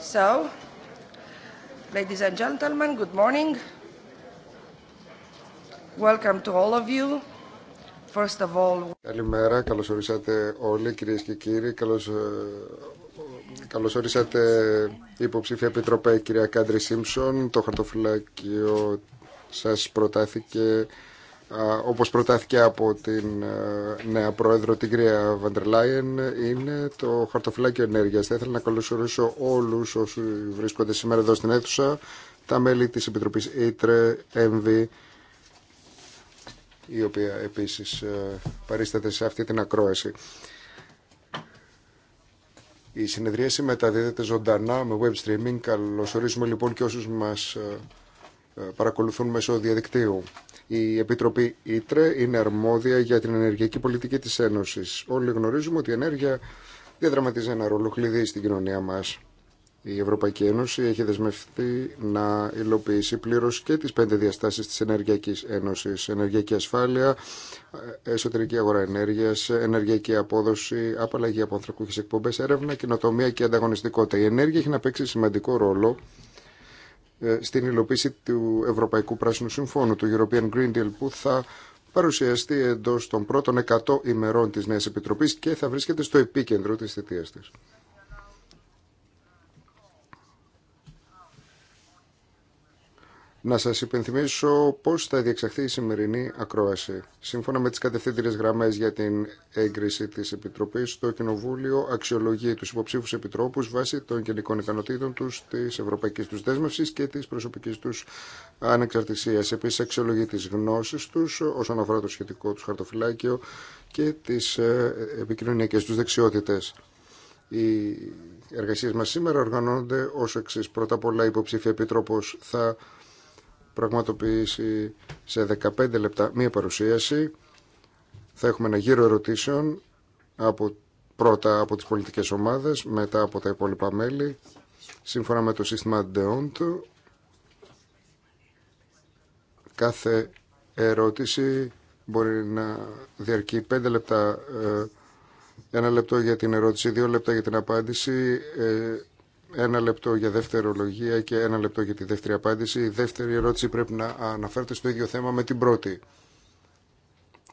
So, ladies and gentlemen, good morning. Welcome to all of you. First of all... Καλημέρα, καλώς ορίσατε όλοι κυρίες και κύριοι. Καλώς, ε, καλώς ορίσατε υποψήφια επιτροπή κυρία Κάντρι Σίμψον. Το χαρτοφυλάκιο σας προτάθηκε όπως προτάθηκε από την ε, νέα πρόεδρο την κυρία Λάιεν, είναι το χαρτοφυλάκιο ενέργειας. Θα ήθελα να καλωσορίσω όλους όσοι βρίσκονται σήμερα εδώ στην αίθουσα τα μέλη της Επιτροπής ΙΤΡΕ, ΕΜΒΗ η οποία επίσης ε, παρίσταται σε αυτή την ακρόαση. Η συνεδρίαση μεταδίδεται ζωντανά με web streaming. Καλωσορίζουμε λοιπόν και όσους μας ε, παρακολουθούν μέσω διαδικτύου. Η Επιτροπή Ήτρε είναι αρμόδια για την ενεργειακή πολιτική της Ένωσης. Όλοι γνωρίζουμε ότι η ενέργεια διαδραματίζει ένα ρόλο κλειδί στην κοινωνία μας. Η Ευρωπαϊκή Ένωση έχει δεσμευτεί να υλοποιήσει πλήρω και τι πέντε διαστάσει τη Ενεργειακή Ένωση. Ενεργειακή ασφάλεια, εσωτερική αγορά ενέργεια, ενεργειακή απόδοση, απαλλαγή από ανθρακούχε εκπομπέ, έρευνα, κοινοτομία και ανταγωνιστικότητα. Η ενέργεια έχει να παίξει σημαντικό ρόλο ε, στην υλοποίηση του Ευρωπαϊκού Πράσινου Συμφώνου, του European Green Deal, που θα παρουσιαστεί εντός των πρώτων 100 ημερών της Νέας Επιτροπής και θα βρίσκεται στο επίκεντρο της θητείας της. Να σας υπενθυμίσω πώς θα διεξαχθεί η σημερινή ακρόαση. Σύμφωνα με τις κατευθύντηρες γραμμές για την έγκριση της Επιτροπής, το Κοινοβούλιο αξιολογεί τους υποψήφους επιτρόπους βάσει των γενικών ικανοτήτων τους, της ευρωπαϊκής τους δέσμευσης και της προσωπικής τους ανεξαρτησίας. Επίσης αξιολογεί τις γνώσεις τους όσον αφορά το σχετικό τους χαρτοφυλάκιο και τις ε, επικοινωνιακές τους δεξιότητες. Οι εργασίε μα σήμερα οργανώνονται ως εξής. Πρώτα απ' όλα υποψήφια θα πραγματοποιήσει σε 15 λεπτά μία παρουσίαση. Θα έχουμε ένα γύρο ερωτήσεων από, πρώτα από τις πολιτικές ομάδες, μετά από τα υπόλοιπα μέλη, σύμφωνα με το σύστημα DEONT. Κάθε ερώτηση μπορεί να διαρκεί 5 λεπτά, ε, ένα λεπτό για την ερώτηση, δύο λεπτά για την απάντηση, ε, ένα λεπτό για δευτερολογία και ένα λεπτό για τη δεύτερη απάντηση. Η δεύτερη ερώτηση πρέπει να αναφέρεται στο ίδιο θέμα με την πρώτη.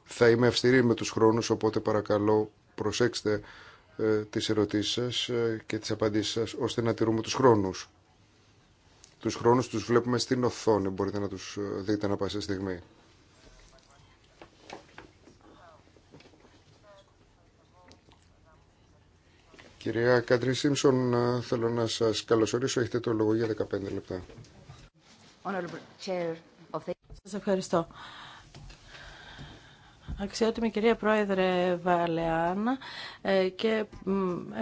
Θα είμαι αυστηρή με τους χρόνους, οπότε παρακαλώ προσέξτε ε, τις ερωτήσεις σας ε, και τις απαντήσεις σας, ώστε να τηρούμε τους χρόνους. Τους χρόνους τους βλέπουμε στην οθόνη, μπορείτε να τους ε, δείτε να πάσα στιγμή. Κυρία Καντρί Σίμψον, ε, θέλω να σας καλωσορίσω. Έχετε το λόγο για 15 λεπτά. Σα ευχαριστώ. Αξιότιμη κυρία Πρόεδρε Βαλεάν ε, και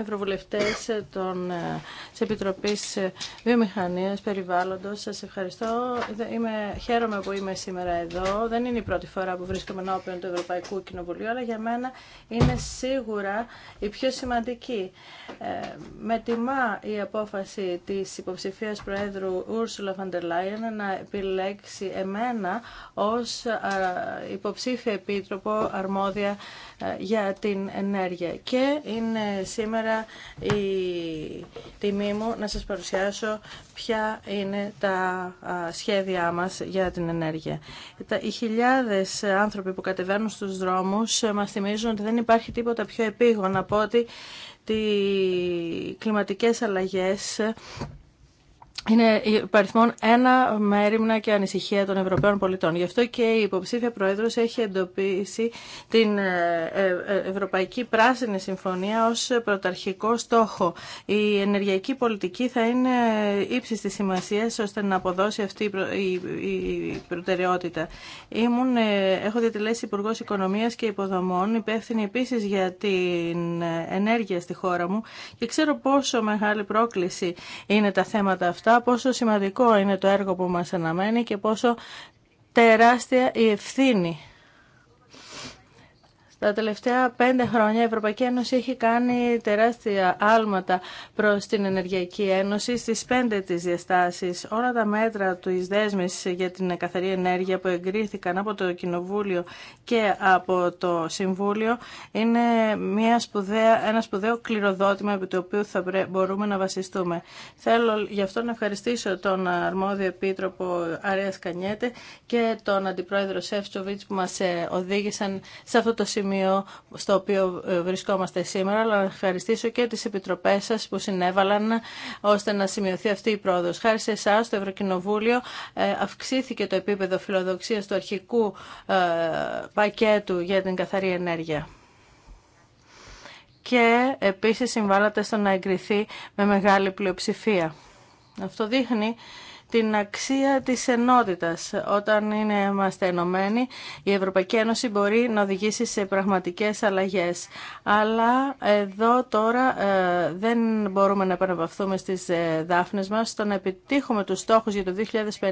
Ευρωβουλευτές τη ε, της Επιτροπής Βιομηχανίας Περιβάλλοντος, σας ευχαριστώ. Είμαι, χαίρομαι που είμαι σήμερα εδώ. Δεν είναι η πρώτη φορά που βρίσκομαι ενώπιον του Ευρωπαϊκού Κοινοβουλίου, αλλά για μένα είναι σίγουρα η πιο σημαντική. Ε, με τιμά η απόφαση της υποψηφίας Προέδρου Ούρσουλα Φαντελάιεν να επιλέξει εμένα ως υποψήφια επίτροπο αρμόδια ε, για την ενέργεια. Και είναι σήμερα η τιμή μου να σας παρουσιάσω ποια είναι τα σχέδιά μας για την ενέργεια. Οι χιλιάδες άνθρωποι που κατεβαίνουν στους δρόμους ε, μας θυμίζουν ότι δεν υπάρχει τίποτα πιο επίγον από ότι οι κλιματικές αλλαγές είναι υπαριθμόν ένα έρημνα και ανησυχία των Ευρωπαίων πολιτών. Γι' αυτό και η υποψήφια Πρόεδρος έχει εντοπίσει την ε, ε, ε, Ευρωπαϊκή Πράσινη Συμφωνία ως πρωταρχικό στόχο. Η ενεργειακή πολιτική θα είναι ύψη της σημασίας ώστε να αποδώσει αυτή η προτεραιότητα. Ήμουν, έχω διατελέσει υπουργό Οικονομίας και Υποδομών, υπεύθυνη επίσης για την ενέργεια στη χώρα μου και ξέρω πόσο μεγάλη πρόκληση είναι τα θέματα αυτά πόσο σημαντικό είναι το έργο που μας αναμένει και πόσο τεράστια η ευθύνη τα τελευταία πέντε χρόνια η Ευρωπαϊκή Ένωση έχει κάνει τεράστια άλματα προς την Ενεργειακή Ένωση στις πέντε της διαστάσεις. Όλα τα μέτρα του δέσμης για την καθαρή ενέργεια που εγκρίθηκαν από το Κοινοβούλιο και από το Συμβούλιο είναι μια σπουδαία, ένα σπουδαίο κληροδότημα επί το οποίο θα μπορούμε να βασιστούμε. Θέλω γι' αυτό να ευχαριστήσω τον αρμόδιο επίτροπο Αρέας Κανιέτε και τον αντιπρόεδρο Σεφτσοβίτς που μας ε, οδήγησαν σε αυτό το σημείο στο οποίο ε, βρισκόμαστε σήμερα, αλλά να ευχαριστήσω και τις επιτροπές σας που συνέβαλαν ώστε να σημειωθεί αυτή η πρόοδος. Χάρη σε εσά το Ευρωκοινοβούλιο ε, αυξήθηκε το επίπεδο φιλοδοξίας του αρχικού ε, πακέτου για την καθαρή ενέργεια και επίσης συμβάλλατε στο να εγκριθεί με μεγάλη πλειοψηφία. Αυτό δείχνει την αξία της ενότητας. Όταν είναι, είμαστε ενωμένοι, η Ευρωπαϊκή Ένωση μπορεί να οδηγήσει σε πραγματικές αλλαγές. Αλλά εδώ τώρα ε, δεν μπορούμε να επαναπαυθούμε στις ε, δάφνες μας. Το να επιτύχουμε τους στόχους για το 2050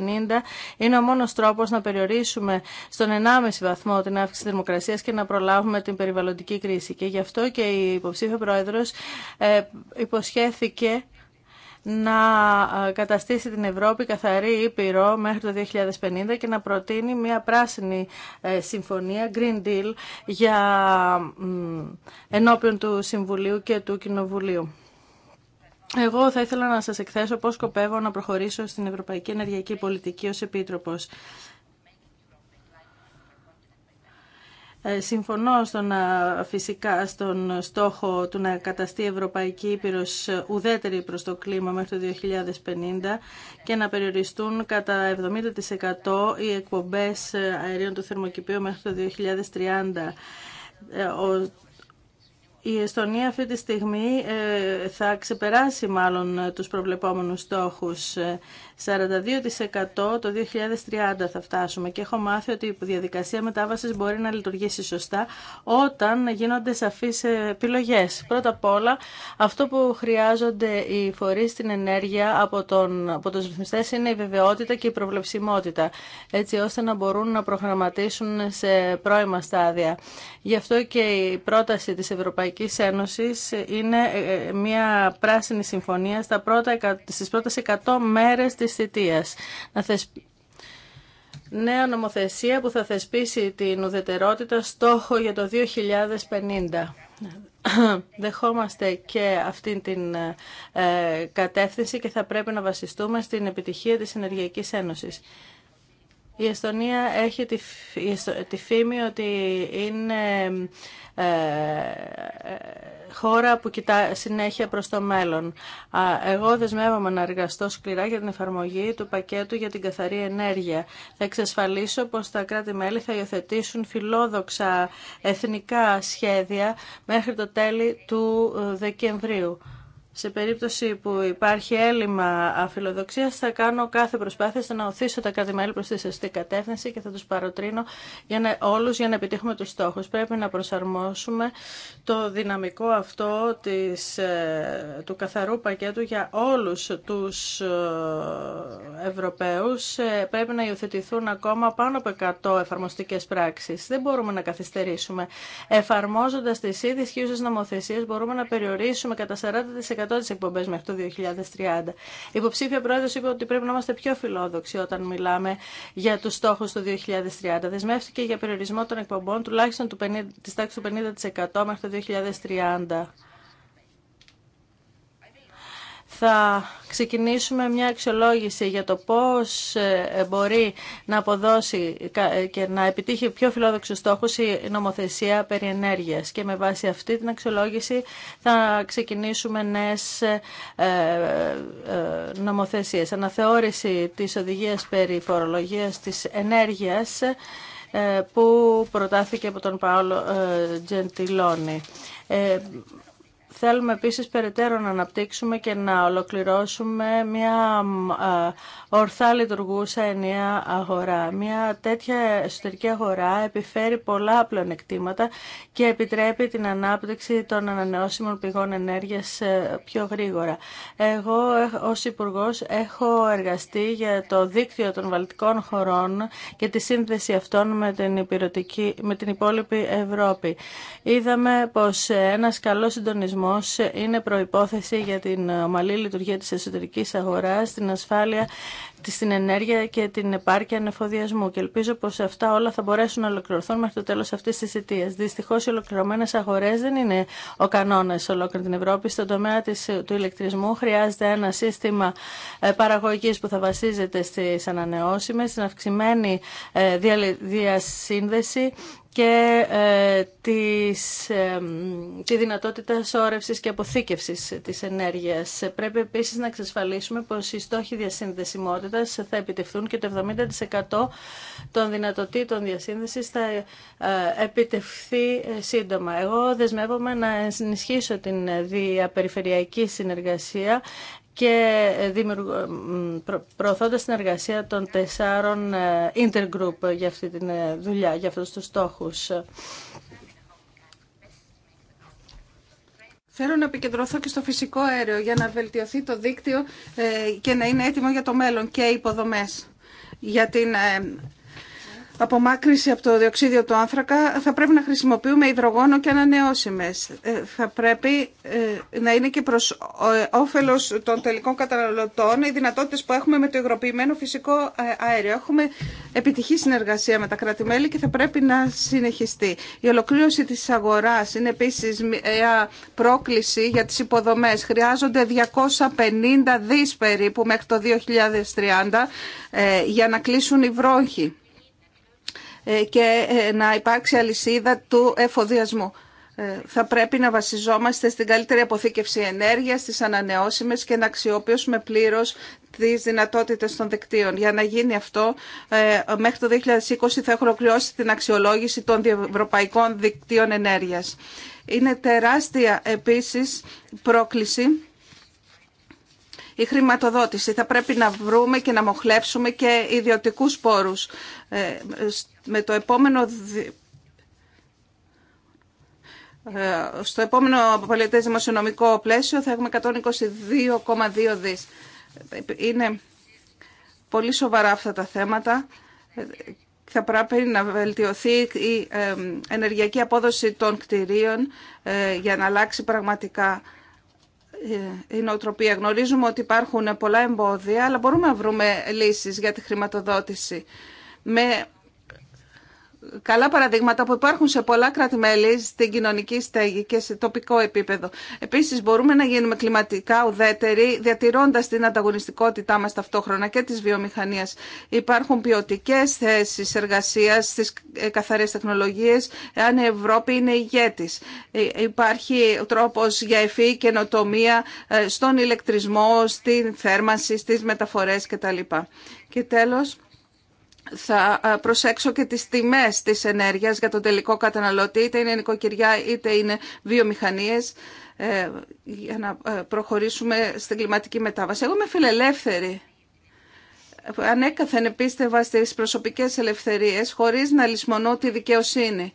είναι ο μόνος τρόπος να περιορίσουμε στον 1,5 βαθμό την αύξηση της δημοκρασίας και να προλάβουμε την περιβαλλοντική κρίση. Και γι' αυτό και η υποψήφια πρόεδρος ε, υποσχέθηκε να ε, καταστήσει την Ευρώπη καθαρή ήπειρο μέχρι το 2050 και να προτείνει μια πράσινη ε, συμφωνία, Green Deal, για ενώπιον του Συμβουλίου και του Κοινοβουλίου. Εγώ θα ήθελα να σας εκθέσω πώς σκοπεύω να προχωρήσω στην Ευρωπαϊκή Ενεργειακή Πολιτική ως Επίτροπος. Ε, συμφωνώ στον, φυσικά στον στόχο του να καταστεί η Ευρωπαϊκή Ήπειρος ουδέτερη προς το κλίμα μέχρι το 2050 και να περιοριστούν κατά 70% οι εκπομπές αερίων του θερμοκηπίου μέχρι το 2030. Ε, η Εστονία αυτή τη στιγμή ε, θα ξεπεράσει μάλλον τους προβλεπόμενους στόχους. 42% το 2030 θα φτάσουμε και έχω μάθει ότι η διαδικασία μετάβασης μπορεί να λειτουργήσει σωστά όταν γίνονται σαφείς επιλογές. Πρώτα απ' όλα αυτό που χρειάζονται οι φορείς στην ενέργεια από, τον, από τους ρυθμιστές είναι η βεβαιότητα και η προβλεψιμότητα έτσι ώστε να μπορούν να προγραμματίσουν σε πρώιμα στάδια. Γι' αυτό και η πρόταση της Ευρωπαϊκής Ένωσης είναι ε, ε, μια πράσινη συμφωνία στα πρώτα, στις πρώτες 100 μέρες θητείας. Να Νέα νομοθεσία που θα θεσπίσει την ουδετερότητα στόχο για το 2050 δεχόμαστε και αυτή την ε, κατεύθυνση και θα πρέπει να βασιστούμε στην επιτυχία της Ενεργειακής Ένωσης. Η Εστονία έχει τη, τη φήμη ότι είναι ε, χώρα που κοιτά συνέχεια προς το μέλλον. Εγώ δεσμεύομαι να εργαστώ σκληρά για την εφαρμογή του πακέτου για την καθαρή ενέργεια. Θα εξασφαλίσω πως τα κράτη-μέλη θα υιοθετήσουν φιλόδοξα εθνικά σχέδια μέχρι το τέλη του ε, Δεκεμβρίου. Σε περίπτωση που υπάρχει έλλειμμα αφιλοδοξίας θα κάνω κάθε προσπάθεια να οθήσω τα κάτι μέλη προς τη σωστή κατεύθυνση και θα τους παροτρύνω για να, όλους για να επιτύχουμε τους στόχους. Πρέπει να προσαρμόσουμε το δυναμικό αυτό της, ε, του καθαρού πακέτου για όλους τους ε, Ευρωπαίους. Ε, πρέπει να υιοθετηθούν ακόμα πάνω από 100 εφαρμοστικές πράξεις. Δεν μπορούμε να καθυστερήσουμε. Εφαρμόζοντας τις ίδιε χιούσες νομοθεσίες μπορούμε να περιορίσουμε κατά 40% τι εκπομπές μέχρι το 2030. Η υποψήφια πρόεδρος είπε ότι πρέπει να είμαστε πιο φιλόδοξοι όταν μιλάμε για τους στόχους του 2030. Δεσμεύτηκε για περιορισμό των εκπομπών τουλάχιστον του τάξη του 50% μέχρι το 2030 θα ξεκινήσουμε μια αξιολόγηση για το πώς ε, μπορεί να αποδώσει ε, και να επιτύχει πιο φιλόδοξους στόχους η νομοθεσία περί ενέργειας. Και με βάση αυτή την αξιολόγηση θα ξεκινήσουμε νέες ε, νομοθεσίες. Αναθεώρηση της οδηγίας περί φορολογίας της ενέργειας που προτάθηκε από τον Παόλο Τζεντιλόνι. Θέλουμε επίσης περαιτέρω να αναπτύξουμε και να ολοκληρώσουμε μια ορθά λειτουργούσα ενιαία αγορά. Μια τέτοια εσωτερική αγορά επιφέρει πολλά πλεονεκτήματα και επιτρέπει την ανάπτυξη των ανανεώσιμων πηγών ενέργειας ε, πιο γρήγορα. Εγώ ως υπουργό έχω εργαστεί για το δίκτυο των βαλτικών χωρών και τη σύνδεση αυτών με την, με την υπόλοιπη Ευρώπη. Είδαμε πως ένας καλός συντονισμός είναι προϋπόθεση για την ομαλή λειτουργία της εσωτερικής αγοράς, την ασφάλεια στην ενέργεια και την επάρκεια ανεφοδιασμού και ελπίζω πως αυτά όλα θα μπορέσουν να ολοκληρωθούν μέχρι το τέλος αυτής της αιτίας. Δυστυχώς οι ολοκληρωμένες αγορές δεν είναι ο κανόνας ολόκληρη την Ευρώπη. Στον τομέα της, του ηλεκτρισμού χρειάζεται ένα σύστημα ε, παραγωγής που θα βασίζεται στις ανανεώσιμες, στην αυξημένη ε, διασύνδεση και ε, της, ε, τη δυνατότητα σώρευσης και αποθήκευσης της ενέργειας. Πρέπει επίσης να εξασφαλίσουμε πως οι στόχοι διασυνδεσιμότητα θα επιτευχθούν και το 70% των δυνατοτήτων διασύνδεσης θα ε, επιτευχθεί ε, σύντομα. Εγώ δεσμεύομαι να ενισχύσω την διαπεριφερειακή συνεργασία και ε, προωθώντα την εργασία των τεσσάρων intergroup για αυτή τη δουλειά, για αυτούς τους στόχους. Θέλω να επικεντρωθώ και στο φυσικό αέριο για να βελτιωθεί το δίκτυο ε, και να είναι έτοιμο για το μέλλον και οι υποδομές για την ε, απομάκρυση από το διοξίδιο του άνθρακα θα πρέπει να χρησιμοποιούμε υδρογόνο και ανανεώσιμες. Ε, θα πρέπει ε, να είναι και προς όφελος των τελικών καταναλωτών οι δυνατότητες που έχουμε με το υγροποιημένο φυσικό ε, αέριο. Έχουμε επιτυχή συνεργασία με τα κράτη-μέλη και θα πρέπει να συνεχιστεί. Η ολοκλήρωση της αγοράς είναι επίσης μια πρόκληση για τις υποδομές. Χρειάζονται 250 δις περίπου μέχρι το 2030 για να κλείσουν οι βρόχοι ε, και ε, να υπάρξει αλυσίδα του εφοδιασμού. Ε, θα πρέπει να βασιζόμαστε στην καλύτερη αποθήκευση ενέργειας, στις ανανεώσιμες και να αξιοποιήσουμε πλήρως τις δυνατότητες των δικτύων. Για να γίνει αυτό, μέχρι το 2020 θα έχω ολοκληρώσει την αξιολόγηση των διευρωπαϊκών δικτύων ενέργειας. Είναι τεράστια επίσης πρόκληση η χρηματοδότηση. Θα πρέπει να βρούμε και να μοχλεύσουμε και ιδιωτικούς πόρους. Ε, με το επόμενο ε, στο επόμενο πολιτές δημοσιονομικό πλαίσιο θα έχουμε 122,2 δις. Είναι πολύ σοβαρά αυτά τα θέματα. Θα πρέπει να βελτιωθεί η ε, ενεργειακή απόδοση των κτηρίων για να αλλάξει πραγματικά ε, η νοοτροπία. Γνωρίζουμε ότι υπάρχουν πολλά εμπόδια, αλλά μπορούμε να βρούμε λύσεις για τη χρηματοδότηση. Με καλά παραδείγματα που υπάρχουν σε πολλά κράτη-μέλη στην κοινωνική στέγη και σε τοπικό επίπεδο. Επίσης μπορούμε να γίνουμε κλιματικά ουδέτεροι διατηρώντα την ανταγωνιστικότητά μα ταυτόχρονα και της βιομηχανίας. Υπάρχουν ποιοτικέ θέσει εργασίας στις ε, καθαρές τεχνολογίες εάν η Ευρώπη είναι ηγέτης. Ε, υπάρχει τρόπο για ευφύ καινοτομία ε, στον ηλεκτρισμό, στην θέρμανση, στις μεταφορέ κτλ. Και τέλος, θα ε, προσέξω και τις τιμές της ενέργειας για τον τελικό καταναλωτή, είτε είναι νοικοκυριά είτε είναι βιομηχανίες, ε, για να ε, προχωρήσουμε στην κλιματική μετάβαση. Εγώ είμαι φιλελεύθερη. Ανέκαθεν επίστευα στις προσωπικές ελευθερίες, χωρίς να λησμονώ τη δικαιοσύνη.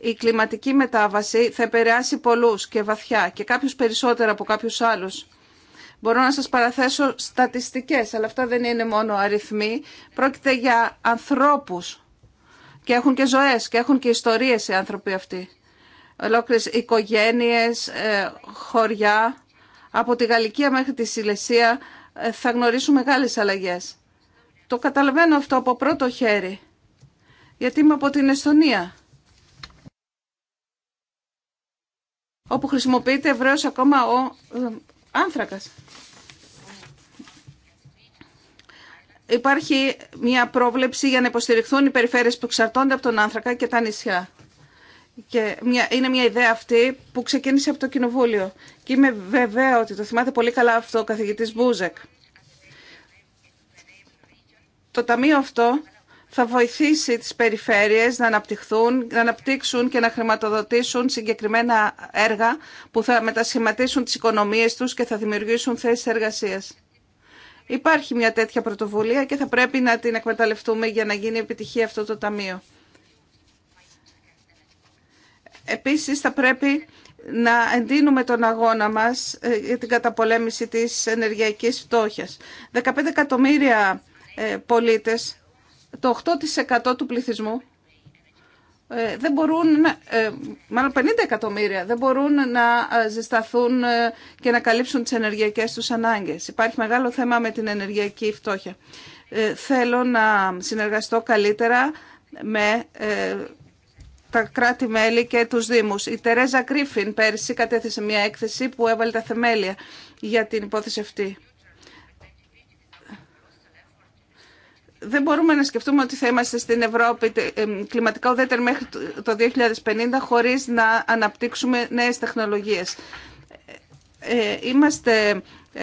Η κλιματική μετάβαση θα επηρεάσει πολλούς και βαθιά και κάποιους περισσότερα από κάποιους άλλους. Μπορώ να σας παραθέσω στατιστικές, αλλά αυτά δεν είναι μόνο αριθμοί. Πρόκειται για ανθρώπους και έχουν και ζωές και έχουν και ιστορίες οι άνθρωποι αυτοί. Ολόκληρες οικογένειες, ε, χωριά, από τη Γαλλικία μέχρι τη Σιλεσία ε, θα γνωρίσουν μεγάλες αλλαγές. Το καταλαβαίνω αυτό από πρώτο χέρι, γιατί είμαι από την Εστονία. όπου χρησιμοποιείται ευρέως ακόμα ο ε, άνθρακας. υπάρχει μια πρόβλεψη για να υποστηριχθούν οι περιφέρειες που εξαρτώνται από τον άνθρακα και τα νησιά. Και μια, είναι μια ιδέα αυτή που ξεκίνησε από το Κοινοβούλιο. Και είμαι βεβαία ότι το θυμάται πολύ καλά αυτό ο καθηγητής Μπούζεκ. Το ταμείο αυτό θα βοηθήσει τις περιφέρειες να αναπτυχθούν, να αναπτύξουν και να χρηματοδοτήσουν συγκεκριμένα έργα που θα μετασχηματίσουν τις οικονομίες τους και θα δημιουργήσουν θέσεις εργασίας. Υπάρχει μια τέτοια πρωτοβουλία και θα πρέπει να την εκμεταλλευτούμε για να γίνει επιτυχία αυτό το ταμείο. Επίσης θα πρέπει να εντείνουμε τον αγώνα μας ε, για την καταπολέμηση της ενεργειακής φτώχειας. 15 εκατομμύρια ε, πολίτες, το 8% του πληθυσμού, ε, δεν μπορούν, ε, μάλλον 50 εκατομμύρια, δεν μπορούν να ε, ζεσταθούν και να καλύψουν τις ενεργειακές τους ανάγκες. Υπάρχει μεγάλο θέμα με την ενεργειακή φτώχεια. Θέλω να συνεργαστώ καλύτερα με τα κράτη-μέλη και τους Δήμους. Η Τερέζα Κρίφιν πέρσι κατέθεσε μια έκθεση που έβαλε τα θεμέλια για την υπόθεση αυτή. δεν μπορούμε να σκεφτούμε ότι θα είμαστε στην Ευρώπη κλιματικά ουδέτερη μέχρι το 2050 χωρίς να αναπτύξουμε νέες τεχνολογίες. Ε, είμαστε ε,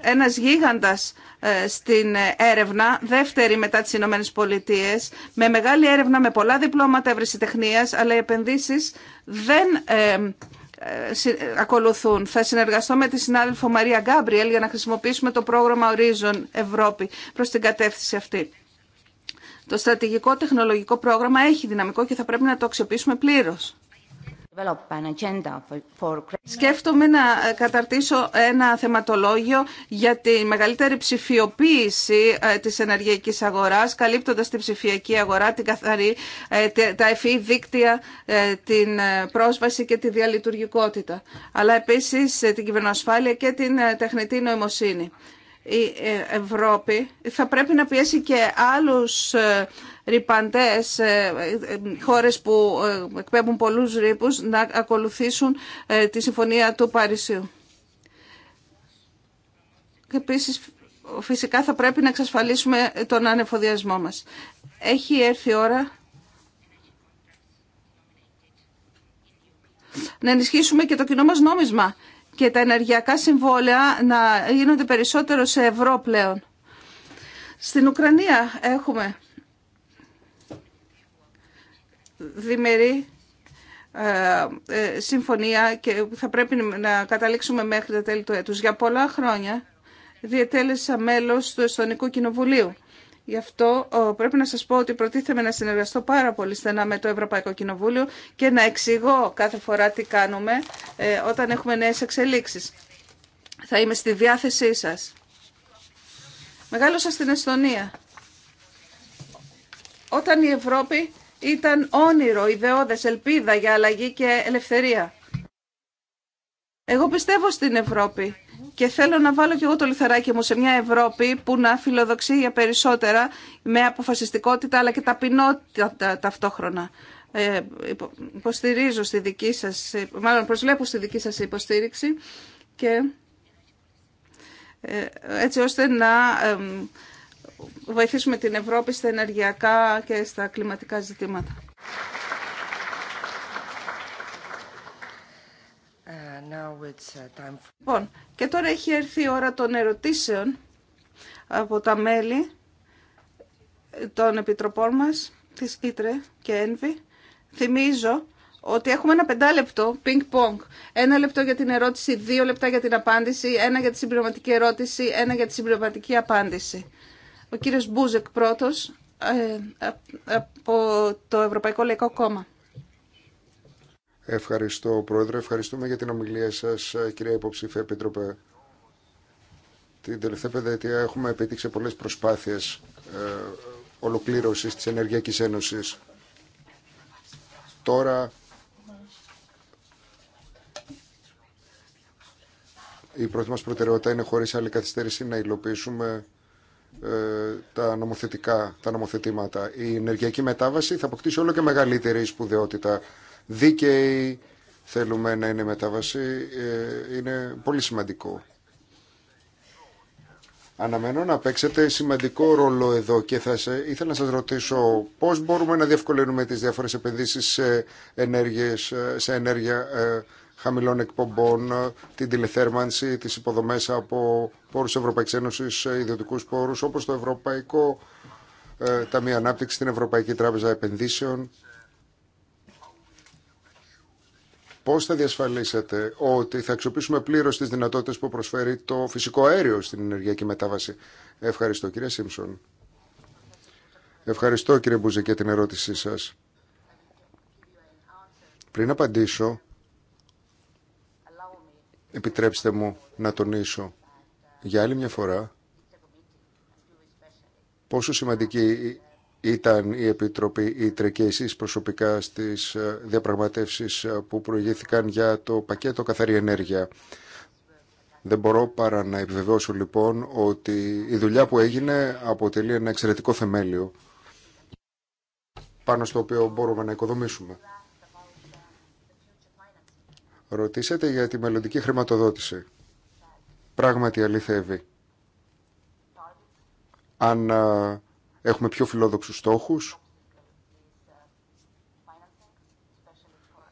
ένας γίγαντας ε, στην έρευνα, δεύτερη μετά τις Ηνωμένες Πολιτείες, με μεγάλη έρευνα, με πολλά διπλώματα ευρεσιτεχνίας, αλλά οι επενδύσεις δεν ε, ακολουθούν. Θα συνεργαστώ με τη συνάδελφο Μαρία Γκάμπριελ για να χρησιμοποιήσουμε το πρόγραμμα Horizon Ευρώπη προς την κατεύθυνση αυτή. Το στρατηγικό τεχνολογικό πρόγραμμα έχει δυναμικό και θα πρέπει να το αξιοποιήσουμε πλήρως. Σκέφτομαι να ε, καταρτήσω ένα θεματολόγιο για τη μεγαλύτερη ψηφιοποίηση ε, της ενεργειακής αγοράς, καλύπτοντας την ψηφιακή αγορά, την καθαρή, ε, τα εφή δίκτυα, την πρόσβαση και τη διαλειτουργικότητα. Αλλά επίσης την κυβερνοασφάλεια και την τεχνητή νοημοσύνη η ε, Ευρώπη θα πρέπει να πιέσει και άλλους ε, ρηπαντές, ε, χώρες που εκπέμπουν πολλούς ρήπους, να ακολουθήσουν τη Συμφωνία του Παρισιού. Και επίσης φυσικά θα πρέπει να εξασφαλίσουμε τον ανεφοδιασμό μας. Έχει έρθει η ώρα να ενισχύσουμε και το κοινό μας νόμισμα και τα ενεργειακά συμβόλαια να γίνονται περισσότερο σε ευρώ πλέον. Στην Ουκρανία έχουμε διμερή ε, ε, συμφωνία και θα πρέπει να καταλήξουμε μέχρι τα τέλη του έτους. Για πολλά χρόνια διετέλεσα μέλος του Εστονικού Κοινοβουλίου Γι' αυτό πρέπει να σας πω ότι προτίθεμαι να συνεργαστώ πάρα πολύ στενά με το Ευρωπαϊκό Κοινοβούλιο και να εξηγώ κάθε φορά τι κάνουμε ε, όταν έχουμε νέες εξελίξεις. Θα είμαι στη διάθεσή σας. Μεγάλωσα στην Εστονία. Όταν η Ευρώπη ήταν όνειρο, ιδεώδες, ελπίδα για αλλαγή και ελευθερία. Εγώ πιστεύω στην Ευρώπη και θέλω να βάλω και εγώ το λιθαράκι μου σε μια Ευρώπη που να φιλοδοξεί για περισσότερα με αποφασιστικότητα αλλά και ταπεινότητα ταυτόχρονα. Ε, υποστηρίζω στη δική σας, μάλλον προσβλέπω στη δική σας υποστήριξη και ε, έτσι ώστε να βοηθήσουμε την Ευρώπη στα ενεργειακά και στα κλιματικά ζητήματα. Uh, λοιπόν, και τώρα έχει έρθει η ώρα των ερωτήσεων από τα μέλη των επιτροπών μας, της Ήτρε και Ένβη. Θυμίζω ότι έχουμε ένα πεντάλεπτο ping-pong. Ένα λεπτό για την ερώτηση, δύο λεπτά για την απάντηση, ένα για τη συμπληρωματική ερώτηση, ένα για τη συμπληρωματική απάντηση. Ο κύριος Μπούζεκ πρώτος ε, από το Ευρωπαϊκό Λαϊκό Κόμμα. Ευχαριστώ, Πρόεδρε. Ευχαριστούμε για την ομιλία σας, κυρία Υποψήφια Επίτροπε. Την τελευταία πενταετία έχουμε επιτύξει πολλές προσπάθειες ε, ολοκλήρωσης της Ενεργειακής Ένωσης. Τώρα η πρώτη μας προτεραιότητα είναι χωρίς άλλη καθυστέρηση να υλοποιήσουμε ε, τα νομοθετικά, τα νομοθετήματα. Η ενεργειακή μετάβαση θα αποκτήσει όλο και μεγαλύτερη σπουδαιότητα Δίκαιοι θέλουμε να είναι μετάβαση, ε, είναι πολύ σημαντικό. Αναμένω να παίξετε σημαντικό ρόλο εδώ και θα ήθελα να σας ρωτήσω πώς μπορούμε να διευκολύνουμε τις διάφορες επενδύσεις σε, ε, σε ενέργεια ε, χαμηλών εκπομπών, την τηλεθέρμανση, τις υποδομές από πόρους Ευρωπαϊκής Ένωσης, ιδιωτικούς πόρους, όπως το Ευρωπαϊκό Ταμείο Ανάπτυξης, την Ευρωπαϊκή Τράπεζα Επενδύσεων Πώς θα διασφαλίσετε ότι θα αξιοποιήσουμε πλήρως τις δυνατότητες που προσφέρει το φυσικό αέριο στην ενεργειακή μετάβαση. Ευχαριστώ κύριε Σίμψον. Ευχαριστώ κύριε Μπουζε για την ερώτησή σας. Πριν απαντήσω, επιτρέψτε μου να τονίσω για άλλη μια φορά πόσο σημαντική ήταν η Επιτροπή η και εσείς προσωπικά στις ε, διαπραγματεύσεις ε, που προηγήθηκαν για το πακέτο καθαρή ενέργεια. Δεν μπορώ παρά να επιβεβαιώσω λοιπόν ότι η δουλειά που έγινε αποτελεί ένα εξαιρετικό θεμέλιο πάνω στο οποίο μπορούμε να οικοδομήσουμε. Ρωτήσατε για τη μελλοντική χρηματοδότηση. Πράγματι αληθεύει. Αν ε, Έχουμε πιο φιλόδοξους στόχους.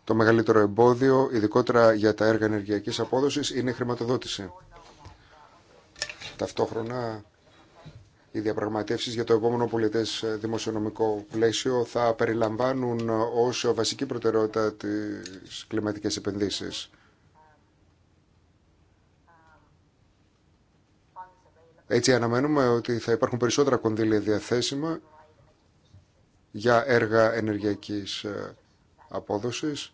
Το μεγαλύτερο εμπόδιο, ειδικότερα για τα έργα ενεργειακής απόδοσης, είναι η χρηματοδότηση. Ταυτόχρονα, οι διαπραγματεύσεις για το επόμενο πολιτές δημοσιονομικό πλαίσιο θα περιλαμβάνουν ως βασική προτεραιότητα τις κλιματικές επενδύσεις. Έτσι αναμένουμε ότι θα υπάρχουν περισσότερα κονδύλια διαθέσιμα για έργα ενεργειακής ε, απόδοσης,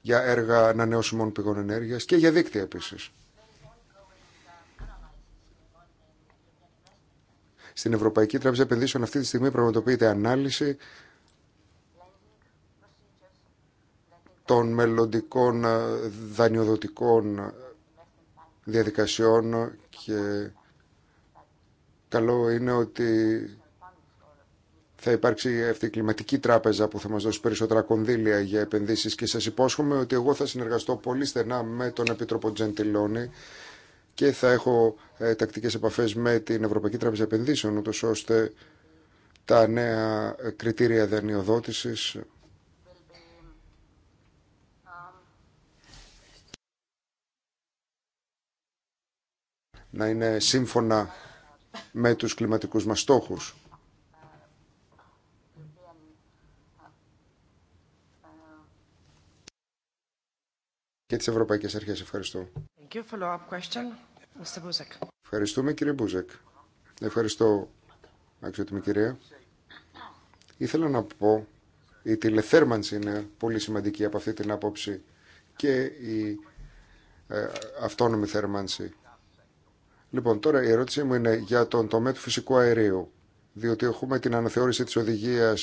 για έργα ανανεώσιμων πηγών ενέργειας και για δίκτυα επίσης. Στην Ευρωπαϊκή Τράπεζα Επενδύσεων αυτή τη στιγμή πραγματοποιείται ανάλυση των μελλοντικών ε, δανειοδοτικών ε, διαδικασιών και καλό είναι ότι θα υπάρξει αυτή η κλιματική τράπεζα που θα μας δώσει περισσότερα κονδύλια για επενδύσεις και σας υπόσχομαι ότι εγώ θα συνεργαστώ πολύ στενά με τον Επίτροπο Τζεντιλόνη και θα έχω ε, τακτικές επαφές με την Ευρωπαϊκή Τράπεζα Επενδύσεων ούτως ώστε τα νέα ε, κριτήρια δανειοδότησης να είναι σύμφωνα με τους κλιματικούς μας στόχους. Και τις Ευρωπαϊκές Αρχές. Ευχαριστώ. Ευχαριστούμε κύριε Μπούζεκ. Ευχαριστώ αξιότιμη κυρία. Ήθελα να πω η τηλεθέρμανση είναι πολύ σημαντική από αυτή την άποψη και η ε, αυτόνομη θέρμανση. Λοιπόν, τώρα η ερώτησή μου είναι για τον τομέα του φυσικού αερίου. Διότι έχουμε την αναθεώρηση ε, ε, τη οδηγία,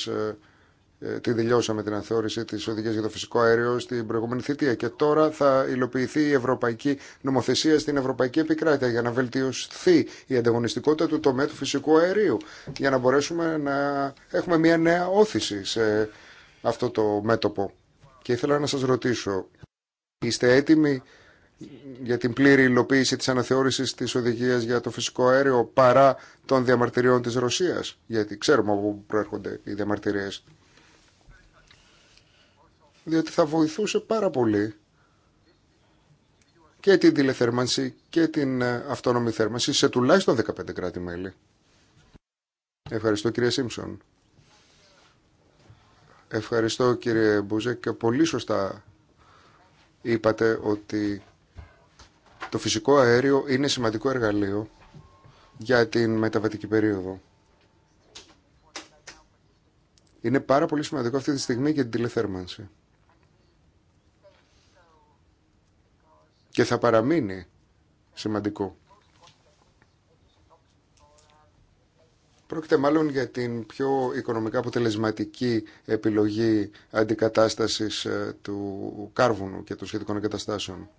την δηλώσαμε την αναθεώρηση τη οδηγία για το φυσικό αέριο στην προηγούμενη θητεία. Και τώρα θα υλοποιηθεί η ευρωπαϊκή νομοθεσία στην ευρωπαϊκή επικράτεια για να βελτιωθεί η ανταγωνιστικότητα του τομέα του φυσικού αερίου. Για να μπορέσουμε να έχουμε μια νέα όθηση σε αυτό το μέτωπο. Και ήθελα να σα ρωτήσω, είστε έτοιμοι για την πλήρη υλοποίηση της αναθεώρησης της οδηγίας για το φυσικό αέριο παρά των διαμαρτυριών της Ρωσίας, γιατί ξέρουμε από πού προέρχονται οι διαμαρτυρίες. Διότι θα βοηθούσε πάρα πολύ και την τηλεθέρμανση και την ε, αυτόνομη θέρμανση σε τουλάχιστον 15 κράτη-μέλη. Ευχαριστώ κύριε Σίμψον. Ευχαριστώ κύριε Μπούζε και πολύ σωστά είπατε ότι το φυσικό αέριο είναι σημαντικό εργαλείο για την μεταβατική περίοδο. Είναι πάρα πολύ σημαντικό αυτή τη στιγμή για την τηλεθέρμανση. Και θα παραμείνει σημαντικό. Πρόκειται μάλλον για την πιο οικονομικά αποτελεσματική επιλογή αντικατάστασης ε, του κάρβουνου και των σχετικών εγκαταστάσεων.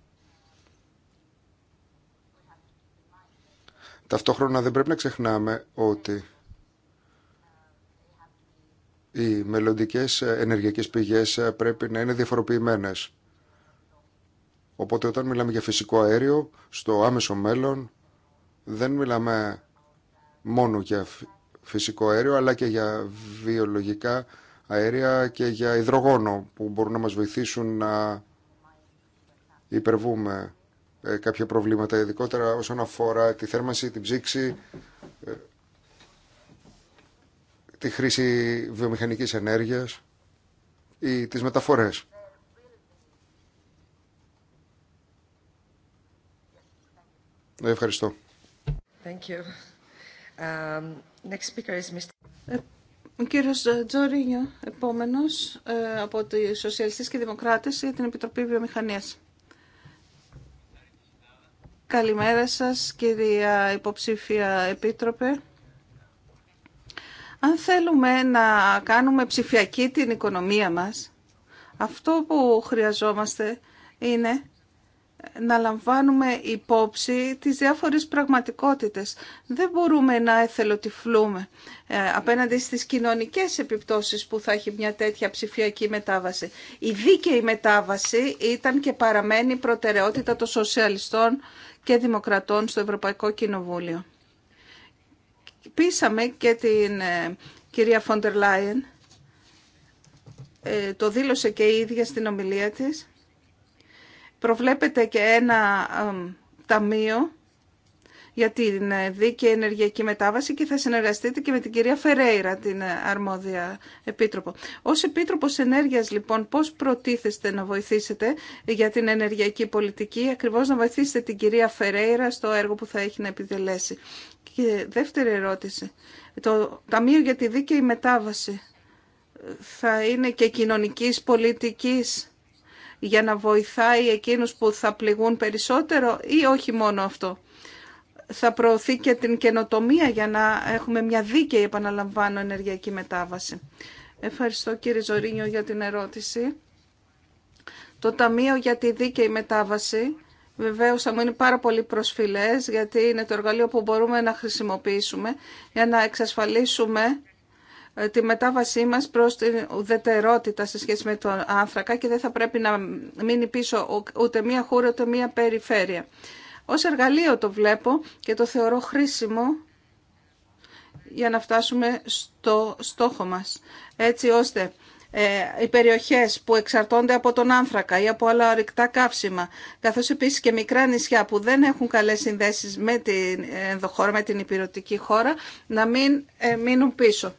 Ταυτόχρονα δεν πρέπει να ξεχνάμε ότι οι μελλοντικέ ενεργειακές πηγές πρέπει να είναι διαφοροποιημένες. Οπότε όταν μιλάμε για φυσικό αέριο, στο άμεσο μέλλον δεν μιλάμε μόνο για φυσικό αέριο, αλλά και για βιολογικά αέρια και για υδρογόνο που μπορούν να μας βοηθήσουν να υπερβούμε ε, κάποια προβλήματα, ειδικότερα όσον αφορά τη θέρμανση, την ψήξη, ε, τη χρήση βιομηχανικής ενέργειας ή τις μεταφορές. Ε, ευχαριστώ. Thank you. Um, next speaker is Mr. ο κύριο Τζορίνιο, επόμενο από τη Σοσιαλιστή και Δημοκράτες για την Επιτροπή Βιομηχανίας. Καλημέρα σας κυρία υποψήφια επίτροπε. Αν θέλουμε να κάνουμε ψηφιακή την οικονομία μας, αυτό που χρειαζόμαστε είναι να λαμβάνουμε υπόψη τις διάφορες πραγματικότητες. Δεν μπορούμε να εθελοτυφλούμε ε, απέναντι στις κοινωνικές επιπτώσεις που θα έχει μια τέτοια ψηφιακή μετάβαση. Η δίκαιη μετάβαση ήταν και παραμένει προτεραιότητα των σοσιαλιστών και Δημοκρατών στο Ευρωπαϊκό Κοινοβούλιο. Πείσαμε και την ε, κυρία Φόντερ Λάιεν, ε, το δήλωσε και η ίδια στην ομιλία της. Προβλέπεται και ένα ταμείο για την ε, δίκαιη ενεργειακή μετάβαση και θα συνεργαστείτε και με την κυρία Φερέιρα, την ε, αρμόδια επίτροπο. Ω επίτροπος ενέργειας, λοιπόν, πώς προτίθεστε να βοηθήσετε για την ενεργειακή πολιτική, ακριβώς να βοηθήσετε την κυρία Φερέιρα στο έργο που θα έχει να επιτελέσει. Και δεύτερη ερώτηση. Το Ταμείο για τη Δίκαιη Μετάβαση θα είναι και κοινωνικής πολιτικής για να βοηθάει εκείνους που θα πληγούν περισσότερο ή όχι μόνο αυτό θα προωθεί και την καινοτομία για να έχουμε μια δίκαιη, επαναλαμβάνω, ενεργειακή μετάβαση. Ευχαριστώ κύριε Ζωρίνιο για την ερώτηση. Το Ταμείο για τη Δίκαιη Μετάβαση βεβαίως θα μου είναι πάρα πολύ προσφυλές γιατί είναι το εργαλείο που μπορούμε να χρησιμοποιήσουμε για να εξασφαλίσουμε ε, τη μετάβασή μας προς την ουδετερότητα σε σχέση με τον άνθρακα και δεν θα πρέπει να μείνει πίσω ούτε μία χώρα ούτε μία περιφέρεια. Ως εργαλείο το βλέπω και το θεωρώ χρήσιμο για να φτάσουμε στο στόχο μας. Έτσι ώστε ε, οι περιοχές που εξαρτώνται από τον άνθρακα ή από άλλα ορυκτά καύσιμα, καθώς επίσης και μικρά νησιά που δεν έχουν καλές συνδέσεις με την ε, ενδοχώρα, με την υπηρετική χώρα, να μην ε, μείνουν πίσω.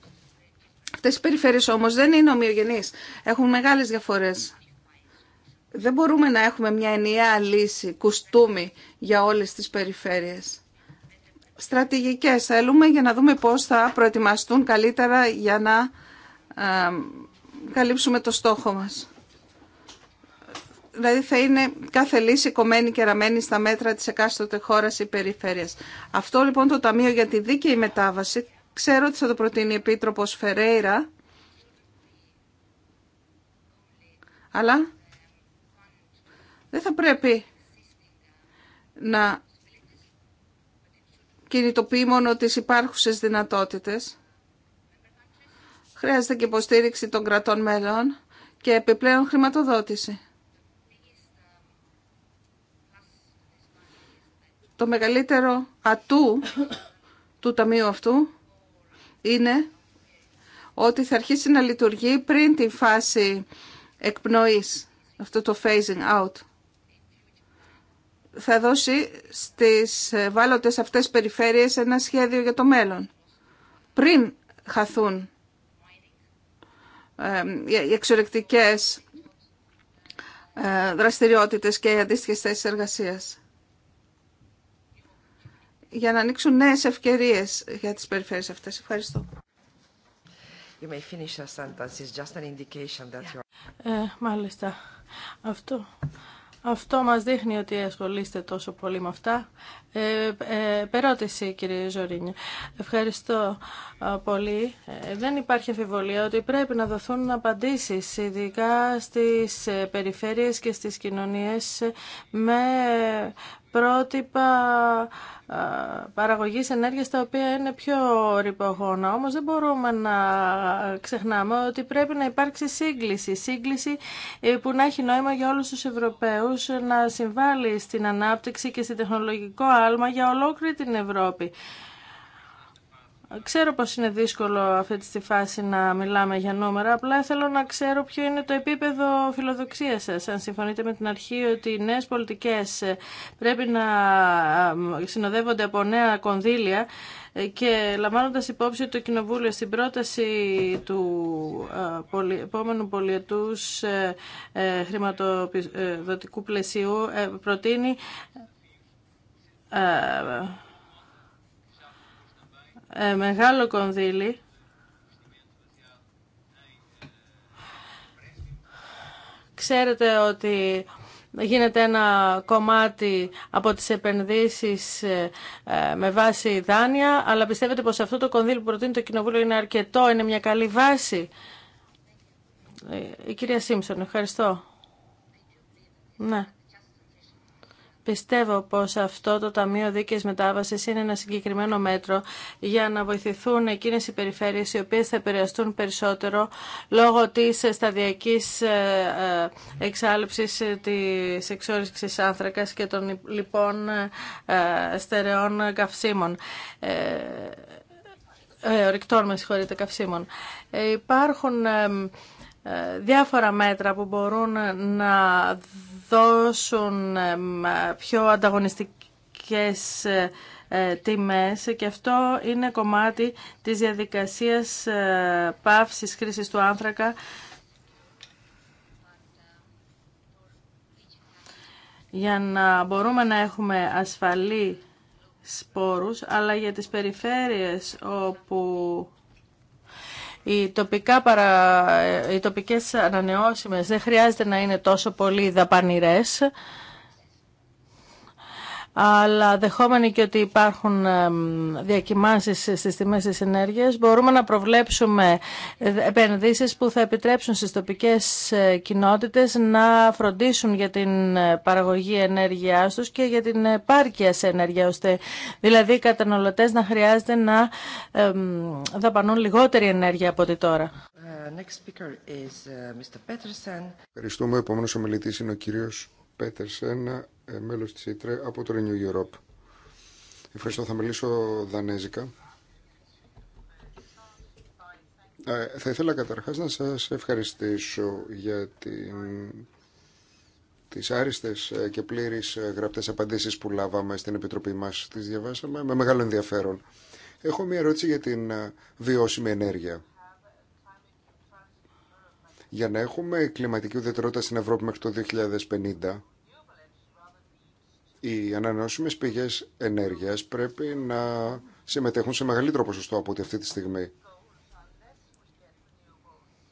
Αυτές οι περιφέρειες όμως δεν είναι ομοιογενείς. Έχουν μεγάλες διαφορές δεν μπορούμε να έχουμε μια ενιαία λύση, κουστούμι για όλες τις περιφέρειες. Στρατηγικές θέλουμε για να δούμε πώς θα προετοιμαστούν καλύτερα για να καλύψουμε το στόχο μας. Δηλαδή θα είναι κάθε λύση κομμένη και ραμμένη στα μέτρα της εκάστοτε χώρας ή περιφέρειας. Αυτό λοιπόν το Ταμείο για τη Δίκαιη Μετάβαση, ξέρω ότι θα το προτείνει η Επίτροπος Φερέιρα, αλλά δεν θα πρέπει να κινητοποιεί μόνο τις υπάρχουσες δυνατότητες. Χρειάζεται και υποστήριξη των κρατών μέλων και επιπλέον χρηματοδότηση. Το μεγαλύτερο ατού του ταμείου αυτού είναι ότι θα αρχίσει να λειτουργεί πριν τη φάση εκπνοής, αυτό το phasing out θα δώσει στις βάλλοντες αυτές περιφέρειες ένα σχέδιο για το μέλλον. Πριν χαθούν οι εξορεκτικές ε, δραστηριότητες και οι αντίστοιχες θέσει εργασίας. Για να ανοίξουν νέες ευκαιρίες για τις περιφέρειες αυτές. Ευχαριστώ. just an indication that you're... Ε, μάλιστα. Αυτό αυτό μας δείχνει ότι ασχολείστε τόσο πολύ με αυτά. Ε, ε περώτηση, κύριε Ζωρίνια. Ευχαριστώ πολύ. Ε, δεν υπάρχει αφιβολία ότι πρέπει να δοθούν απαντήσεις, ειδικά στις ε, περιφέρειες και στις κοινωνίες με πρότυπα παραγωγής ενέργειας τα οποία είναι πιο ρηπογόνα. Όμως δεν μπορούμε να ξεχνάμε ότι πρέπει να υπάρξει σύγκληση. Σύγκληση ε, που να έχει νόημα για όλους τους Ευρωπαίους να συμβάλλει στην ανάπτυξη και στην τεχνολογικό άλμα για ολόκληρη την Ευρώπη. Ξέρω πως είναι δύσκολο αυτή τη φάση να μιλάμε για νούμερα, απλά θέλω να ξέρω ποιο είναι το επίπεδο φιλοδοξίας σας. Αν συμφωνείτε με την αρχή ότι οι νέες πολιτικές ε, πρέπει να συνοδεύονται από νέα κονδύλια ε, και λαμβάνοντας υπόψη το Κοινοβούλιο στην πρόταση του επόμενου πολιετούς ε, χρηματοδοτικού πλαισίου προτείνει ε, μεγάλο κονδύλι Ξέρετε ότι γίνεται ένα κομμάτι από τις επενδύσεις ε, με βάση δάνεια, αλλά πιστεύετε πως αυτό το κονδύλι που προτείνει το Κοινοβούλιο είναι αρκετό, είναι μια καλή βάση. Ε, η κυρία Σίμψον, ευχαριστώ. Ναι. Πιστεύω πως αυτό το Ταμείο Δίκαιης Μετάβασης είναι ένα συγκεκριμένο μέτρο για να βοηθηθούν εκείνες οι περιφέρειες οι οποίες θα επηρεαστούν περισσότερο λόγω της σταδιακής ε, ε, εξάλληψης της εξόριξης άνθρακας και των λοιπόν στερεών καυσίμων ορυκτών, με συγχωρείτε, καυσίμων. Υπάρχουν ε, διάφορα μέτρα που μπορούν να δώσουν πιο ανταγωνιστικές ε, ε, τιμές και αυτό είναι κομμάτι της διαδικασίας πάυσης χρήσης του άνθρακα για να μπορούμε να έχουμε ασφαλή σπόρους αλλά για τις περιφέρειες όπου οι, τοπικά παρα... Ε, τοπικές ανανεώσιμες δεν χρειάζεται να είναι τόσο πολύ δαπανηρές αλλά δεχόμενοι και ότι υπάρχουν διακοιμάνσεις στις τιμές της ενέργειας, μπορούμε να προβλέψουμε ε, επενδύσεις που θα επιτρέψουν στις τοπικές ε, κοινότητες να φροντίσουν για την ε, παραγωγή ενέργειάς τους και για την επάρκεια σε ενέργεια, ώστε δηλαδή οι καταναλωτές να χρειάζεται να δαπανούν λιγότερη ενέργεια από ό,τι τώρα. Ευχαριστούμε. Ο επόμενος ομιλητής είναι ο κύριος Πέτερσεν, ε, μέλος της ΙΤΡΕ από το Renew Europe. Ευχαριστώ, θα μιλήσω δανέζικα. Ε, θα ήθελα καταρχάς να σας ευχαριστήσω για την... τις άριστες ε, και πλήρεις γραπτές απαντήσεις που λάβαμε στην Επιτροπή μας. Τις διαβάσαμε με μεγάλο ενδιαφέρον. Έχω μία ερώτηση για την βιώσιμη ενέργεια για να έχουμε κλιματική ουδετερότητα στην Ευρώπη μέχρι το 2050. Οι ανανεώσιμες πηγές ενέργειας πρέπει να συμμετέχουν σε μεγαλύτερο ποσοστό από ό,τι αυτή τη στιγμή.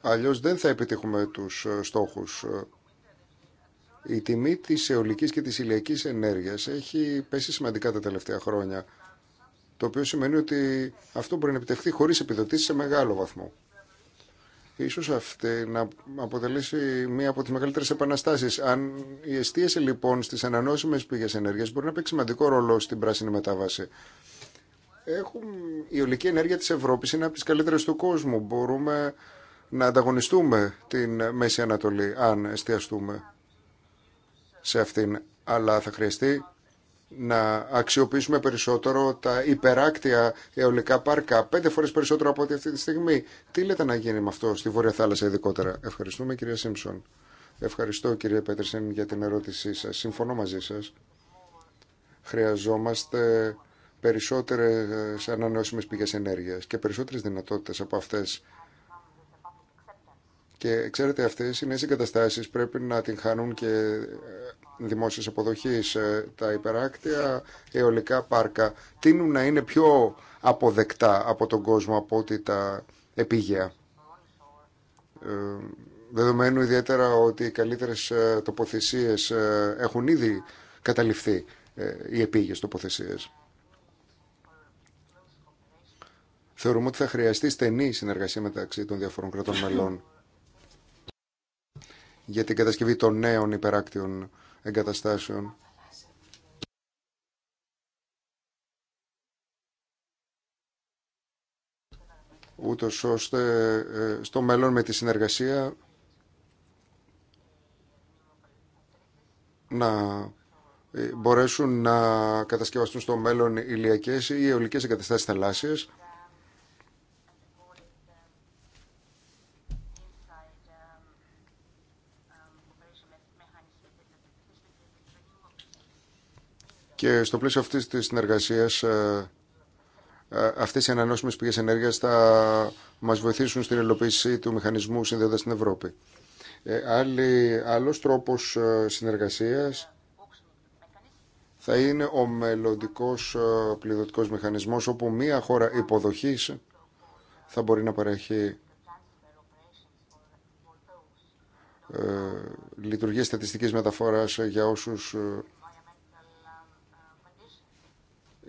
Αλλιώς δεν θα επιτύχουμε τους ε, στόχους. Η τιμή της αιωλικής και της ηλιακής ενέργειας έχει πέσει σημαντικά τα τελευταία χρόνια, το οποίο σημαίνει ότι αυτό μπορεί να επιτευχθεί χωρίς επιδοτήσεις σε μεγάλο βαθμό. Ίσως αυτή να αποτελήσει μία από τις μεγαλύτερες επαναστάσεις. Αν η εστίαση λοιπόν στις ανανόσιμες πηγές ενέργειας μπορεί να παίξει σημαντικό ρόλο στην πράσινη μετάβαση. Έχουν... Η ολική ενέργεια της Ευρώπης είναι από τις καλύτερες του κόσμου. Μπορούμε να ανταγωνιστούμε την Μέση Ανατολή αν εστιαστούμε σε αυτήν. Αλλά θα χρειαστεί να αξιοποιήσουμε περισσότερο τα υπεράκτια αιωλικά πάρκα, πέντε φορές περισσότερο από ό,τι αυτή τη στιγμή. Τι λέτε να γίνει με αυτό στη Βόρεια Θάλασσα ειδικότερα. Ευχαριστούμε κυρία Σίμψον. Ευχαριστώ κυρία Πέτρισεν για την ερώτησή σας. Συμφωνώ μαζί σας. Χρειαζόμαστε περισσότερες ανανεώσιμες πηγές ενέργειας και περισσότερες δυνατότητες από αυτές. Και ξέρετε αυτές οι νέες εγκαταστάσεις πρέπει να την χάνουν και δημόσια αποδοχής, ε, τα υπεράκτια αιωλικά πάρκα τείνουν να είναι πιο αποδεκτά από τον κόσμο από ότι τα επίγεια. Ε, δεδομένου ιδιαίτερα ότι οι καλύτερες ε, τοποθεσίες έχουν ήδη καταληφθεί οι επίγειες τοποθεσίες. Θεωρούμε ότι θα χρειαστεί στενή συνεργασία μεταξύ των διαφορών κρατών μελών για την κατασκευή των νέων υπεράκτιων εγκαταστάσεων. ούτω ώστε ε, στο μέλλον με τη συνεργασία να ε, μπορέσουν να κατασκευαστούν στο μέλλον ηλιακές ή αιωλικές εγκαταστάσεις θαλάσσιες Και στο πλαίσιο αυτή της συνεργασία, ε, ε, αυτές οι ανανεώσιμες πηγές ενέργειας θα μας βοηθήσουν στην υλοποίηση του μηχανισμού συνδέοντα την Ευρώπη. Ε, άλλος τρόπος ε, συνεργασίας θα είναι ο μελλοντικό πληρωτικό μηχανισμός όπου μία χώρα υποδοχή θα μπορεί να παρέχει λειτουργία στατιστικής μεταφοράς για όσους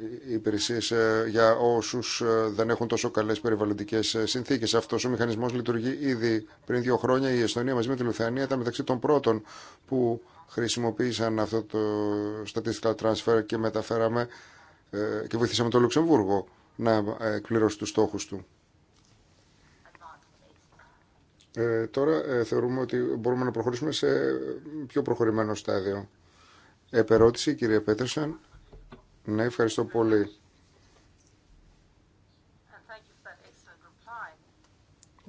ε, Υπηρεσίε ε, για όσου ε, δεν έχουν τόσο καλέ περιβαλλοντικέ συνθήκε. Αυτό ο μηχανισμό λειτουργεί ήδη πριν δύο χρόνια. Η Εστονία μαζί με τη Λουθανία ήταν μεταξύ των πρώτων που χρησιμοποίησαν αυτό το statistical transfer και μεταφέραμε και βοηθήσαμε το Λουξεμβούργο να εκπληρώσει του στόχου του. Ε, τώρα θεωρούμε ότι μπορούμε να προχωρήσουμε σε πιο προχωρημένο στάδιο. Επερώτηση, κύριε Πέτρεσαν. Ναι, ευχαριστώ πολύ.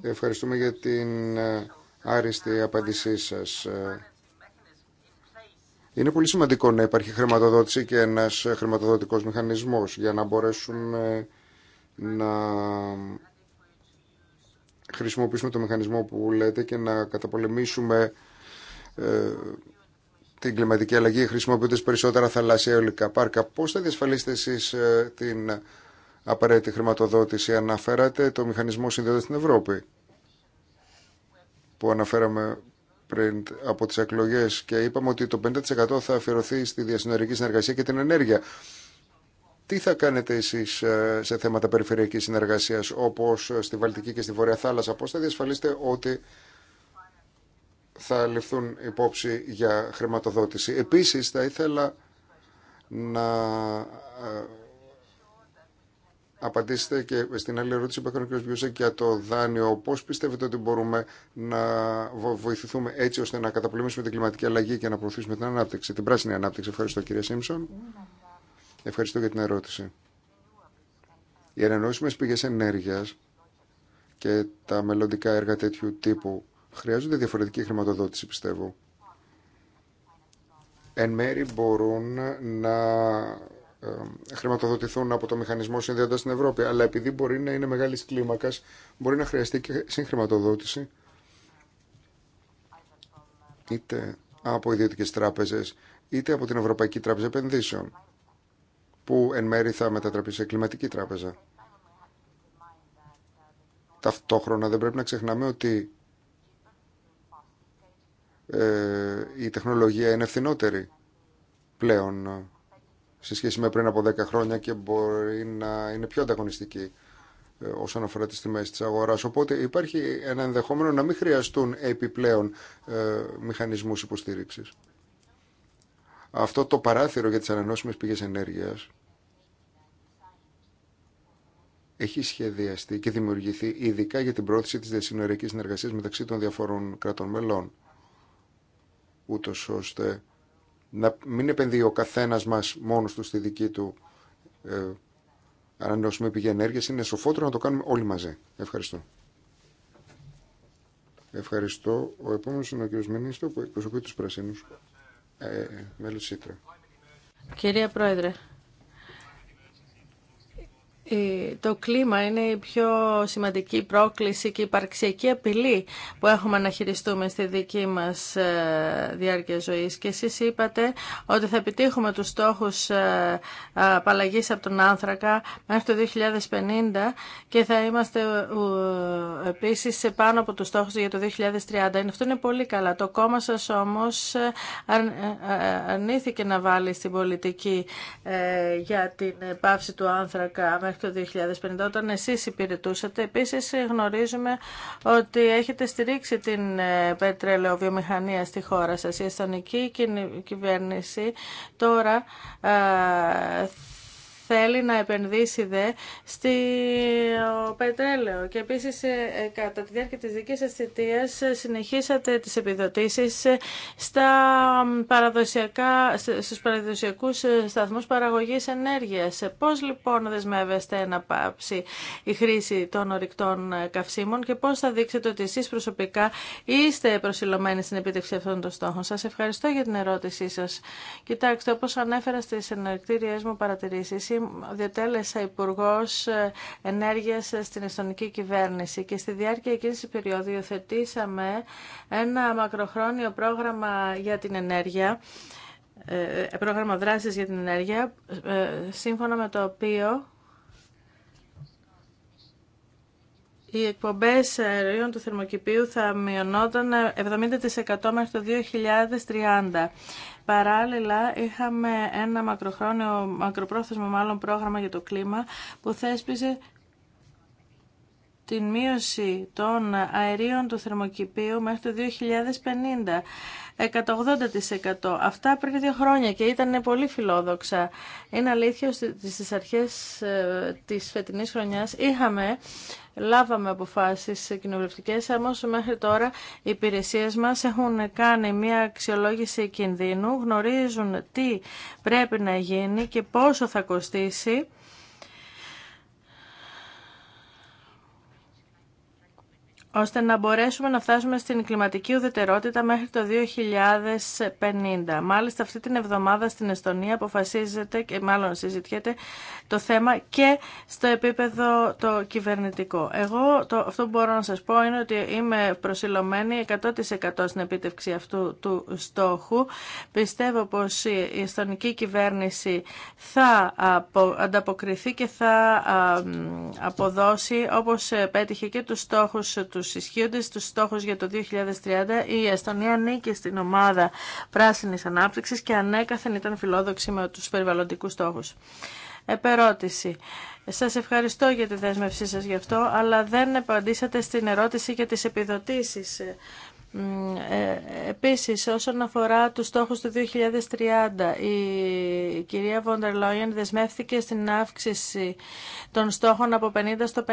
Ευχαριστούμε για την ε, άριστη απάντησή σας. Ε, είναι πολύ σημαντικό να υπάρχει χρηματοδότηση και ένας χρηματοδοτικός μηχανισμός για να μπορέσουμε να χρησιμοποιήσουμε το μηχανισμό που λέτε και να καταπολεμήσουμε ε, την κλιματική αλλαγή χρησιμοποιώντα περισσότερα θαλάσσια αιωλικά πάρκα. Πώς θα διασφαλίσετε εσεί ε, την απαραίτητη χρηματοδότηση. Αναφέρατε το μηχανισμό συνδέοντα στην Ευρώπη που αναφέραμε πριν από τις εκλογέ και είπαμε ότι το 50% θα αφιερωθεί στη διασυνορική συνεργασία και την ενέργεια. Τι θα κάνετε εσεί ε, σε θέματα περιφερειακή συνεργασία, όπω στη Βαλτική και στη Βορεια Θάλασσα. Πώς θα διασφαλίσετε ότι θα ληφθούν υπόψη για χρηματοδότηση. Επίσης θα ήθελα να ε, απαντήσετε και στην άλλη ερώτηση που έκανε ο κ. Βιούσεκ για το δάνειο. Πώς πιστεύετε ότι μπορούμε να βοηθηθούμε έτσι ώστε να καταπολεμήσουμε την κλιματική αλλαγή και να προωθήσουμε την ανάπτυξη, την πράσινη ανάπτυξη. Ευχαριστώ κ. Σίμψον. Ευχαριστώ για την ερώτηση. Οι ανανεώσιμες πηγές ενέργειας και τα μελλοντικά έργα τέτοιου τύπου χρειάζονται διαφορετική χρηματοδότηση, πιστεύω. Εν μέρη μπορούν να χρηματοδοτηθούν από το μηχανισμό συνδέοντας στην Ευρώπη, αλλά επειδή μπορεί να είναι μεγάλης κλίμακας, μπορεί να χρειαστεί και συγχρηματοδότηση είτε από ιδιωτικές τράπεζες, είτε από την Ευρωπαϊκή Τράπεζα Επενδύσεων, που εν μέρη θα μετατραπεί σε κλιματική τράπεζα. Ταυτόχρονα δεν πρέπει να ξεχνάμε ότι ε, η τεχνολογία είναι φθηνότερη πλέον ε, σε σχέση με πριν από 10 χρόνια και μπορεί να είναι πιο ανταγωνιστική ε, όσον αφορά τις τιμές της αγοράς. Οπότε υπάρχει ένα ενδεχόμενο να μην χρειαστούν επιπλέον μηχανισμούς υποστήριξης. Αυτό το παράθυρο για τις ανανόσιμες πηγές ενέργειας έχει σχεδιαστεί και δημιουργηθεί ειδικά για την πρόθεση της διασυνοριακής συνεργασίας μεταξύ των διαφορών κρατών μελών ούτως ώστε να μην επενδύει ο καθένας μας μόνος του στη δική του ε, ανανεώσιμη πηγή ενέργειας. Είναι σοφότερο να το κάνουμε όλοι μαζί. Ευχαριστώ. Ευχαριστώ. Ο επόμενος είναι ο κ. Μενίστο που εκπροσωπεί τους Πρασίνους. Ε, ε Σίτρα. Κυρία Πρόεδρε, το κλίμα είναι η πιο σημαντική πρόκληση και η υπαρξιακή απειλή που έχουμε να χειριστούμε στη δική μας ε, διάρκεια ζωής. Και εσείς είπατε ότι θα επιτύχουμε τους στόχους ε, απαλλαγή από τον άνθρακα μέχρι το 2050 και θα είμαστε επίσης σε πάνω από τους στόχους για το 2030. Αυτό είναι πολύ καλά. Το κόμμα σας όμως ε, αρνήθηκε να βάλει στην πολιτική για την πάυση του άνθρακα το 2050 όταν εσείς υπηρετούσατε. Επίσης γνωρίζουμε ότι έχετε στηρίξει την ε, πετρελαιοβιομηχανία στη χώρα σας. Η αισθανική κυβέρνηση τώρα ε, θέλει να επενδύσει δε στη πετρέλαιο. Και επίση, ε, ε, κατά τη διάρκεια τη δική σα θητεία ε, συνεχίσατε τι επιδοτήσει στα παραδοσιακά, στους παραδοσιακούς σταθμούς παραγωγής ενέργειας. Πώς λοιπόν δεσμεύεστε να πάψει η χρήση των ορυκτών καυσίμων και πώ θα δείξετε ότι εσεί προσωπικά είστε προσιλωμένοι στην επίτευξη αυτών των στόχων. Σα ευχαριστώ για την ερώτησή σας. Κοιτάξτε, όπω ανέφερα στι ενορυκτήριές μου παρατηρήσει διατέλεσα υπουργό ε, Ενέργεια ε, στην Εστονική Κυβέρνηση και στη διάρκεια εκείνη τη περίοδου υιοθετήσαμε ένα μακροχρόνιο πρόγραμμα για την ενέργεια ε, πρόγραμμα δράσης για την ενέργεια, σύμφωνα με το οποίο οι εκπομπές αερίων του θερμοκηπίου θα μειωνόταν 70% μέχρι το 2030. Παράλληλα, είχαμε ένα μακροχρόνιο, μακροπρόθεσμο μάλλον πρόγραμμα για το κλίμα που θέσπιζε την μείωση των αερίων του θερμοκηπίου μέχρι το 2050. 180%. Αυτά πριν δύο χρόνια και ήταν πολύ φιλόδοξα. Είναι αλήθεια ότι στις αρχές ε, της φετινής χρονιάς είχαμε λάβαμε αποφάσεις κοινοβουλευτικές, όμως μέχρι τώρα οι υπηρεσίες μας έχουν κάνει μια αξιολόγηση κινδύνου, γνωρίζουν τι πρέπει να γίνει και πόσο θα κοστίσει ώστε να μπορέσουμε να φτάσουμε στην κλιματική ουδετερότητα μέχρι το 2050. Μάλιστα αυτή την εβδομάδα στην Εστονία αποφασίζεται και μάλλον συζητιέται το θέμα και στο επίπεδο το κυβερνητικό. Εγώ το, αυτό που μπορώ να σας πω είναι ότι είμαι προσιλωμένη 100% στην επίτευξη αυτού του στόχου. Πιστεύω πως η εστονική κυβέρνηση θα ανταποκριθεί και θα αποδώσει όπως ε, πέτυχε και τους στόχους του ε, τους ισχύοντες τους στόχους για το 2030, η Εστονία νίκη στην ομάδα πράσινης ανάπτυξης και ανέκαθεν ήταν φιλόδοξη με τους περιβαλλοντικούς στόχους. Επερώτηση. Σας ευχαριστώ για τη δέσμευσή σας γι' αυτό, αλλά δεν απαντήσατε στην ερώτηση για τις επιδοτήσει. Ε, ε, επίσης, όσον αφορά τους στόχους του 2030, η κυρία Βόντερ Λόιεν δεσμεύθηκε στην αύξηση των στόχων από 50% στο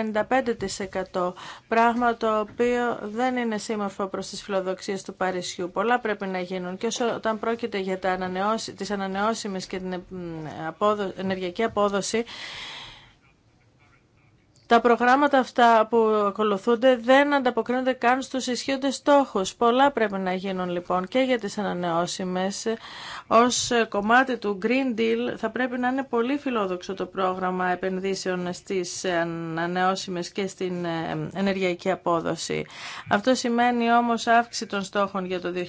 55%, πράγμα το οποίο δεν είναι σύμμορφο προς τις φιλοδοξίες του Παρισιού. Πολλά πρέπει να γίνουν και όταν πρόκειται για τα ανανεώσι, τις ανανεώσιμες και την ε, ενεργειακή απόδοση, τα προγράμματα αυτά που ακολουθούνται δεν ανταποκρίνονται καν στους ισχύοντες στόχους. Πολλά πρέπει να γίνουν λοιπόν και για τις ανανεώσιμες. Ως κομμάτι του Green Deal θα πρέπει να είναι πολύ φιλόδοξο το πρόγραμμα επενδύσεων στις ανανεώσιμες και στην ε, ενεργειακή απόδοση. Αυτό σημαίνει όμως αύξηση των στόχων για το 2030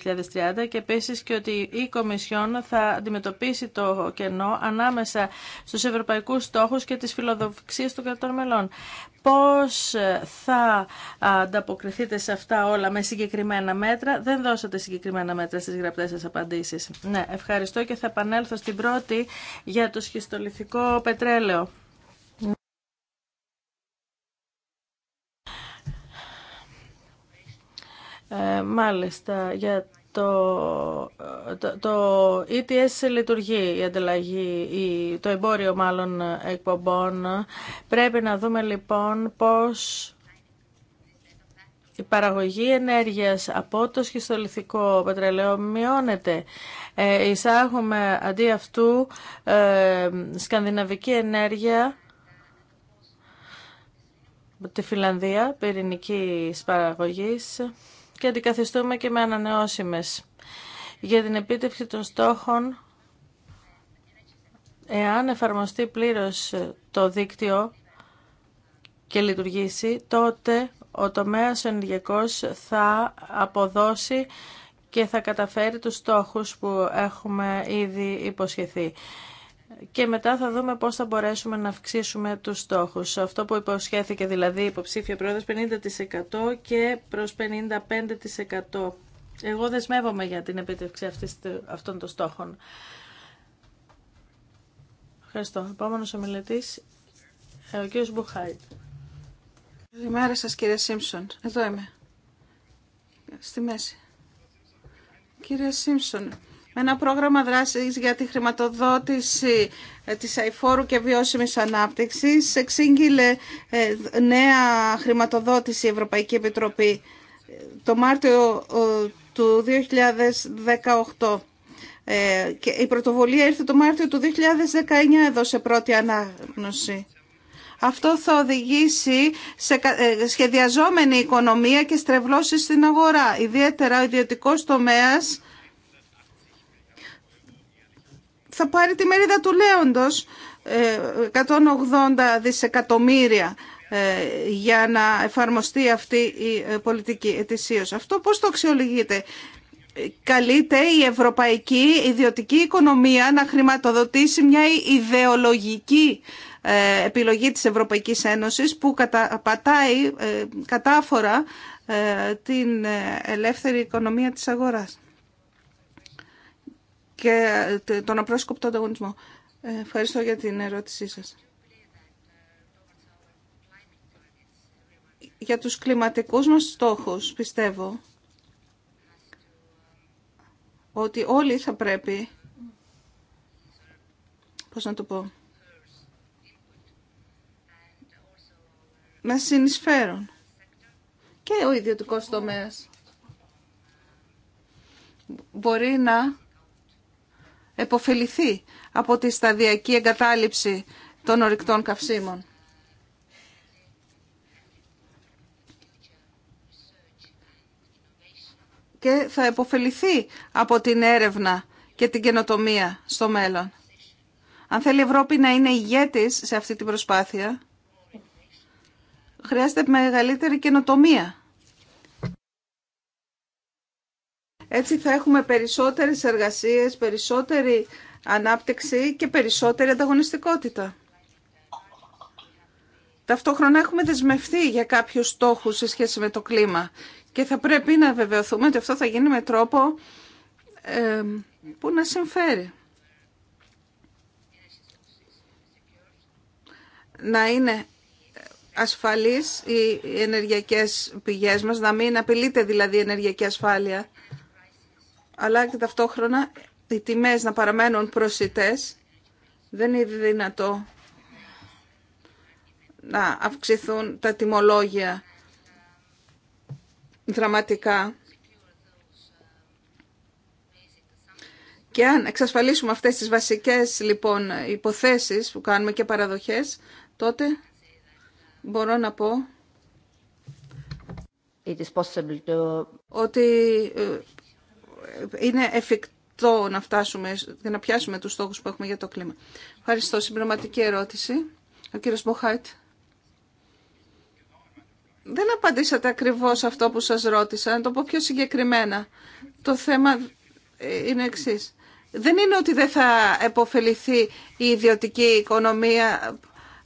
και επίση και ότι η Κομισιόν θα αντιμετωπίσει το κενό ανάμεσα στους ευρωπαϊκούς στόχους και τις φιλοδοξίες των κρατών μελών. Πώς ε, θα ανταποκριθείτε σε αυτά όλα με συγκεκριμένα μέτρα. Δεν δώσατε συγκεκριμένα μέτρα στις γραπτές σας απαντήσεις. Ναι, ευχαριστώ και θα επανέλθω στην πρώτη για το σχιστολιθικό πετρέλαιο. Ε, μάλιστα, για το, το, το ETS λειτουργεί η ανταλλαγή, το εμπόριο μάλλον εκπομπών. Πρέπει να δούμε λοιπόν πώς η παραγωγή ενέργειας από το σχιστολιθικό πετρελαίο μειώνεται. Ε, εισάγουμε αντί αυτού ε, σκανδιναβική ενέργεια από τη Φιλανδία, πυρηνική παραγωγής και αντικαθιστούμε και με ανανεώσιμες για την επίτευξη των στόχων εάν εφαρμοστεί πλήρως το δίκτυο και λειτουργήσει, τότε ο τομέας ενεργειακός θα αποδώσει και θα καταφέρει τους στόχους που έχουμε ήδη υποσχεθεί και μετά θα δούμε πώς θα μπορέσουμε να αυξήσουμε τους στόχους. Αυτό που υποσχέθηκε δηλαδή η υποψήφια πρόεδρος 50% και προς 55%. Εγώ δεσμεύομαι για την επίτευξη αυτών των στόχων. Ευχαριστώ. Επόμενος ομιλητής, ε, ο κ. Μπουχάιτ. Καλημέρα σας κύριε Σίμψον. Εδώ είμαι. Στη μέση. Κύριε Σίμψον, με ένα πρόγραμμα δράσης για τη χρηματοδότηση ε, της αηφόρου και βιώσιμης ανάπτυξης. Εξήγηλε ε, νέα χρηματοδότηση η Ευρωπαϊκή Επιτροπή ε, το Μάρτιο του 2018. και η πρωτοβουλία ήρθε το Μάρτιο του 2019 εδώ σε πρώτη ανάγνωση. Αυτό θα οδηγήσει σε σχεδιαζόμενη οικονομία και στρεβλώσεις στην αγορά. Ιδιαίτερα ο ιδιωτικός τομέας θα πάρει τη μερίδα του Λέοντος 180 ε, δισεκατομμύρια ε, για να εφαρμοστεί αυτή η ε, πολιτική ετησίως. Αυτό πώς το αξιολογείτε. Καλείται η ευρωπαϊκή ιδιωτική οικονομία να χρηματοδοτήσει μια ιδεολογική επιλογή της Ευρωπαϊκής Ένωσης που πατάει κατάφορα την ελεύθερη οικονομία της αγοράς και ε, τον απρόσκοπτο ανταγωνισμό. Ε, ευχαριστώ για την ερώτησή σας. Για τους κλιματικούς μας στόχους πιστεύω ότι όλοι θα πρέπει πώς να το πω να συνεισφέρουν και ο ιδιωτικός τομέας μπορεί να εποφεληθεί από τη σταδιακή εγκατάλειψη των ορυκτών καυσίμων. Και θα εποφεληθεί από την έρευνα και την καινοτομία στο μέλλον. Αν θέλει η Ευρώπη να είναι ηγέτης σε αυτή την προσπάθεια, χρειάζεται μεγαλύτερη καινοτομία Έτσι θα έχουμε περισσότερες εργασίες, περισσότερη ανάπτυξη και περισσότερη ανταγωνιστικότητα. Ταυτόχρονα έχουμε δεσμευτεί για κάποιους στόχους σε σχέση με το κλίμα και θα πρέπει να βεβαιωθούμε ότι αυτό θα γίνει με τρόπο ε, που να συμφέρει. Να είναι ασφαλείς οι ενεργειακές πηγές μας, να μην απειλείται δηλαδή η ενεργειακή ασφάλεια αλλά και ταυτόχρονα οι τιμές να παραμένουν προσιτές. Δεν είναι δυνατό να αυξηθούν τα τιμολόγια δραματικά. Και αν εξασφαλίσουμε αυτές τις βασικές λοιπόν υποθέσεις που κάνουμε και παραδοχές, τότε μπορώ να πω ότι ε, είναι εφικτό να φτάσουμε να πιάσουμε τους στόχους που έχουμε για το κλίμα. Ευχαριστώ. Συμπληρωματική ερώτηση. Ο κύριος Μποχάιτ. Δεν απαντήσατε ακριβώς αυτό που σας ρώτησα, να το πω πιο συγκεκριμένα. Το θέμα είναι εξής. Δεν είναι ότι δεν θα επωφεληθεί η ιδιωτική οικονομία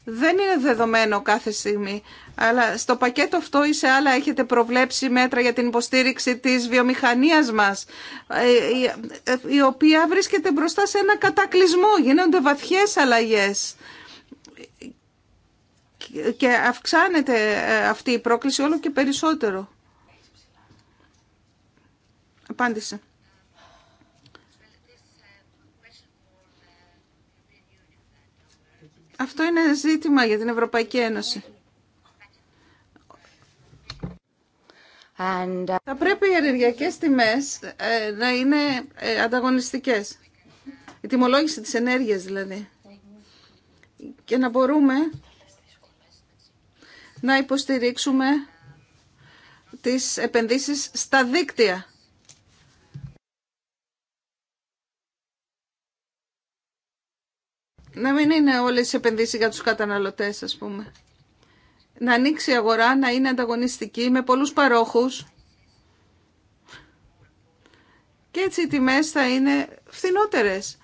δεν είναι δεδομένο κάθε στιγμή. Αλλά στο πακέτο αυτό ή σε άλλα έχετε προβλέψει μέτρα για την υποστήριξη της βιομηχανίας μας, ε, ε, η οποία βρίσκεται μπροστά σε ένα κατακλυσμό. Γίνονται βαθιές αλλαγές και αυξάνεται ε, αυτή η πρόκληση όλο και περισσότερο. Απάντησε. Αυτό είναι ζήτημα για την Ευρωπαϊκή Ένωση. Uh, Θα πρέπει οι ενεργειακές τιμές ε, να είναι ε, ανταγωνιστικές. Η τιμολόγηση της ενέργειας δηλαδή. Και να μπορούμε να υποστηρίξουμε τις επενδύσεις στα δίκτυα. μην είναι όλες οι επενδύσεις για τους καταναλωτές, ας πούμε. Να ανοίξει η αγορά, να είναι ανταγωνιστική με πολλούς παρόχους. Και έτσι οι τιμές θα είναι φθηνότερες.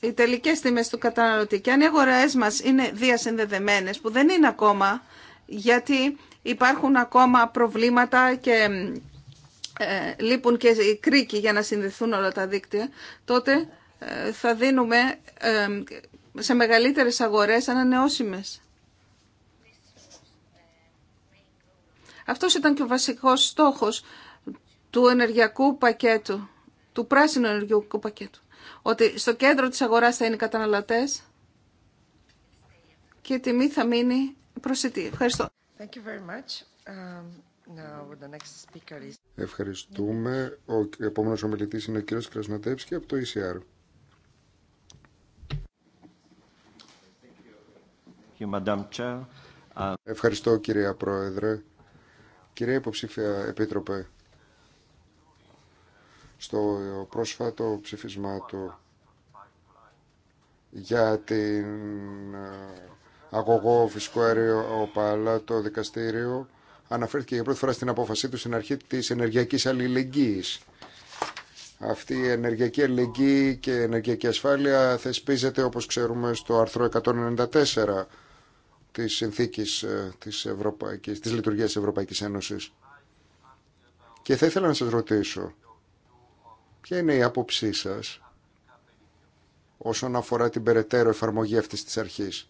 Οι τελικές τιμές του καταναλωτή. Και αν οι αγορές μας είναι διασυνδεδεμένες, που δεν είναι ακόμα, γιατί υπάρχουν ακόμα προβλήματα και ε, λείπουν και οι κρίκοι για να συνδεθούν όλα τα δίκτυα, τότε θα δίνουμε ε, σε μεγαλύτερες αγορές ανανεώσιμες. Αυτός ήταν και ο βασικός στόχος του ενεργειακού πακέτου, του πράσινου ενεργειακού πακέτου. Ότι στο κέντρο της αγοράς θα είναι οι καταναλωτές και η τιμή θα μείνει προσιτή. Ευχαριστώ. Thank you very much. Um, now, the next is... Ευχαριστούμε. Ο επόμενος ομιλητής είναι ο κύριος Κρασνατέψκι από το ECR. Uh, Ευχαριστώ κυρία Πρόεδρε. Κυρία Υποψήφια Επίτροπε, στο πρόσφατο ψηφισμά του για την ε, αγωγό φυσικό αέριο ΟΠΑΛΑ το δικαστήριο αναφέρθηκε για πρώτη φορά στην απόφασή του στην αρχή της ενεργειακής αλληλεγγύης. Αυτή η ενεργειακή αλληλεγγύη και η ενεργειακή ασφάλεια θεσπίζεται όπως ξέρουμε στο άρθρο 194 της συνθήκης ε, της, Ευρωπαϊκής, της λειτουργίας της Ευρωπαϊκής Ένωσης. Και θα ήθελα να σας ρωτήσω, ποια είναι η άποψή σας όσον αφορά την περαιτέρω εφαρμογή αυτής της αρχής.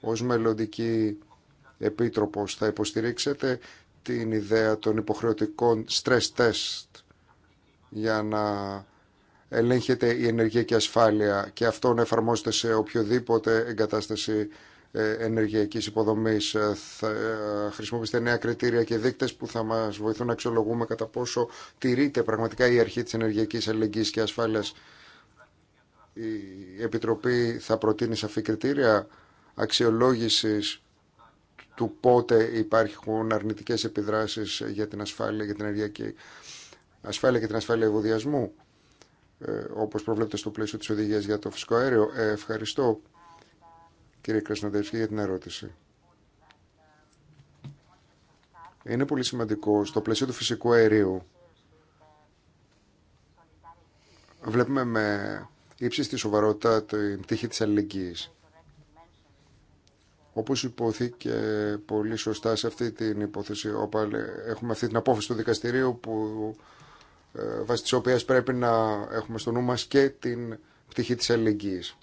Ως μελλοντική επίτροπος θα υποστηρίξετε την ιδέα των υποχρεωτικών stress test για να ελέγχεται η ενεργειακή ασφάλεια και αυτό να εφαρμόζεται σε οποιοδήποτε εγκατάσταση ε, ενεργειακής υποδομής. Ε, θα ε, χρησιμοποιήσετε νέα κριτήρια και δείκτες που θα μας βοηθούν να αξιολογούμε κατά πόσο τηρείται πραγματικά η αρχή της ενεργειακής αλληλεγγύης και ασφάλειας. Η Επιτροπή θα προτείνει σαφή κριτήρια αξιολόγησης του πότε υπάρχουν αρνητικές επιδράσεις για την ασφάλεια, για την ενεργειακή ασφάλεια και την ασφάλεια ευωδιασμού, όπως προβλέπεται στο πλαίσιο της οδηγίας για το φυσικό αέριο. ευχαριστώ κύριε Κρασνοδεύσκη, για την ερώτηση. Είναι πολύ σημαντικό στο πλαίσιο του φυσικού αερίου. Βλέπουμε με ύψιστη σοβαρότητα την πτύχη της αλληλεγγύης. Όπως υπόθηκε πολύ σωστά σε αυτή την υπόθεση, έχουμε αυτή την απόφαση του δικαστηρίου που ε, βάσει της οποίας πρέπει να έχουμε στο νου μας και την πτυχή της αλληλεγγύης.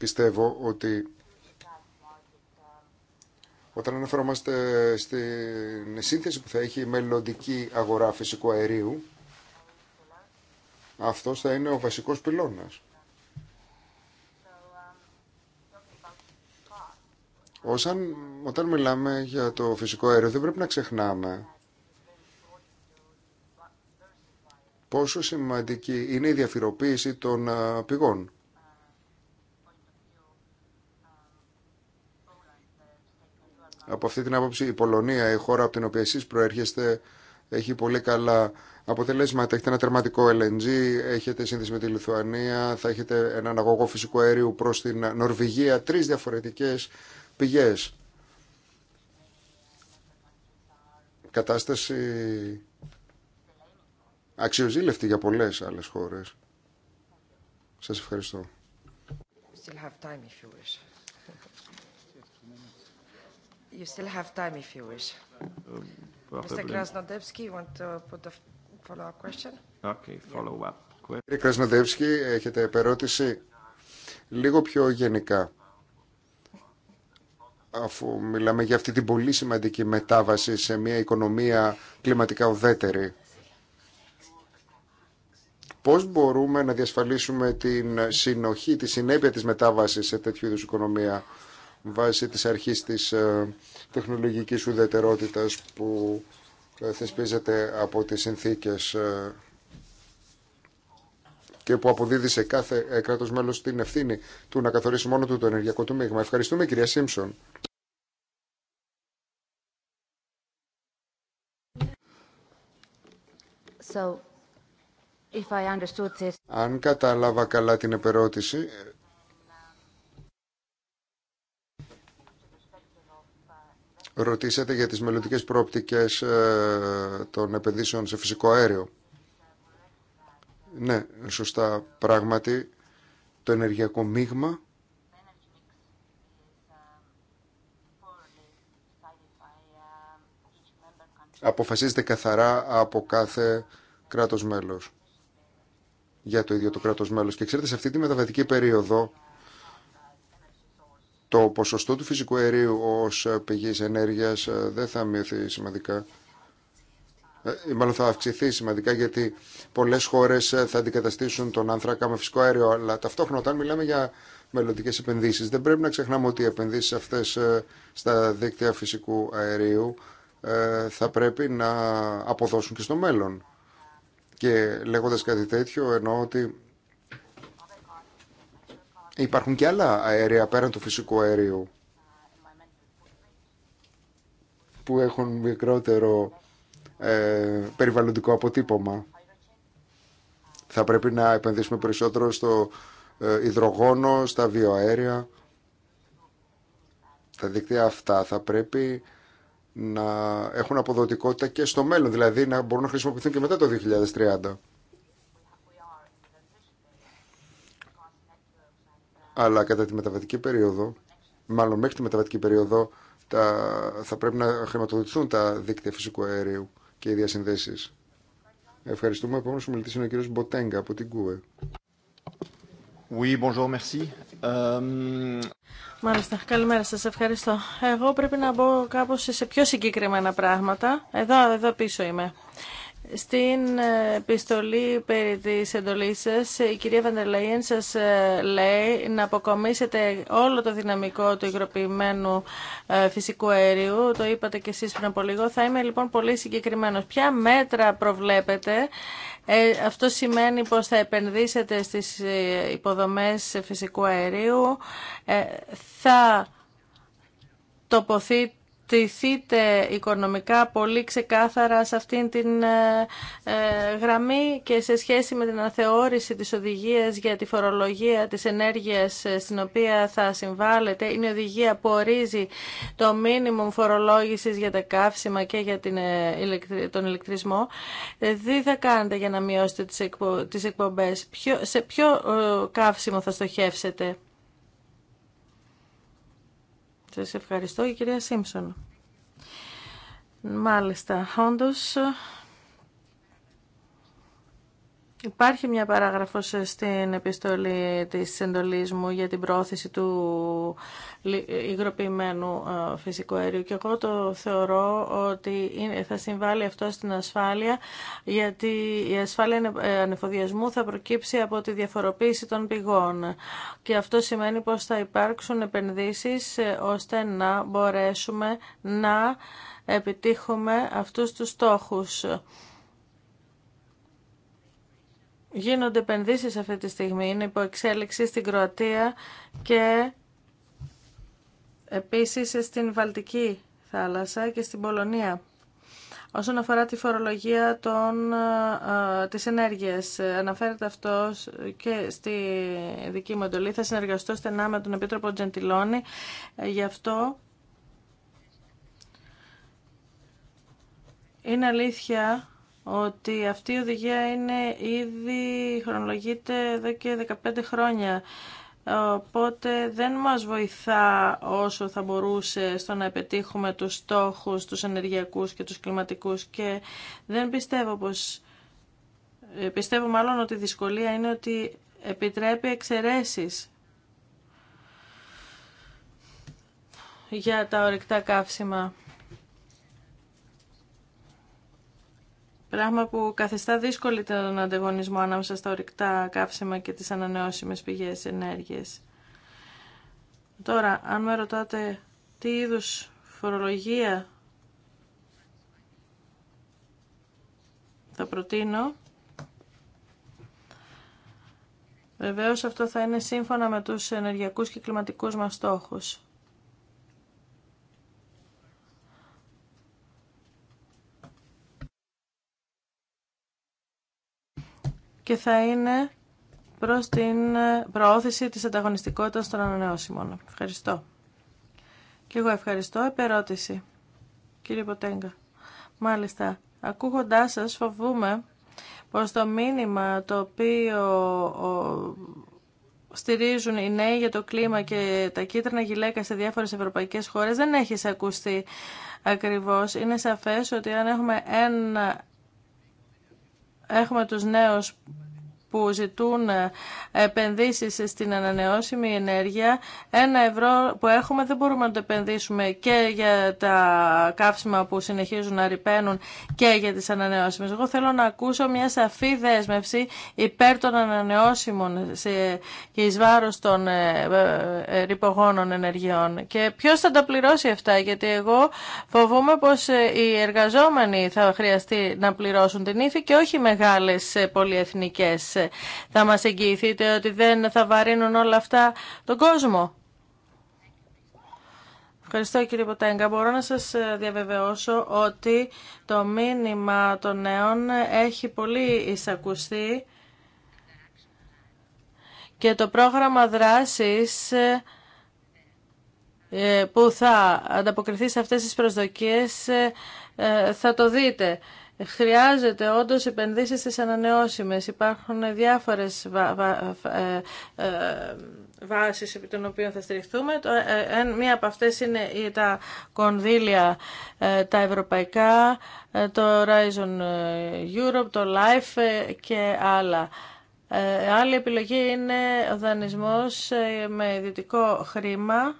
Πιστεύω ότι όταν αναφερόμαστε στην σύνθεση που θα έχει η μελλοντική αγορά φυσικού αερίου, αυτός θα είναι ο βασικός πυλώνας. Όσαν, όταν μιλάμε για το φυσικό αέριο δεν πρέπει να ξεχνάμε πόσο σημαντική είναι η διαφυροποίηση των ε, πηγών. Από αυτή την άποψη η Πολωνία, η χώρα από την οποία εσείς προέρχεστε, έχει πολύ καλά αποτελέσματα. Έχετε ένα τερματικό LNG, έχετε σύνδεση με τη Λιθουανία, θα έχετε έναν αγωγό φυσικού αερίου προς την Νορβηγία, τρεις διαφορετικές πηγές. Κατάσταση αξιοζήλευτη για πολλές άλλες χώρες. Σας ευχαριστώ. Still have time if you wish. You still have time if you wish. Uh, uh, Mr. Krasnodebski, you want to put a follow-up question? Okay, follow-up question. Κύριε Κρασνοδεύσκη, έχετε επερώτηση λίγο πιο γενικά. Αφού μιλάμε για αυτή την πολύ σημαντική μετάβαση σε μια οικονομία κλιματικά ουδέτερη. Πώς μπορούμε να διασφαλίσουμε την συνοχή, τη συνέπεια της μετάβασης σε τέτοιου είδους οικονομία βάσει της αρχής της ε, τεχνολογικής ουδετερότητας που ε, θεσπίζεται από τις συνθήκες ε, και που αποδίδει σε κάθε κράτος μέλος την ευθύνη του να καθορίσει μόνο του το ενεργειακό του μείγμα. Ευχαριστούμε κυρία Σίμψον. Αν κατάλαβα καλά την επερώτηση, Ρωτήσατε για τις μελλοντικέ προοπτικές ε, των επενδύσεων σε φυσικό αέριο. Ναι, σωστά. Πράγματι, το ενεργειακό μείγμα αποφασίζεται καθαρά από κάθε κράτος μέλος για το ίδιο το κράτος μέλος. Και ξέρετε, σε αυτή τη μεταβατική περίοδο το ποσοστό του φυσικού αερίου ως ε, πηγής ενέργειας ε, δεν θα μειωθεί σημαντικά. Ε, μάλλον θα αυξηθεί σημαντικά γιατί πολλές χώρες θα αντικαταστήσουν τον άνθρακα με φυσικό αέριο. Αλλά ταυτόχρονα όταν μιλάμε για μελλοντικές επενδύσεις δεν πρέπει να ξεχνάμε ότι οι επενδύσεις αυτές στα δίκτυα φυσικού αερίου θα πρέπει να αποδώσουν και στο μέλλον. Και λέγοντας κάτι τέτοιο εννοώ ότι Υπάρχουν και άλλα αέρια πέραν του φυσικού αερίου που έχουν μικρότερο ε, περιβαλλοντικό αποτύπωμα. Θα πρέπει να επενδύσουμε περισσότερο στο ε, υδρογόνο, στα βιοαέρια. Τα δίκτυα αυτά θα πρέπει να έχουν αποδοτικότητα και στο μέλλον, δηλαδή να μπορούν να χρησιμοποιηθούν και μετά το 2030. αλλά κατά τη μεταβατική περίοδο, μάλλον μέχρι τη μεταβατική περίοδο, τα, θα πρέπει να χρηματοδοτηθούν τα δίκτυα φυσικού αερίου και οι διασυνδέσει. Ευχαριστούμε. Ο επόμενο μιλητής είναι ο κύριος Μποτέγκα από την ΚΟΕ. Oui, Μάλιστα, καλημέρα σας, ευχαριστώ. Εγώ πρέπει να μπω κάπως σε πιο συγκεκριμένα πράγματα. Εδώ, εδώ πίσω είμαι. Στην επιστολή περί της εντολής σας, η κυρία Βαντελαΐεν σας ε, λέει να αποκομίσετε όλο το δυναμικό του υγροποιημένου ε, φυσικού αερίου. Το είπατε και εσείς πριν από λίγο. Θα είμαι λοιπόν πολύ συγκεκριμένος. Ποια μέτρα προβλέπετε. Ε, αυτό σημαίνει πως θα επενδύσετε στις υποδομές φυσικού αερίου. θα τοποθείτε στηθείτε οικονομικά πολύ ξεκάθαρα σε αυτήν την ε, ε, γραμμή και σε σχέση με την αναθεώρηση της οδηγίας για τη φορολογία της ενέργειας ε, στην οποία θα συμβάλλετε. Είναι η οδηγία που ορίζει το μίνιμουμ φορολόγησης για τα καύσιμα και για τον ηλεκτρισμό. Τι θα κάνετε για να μειώσετε τις, εκπομπές, σε ποιο καύσιμο θα στοχεύσετε. Σα ευχαριστώ η κυρία Σίμψον. Μάλιστα, όντω. Υπάρχει μια παράγραφος στην επιστολή της εντολής μου για την πρόθεση του υγροποιημένου ε, φυσικού αερίου και εγώ το θεωρώ ότι θα συμβάλλει αυτό στην ασφάλεια γιατί η ασφάλεια ε, ανεφοδιασμού θα προκύψει από τη διαφοροποίηση των πηγών και αυτό σημαίνει πως θα υπάρξουν επενδύσεις ε, ώστε να μπορέσουμε να επιτύχουμε αυτούς τους στόχους. Γίνονται επενδύσεις αυτή τη στιγμή, είναι υπό εξέλιξη στην Κροατία και επίσης στην Βαλτική θάλασσα και στην Πολωνία. Όσον αφορά τη φορολογία των, α, ε, της ενέργειας, αναφέρεται αυτό και στη δική μου εντολή. Θα συνεργαστώ στενά με τον Επίτροπο Τζεντιλόνη. Ε, γι' αυτό είναι αλήθεια ότι αυτή η οδηγία είναι ήδη χρονολογείται εδώ και 15 χρόνια. Οπότε δεν μας βοηθά όσο θα μπορούσε στο να επιτύχουμε τους στόχους, τους ενεργειακούς και τους κλιματικούς και δεν πιστεύω πως... Ε, πιστεύω μάλλον ότι η δυσκολία είναι ότι επιτρέπει εξαιρέσεις για τα ορυκτά καύσιμα. Πράγμα που καθιστά δύσκολη τον ανταγωνισμό ανάμεσα στα ορυκτά καύσιμα και τις ανανεώσιμες πηγές ενέργειας. Τώρα, αν με ρωτάτε τι είδους φορολογία θα προτείνω, βεβαίως αυτό θα είναι σύμφωνα με τους ενεργειακούς και κλιματικούς μας στόχους. και θα είναι προς την ε, προώθηση της ανταγωνιστικότητας των ανανεώσιμων. Ευχαριστώ. Και εγώ ευχαριστώ. Επερώτηση. Κύριε Ποτέγκα. Μάλιστα. Ακούγοντάς σας φοβούμε πως το μήνυμα το οποίο στηρίζουν οι νέοι για το κλίμα και τα κίτρινα γυλαίκα σε διάφορες ευρωπαϊκές χώρες δεν έχει ακουστεί ακριβώς. Είναι σαφές ότι αν έχουμε ένα Έχουμε τους νέους που ζητούν ε, επενδύσεις στην ανανεώσιμη ενέργεια, ένα ευρώ που έχουμε δεν μπορούμε να το επενδύσουμε και για τα καύσιμα που συνεχίζουν να ρηπαίνουν και για τις ανανεώσιμες. Εγώ θέλω να ακούσω μια σαφή δέσμευση υπέρ των ανανεώσιμων και εις βάρος των ε, ε, ρηπογόνων ενεργειών. Και ποιος θα τα πληρώσει αυτά, γιατί εγώ φοβούμαι πως οι εργαζόμενοι θα χρειαστεί να πληρώσουν την ύφη και όχι μεγάλες πολυεθνικές θα μας εγγυηθείτε ότι δεν θα βαρύνουν όλα αυτά τον κόσμο. Ευχαριστώ κύριε Ποτέγκα. Μπορώ να σας ε, διαβεβαιώσω ότι το μήνυμα των νέων έχει πολύ εισακουστεί και το πρόγραμμα δράσης ε, που θα ανταποκριθεί σε αυτές τις προσδοκίες ε, θα το δείτε. Χρειάζεται όντω επενδύσει στι ανανεώσιμε. Υπάρχουν διάφορες βάσει ε, βάσεις επί των οποίων θα στηριχθούμε. Ε, μία από αυτές είναι τα κονδύλια ε, τα ευρωπαϊκά, το Horizon Europe, το LIFE και άλλα. Άλλη επιλογή είναι ο δανεισμός με ιδιωτικό χρήμα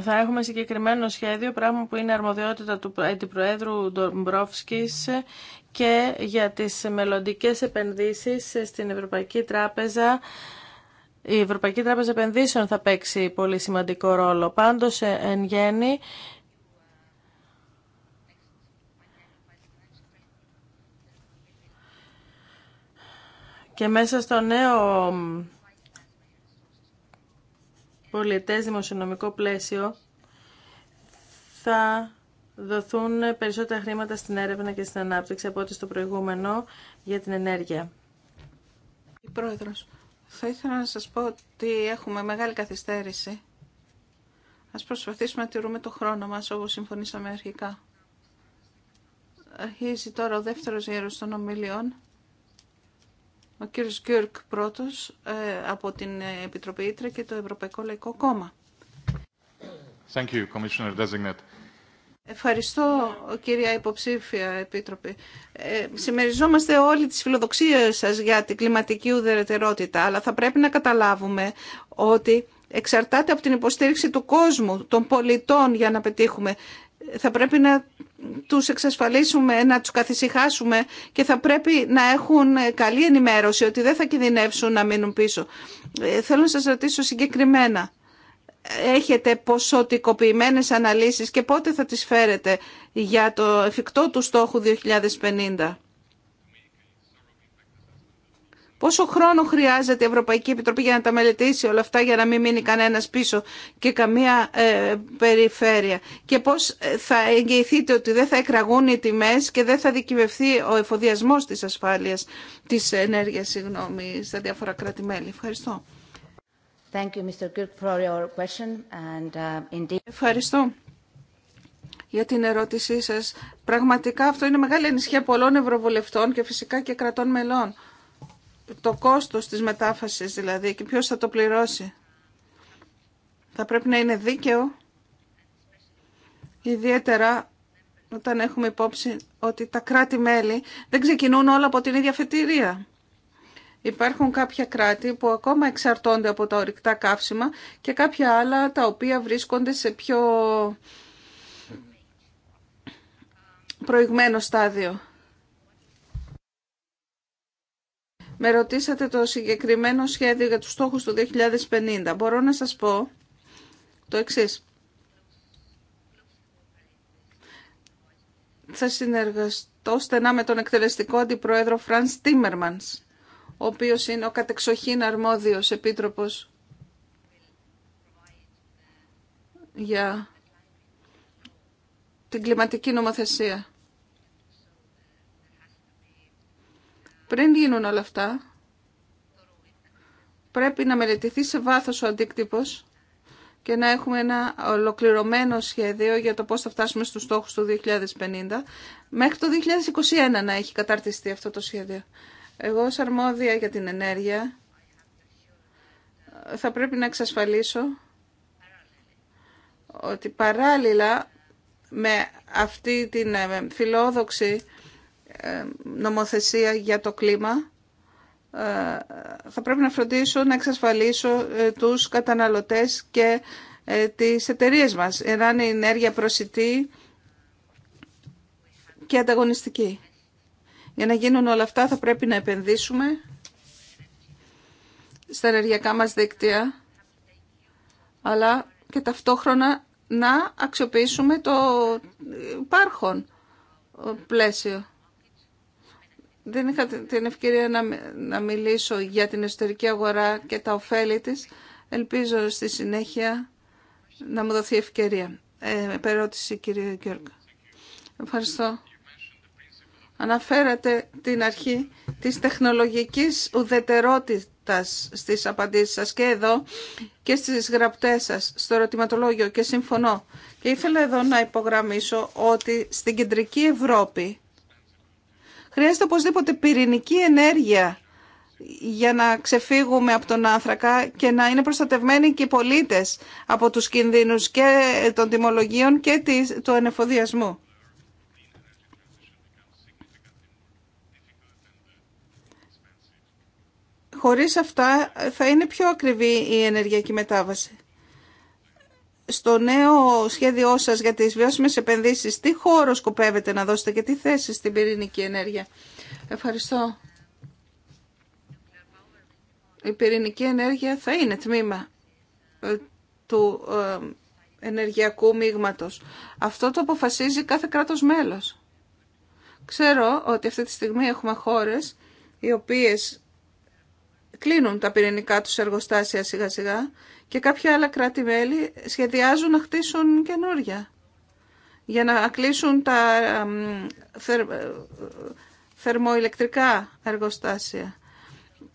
Θα έχουμε συγκεκριμένο σχέδιο, πράγμα που είναι αρμοδιότητα του Αντιπροέδρου Ντομπρόφσκης και για τις μελλοντικέ επενδύσεις στην Ευρωπαϊκή Τράπεζα. Η Ευρωπαϊκή Τράπεζα Επενδύσεων θα παίξει πολύ σημαντικό ρόλο. Πάντως, εν γέννη, και μέσα στο νέο πολιετές δημοσιονομικό πλαίσιο θα δοθούν περισσότερα χρήματα στην έρευνα και στην ανάπτυξη από ό,τι στο προηγούμενο για την ενέργεια. Η Πρόεδρος, θα ήθελα να σας πω ότι έχουμε μεγάλη καθυστέρηση. Ας προσπαθήσουμε να τηρούμε το χρόνο μας όπως συμφωνήσαμε αρχικά. Αρχίζει τώρα ο δεύτερος γύρος των ομιλιών. Ο κύριος Γκιούρκ πρώτος ε, από την Επιτροπή Ήτρα και το Ευρωπαϊκό Λαϊκό Κόμμα. Thank you, Commissioner Ευχαριστώ, κυρία Υποψήφια Επίτροπη. Ε, συμμεριζόμαστε όλοι τις φιλοδοξίες σας για την κλιματική ουδετερότητα, αλλά θα πρέπει να καταλάβουμε ότι εξαρτάται από την υποστήριξη του κόσμου, των πολιτών για να πετύχουμε θα πρέπει να τους εξασφαλίσουμε, να τους καθησυχάσουμε και θα πρέπει να έχουν καλή ενημέρωση ότι δεν θα κινδυνεύσουν να μείνουν πίσω. Ε, θέλω να σας ρωτήσω συγκεκριμένα. Έχετε ποσοτικοποιημένες αναλύσεις και πότε θα τις φέρετε για το εφικτό του στόχου 2050. Πόσο χρόνο χρειάζεται η Ευρωπαϊκή Επιτροπή για να τα μελετήσει όλα αυτά για να μην μείνει κανένας πίσω και καμία ε, περιφέρεια. Και πώς ε, θα εγγυηθείτε ότι δεν θα εκραγούν οι τιμές και δεν θα δικημευτεί ο εφοδιασμός της ασφάλειας της ενέργειας στα διάφορα κράτη-μέλη. Ευχαριστώ. Thank you, Mr. Kirk, for your question. And, uh, indeed... Ευχαριστώ για την ερώτησή σας. Πραγματικά αυτό είναι μεγάλη ανησυχία πολλών ευρωβουλευτών και φυσικά και κρατών μελών το κόστος της μετάφασης δηλαδή και ποιος θα το πληρώσει. Θα πρέπει να είναι δίκαιο, ιδιαίτερα όταν έχουμε υπόψη ότι τα κράτη-μέλη δεν ξεκινούν όλα από την ίδια φετηρία. Υπάρχουν κάποια κράτη που ακόμα εξαρτώνται από τα ορυκτά καύσιμα και κάποια άλλα τα οποία βρίσκονται σε πιο προηγμένο στάδιο. Με ρωτήσατε το συγκεκριμένο σχέδιο για τους στόχους του 2050. Μπορώ να σας πω το εξής. Θα συνεργαστώ στενά με τον εκτελεστικό αντιπρόεδρο Φρανς Τίμερμανς, ο οποίος είναι ο κατεξοχήν αρμόδιος επίτροπος για την κλιματική νομοθεσία. Πριν γίνουν όλα αυτά, πρέπει να μελετηθεί σε βάθος ο αντίκτυπος και να έχουμε ένα ολοκληρωμένο σχέδιο για το πώς θα φτάσουμε στους στόχους του 2050. Μέχρι το 2021 να έχει καταρτιστεί αυτό το σχέδιο. Εγώ ως αρμόδια για την ενέργεια ε, θα πρέπει να εξασφαλίσω ότι παράλληλα με αυτή την ε, φιλόδοξη ε, νομοθεσία για το κλίμα ε, θα πρέπει να φροντίσω να εξασφαλίσω ε, τους καταναλωτές και τις εταιρείες μας. Να είναι η ενέργεια προσιτή και ανταγωνιστική. Για να γίνουν όλα αυτά θα πρέπει να επενδύσουμε στα ενεργειακά μας δίκτυα, αλλά και ταυτόχρονα να αξιοποιήσουμε το υπάρχον πλαίσιο. Δεν είχα την ευκαιρία να μιλήσω για την εσωτερική αγορά και τα ωφέλη της. Ελπίζω στη συνέχεια να μου δοθεί ευκαιρία. Ε, κύριε Γιώργο. Ευχαριστώ. Αναφέρατε την αρχή της τεχνολογικής ουδετερότητας στις απαντήσεις σας και εδώ και στις γραπτές σας στο ερωτηματολόγιο και συμφωνώ. Και ήθελα εδώ να υπογραμμίσω ότι στην κεντρική Ευρώπη Χρειάζεται οπωσδήποτε πυρηνική ενέργεια για να ξεφύγουμε από τον άνθρακα και να είναι προστατευμένοι και οι πολίτες από τους κινδύνους και των τιμολογίων και του ενεφοδιασμού. Χωρίς αυτά θα είναι πιο ακριβή η ενεργειακή μετάβαση στο νέο σχέδιό σας για τις βιώσιμες επενδύσεις, τι χώρο σκοπεύετε να δώσετε και τι θέση στην πυρηνική ενέργεια. Ευχαριστώ. Η πυρηνική ενέργεια θα είναι τμήμα ε, του ε, ενεργειακού μείγματος. Αυτό το αποφασίζει κάθε κράτος μέλος. Ξέρω ότι αυτή τη στιγμή έχουμε χώρες οι οποίες κλείνουν τα πυρηνικά τους εργοστάσια σιγά σιγά και κάποια άλλα κράτη-μέλη σχεδιάζουν να χτίσουν καινούργια για να κλείσουν τα ε, θερμοηλεκτρικά εργοστάσια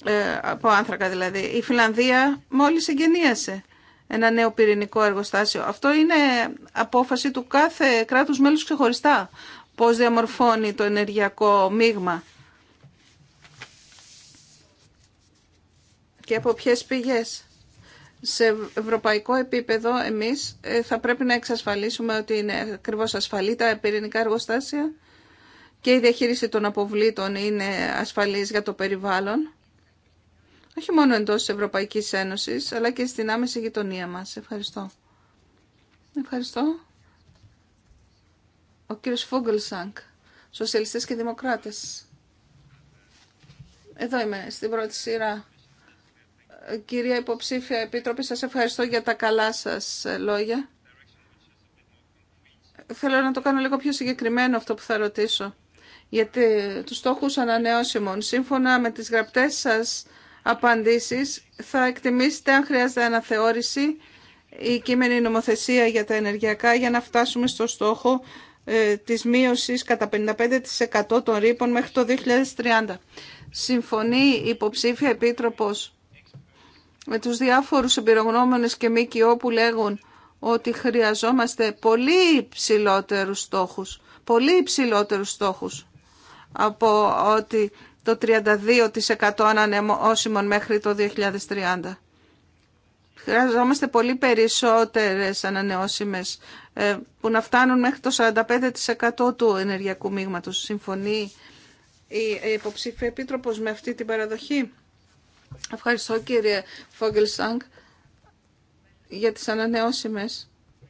ε, από άνθρακα δηλαδή. Η Φιλανδία μόλις εγκαινίασε ένα νέο πυρηνικό εργοστάσιο. Αυτό είναι απόφαση του κάθε κράτους μέλους ξεχωριστά πώς διαμορφώνει το ενεργειακό μείγμα και από ποιες πηγές. Σε ευρωπαϊκό επίπεδο εμείς ε, θα πρέπει να εξασφαλίσουμε ότι είναι ακριβώ ασφαλή τα πυρηνικά εργοστάσια και η διαχείριση των αποβλήτων είναι ασφαλής για το περιβάλλον. Όχι μόνο εντός Ευρωπαϊκή Ευρωπαϊκής Ένωσης, αλλά και στην άμεση γειτονία μας. Ευχαριστώ. Ευχαριστώ. Ο κύριο Φούγκλσανκ, Σοσιαλιστέ και δημοκράτε. Εδώ είμαι, στην πρώτη σειρά. Κυρία Υποψήφια Επίτροπη, σας ευχαριστώ για τα καλά σας λόγια. Θέλω να το κάνω λίγο πιο συγκεκριμένο αυτό που θα ρωτήσω. Γιατί τους στόχους ανανεώσιμων, σύμφωνα με τις γραπτές σας απαντήσεις, θα εκτιμήσετε αν χρειάζεται αναθεώρηση η κείμενη νομοθεσία για τα ενεργειακά για να φτάσουμε στο στόχο ε, της μείωσης κατά 55% των ρήπων μέχρι το 2030. Συμφωνεί η υποψήφια επίτροπος με τους διάφορους εμπειρογνώμονες και ΜΚΟ που λέγουν ότι χρειαζόμαστε πολύ υψηλότερους στόχους, πολύ υψηλότερους στόχους από ότι το 32% ανανεώσιμων μέχρι το 2030. Χρειαζόμαστε πολύ περισσότερες ανανεώσιμες ε, που να φτάνουν μέχρι το 45% του ενεργειακού μείγματος. Συμφωνεί η υποψήφια επίτροπος με αυτή την παραδοχή. Ευχαριστώ κύριε Φόγγελσανγκ για τις ανανεώσιμες.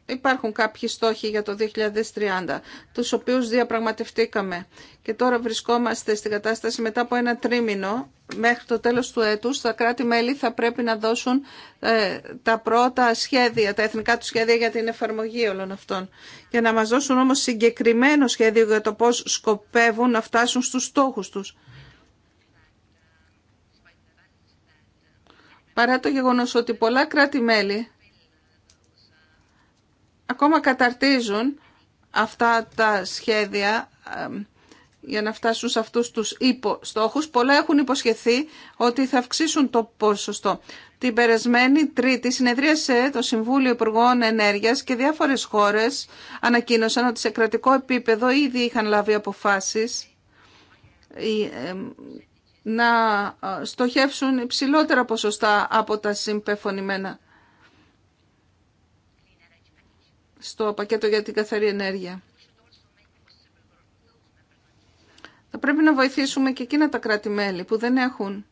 Υπάρχουν κάποιοι στόχοι για το 2030, τους οποίους διαπραγματευτήκαμε. Και τώρα βρισκόμαστε στην κατάσταση μετά από ένα τρίμηνο, μέχρι το τέλος του έτους, τα κράτη-μέλη θα πρέπει να δώσουν ε, τα πρώτα σχέδια, τα εθνικά του σχέδια για την εφαρμογή όλων αυτών. Για να μας δώσουν όμως συγκεκριμένο σχέδιο για το πώς σκοπεύουν να φτάσουν στους στόχους τους. παρά το γεγονός ότι πολλά κράτη-μέλη ακόμα καταρτίζουν αυτά τα σχέδια για να φτάσουν σε αυτούς τους υποστόχους. Πολλά έχουν υποσχεθεί ότι θα αυξήσουν το ποσοστό. Την περασμένη Τρίτη συνεδρίασε το Συμβούλιο Υπουργών Ενέργειας και διάφορες χώρες ανακοίνωσαν ότι σε κρατικό επίπεδο ήδη είχαν λάβει αποφάσεις να στοχεύσουν υψηλότερα ποσοστά από τα συμπεφωνημένα στο πακέτο για την καθαρή ενέργεια. Θα πρέπει να βοηθήσουμε και εκείνα τα κράτη-μέλη που δεν έχουν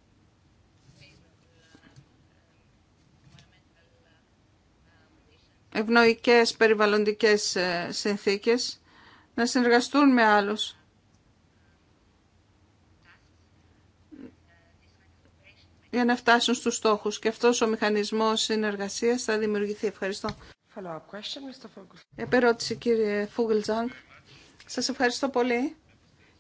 ευνοϊκές περιβαλλοντικές ε, συνθήκες να συνεργαστούν με άλλους για να φτάσουν στους στόχους. Και αυτός ο μηχανισμός συνεργασίας θα δημιουργηθεί. Ευχαριστώ. Επερώτηση κύριε Φούγκλτζανγκ. Σας ευχαριστώ πολύ.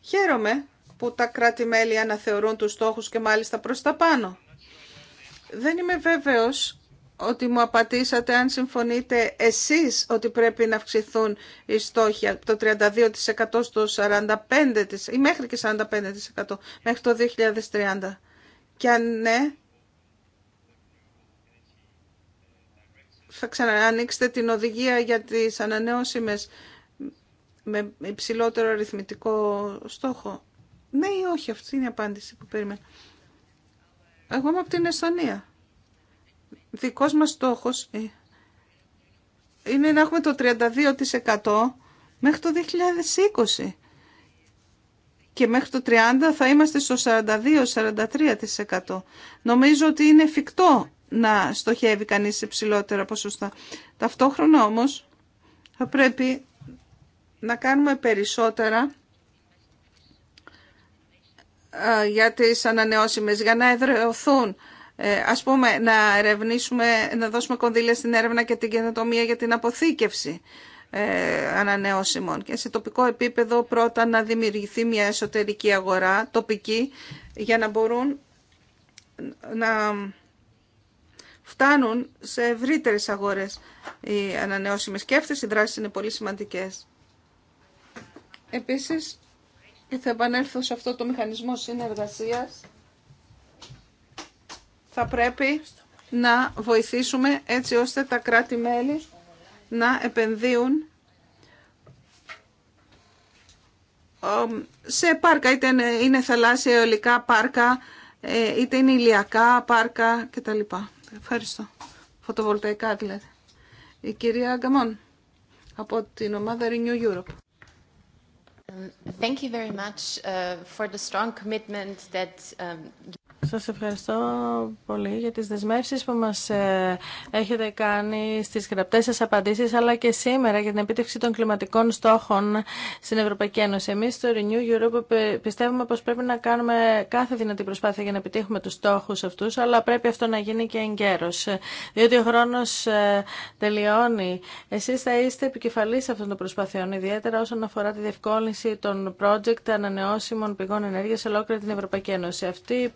Χαίρομαι που τα κράτη-μέλη αναθεωρούν τους στόχους και μάλιστα προς τα πάνω. Δεν είμαι βέβαιος ότι μου απαντήσατε αν συμφωνείτε εσείς ότι πρέπει να αυξηθούν οι στόχοι από το 32% στο 45% ή μέχρι και 45% μέχρι το 2030. Και αν ναι, θα την οδηγία για τις ανανεώσιμες με υψηλότερο αριθμητικό στόχο. Ναι ή όχι, αυτή είναι η απάντηση που περίμενα. Εγώ είμαι από την Εστονία. Δικός μας στόχος ε, είναι να έχουμε το 32% μέχρι το 2020 και μέχρι το 30 θα είμαστε στο 42-43%. Νομίζω ότι είναι εφικτό να στοχεύει κανείς σε ψηλότερα ποσοστά. Ταυτόχρονα όμως θα πρέπει να κάνουμε περισσότερα για τις ανανεώσιμες, για να εδρεωθούν. Ε, ας πούμε, να ερευνήσουμε, να δώσουμε κονδύλια στην έρευνα και την καινοτομία για την αποθήκευση. Ε, ανανεώσιμων. Και σε τοπικό επίπεδο πρώτα να δημιουργηθεί μια εσωτερική αγορά τοπική για να μπορούν να φτάνουν σε ευρύτερες αγορές οι ανανεώσιμες και αυτές οι δράσεις είναι πολύ σημαντικές. Επίσης, θα επανέλθω σε αυτό το μηχανισμό συνεργασίας. Θα πρέπει να βοηθήσουμε έτσι ώστε τα κράτη-μέλη να επενδύουν σε πάρκα, είτε είναι θαλάσσια αιωλικά πάρκα, ε, είτε είναι ηλιακά πάρκα κτλ. Ευχαριστώ. Φωτοβολταϊκά δηλαδή. Η κυρία Γκαμόν από την ομάδα Renew Europe. Thank you very much uh, for the strong commitment that um, σας ευχαριστώ πολύ για τις δεσμεύσεις που μας ε, έχετε κάνει στις γραπτές σας απαντήσεις αλλά και σήμερα για την επίτευξη των κλιματικών στόχων στην Ευρωπαϊκή Ένωση. Εμείς στο Renew Europe πιστεύουμε πως πρέπει να κάνουμε κάθε δυνατή προσπάθεια για να επιτύχουμε τους στόχους αυτούς αλλά πρέπει αυτό να γίνει και εγκαίρως διότι ο χρόνος ε, τελειώνει. Εσείς θα είστε επικεφαλής αυτών των προσπαθειών ιδιαίτερα όσον αφορά τη διευκόλυνση των project ανανεώσιμων πηγών ενέργειας σε ολόκληρη την Ευρωπαϊκή Ένωση. Αυτή η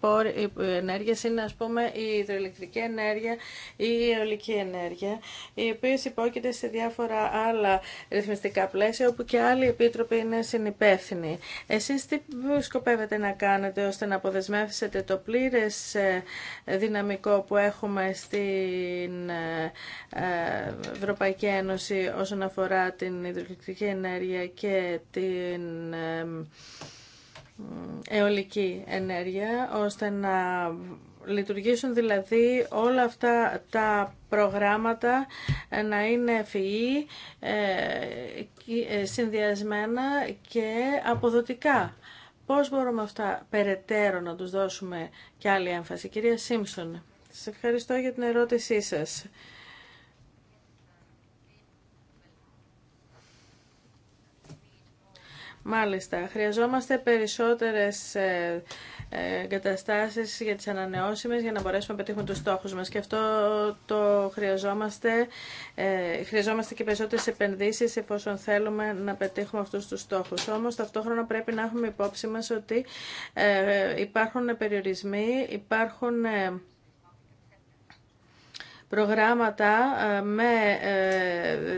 Ενέργειες είναι ας πούμε η υδροελεκτρική ενέργεια ή η αιωλική ενέργεια, οι οποίε υπόκειται σε διάφορα άλλα ρυθμιστικά πλαίσια όπου και άλλοι επίτροποι είναι συνυπεύθυνοι. Εσείς τι σκοπεύετε να κάνετε ώστε να αποδεσμεύσετε το πλήρες ε, δυναμικό που έχουμε στην ε, Ευρωπαϊκή Ένωση όσον αφορά την υδροελεκτρική ενέργεια και την ε, αιωλική ενέργεια, ώστε να λειτουργήσουν δηλαδή όλα αυτά τα προγράμματα ε, να είναι ευφυή, ε, ε, συνδυασμένα και αποδοτικά. Πώς μπορούμε αυτά περαιτέρω να τους δώσουμε και άλλη έμφαση. Κυρία Σίμψον, σας ευχαριστώ για την ερώτησή σας. Μάλιστα, χρειαζόμαστε περισσότερες ε, ε, εγκαταστάσεις για τις ανανεώσιμες για να μπορέσουμε να πετύχουμε τους στόχους μας και αυτό το χρειαζόμαστε, ε, χρειαζόμαστε και περισσότερες επενδύσεις εφόσον θέλουμε να πετύχουμε αυτούς τους στόχους. Όμως ταυτόχρονα πρέπει να έχουμε υπόψη μας ότι ε, υπάρχουν περιορισμοί, υπάρχουν... Ε, προγράμματα με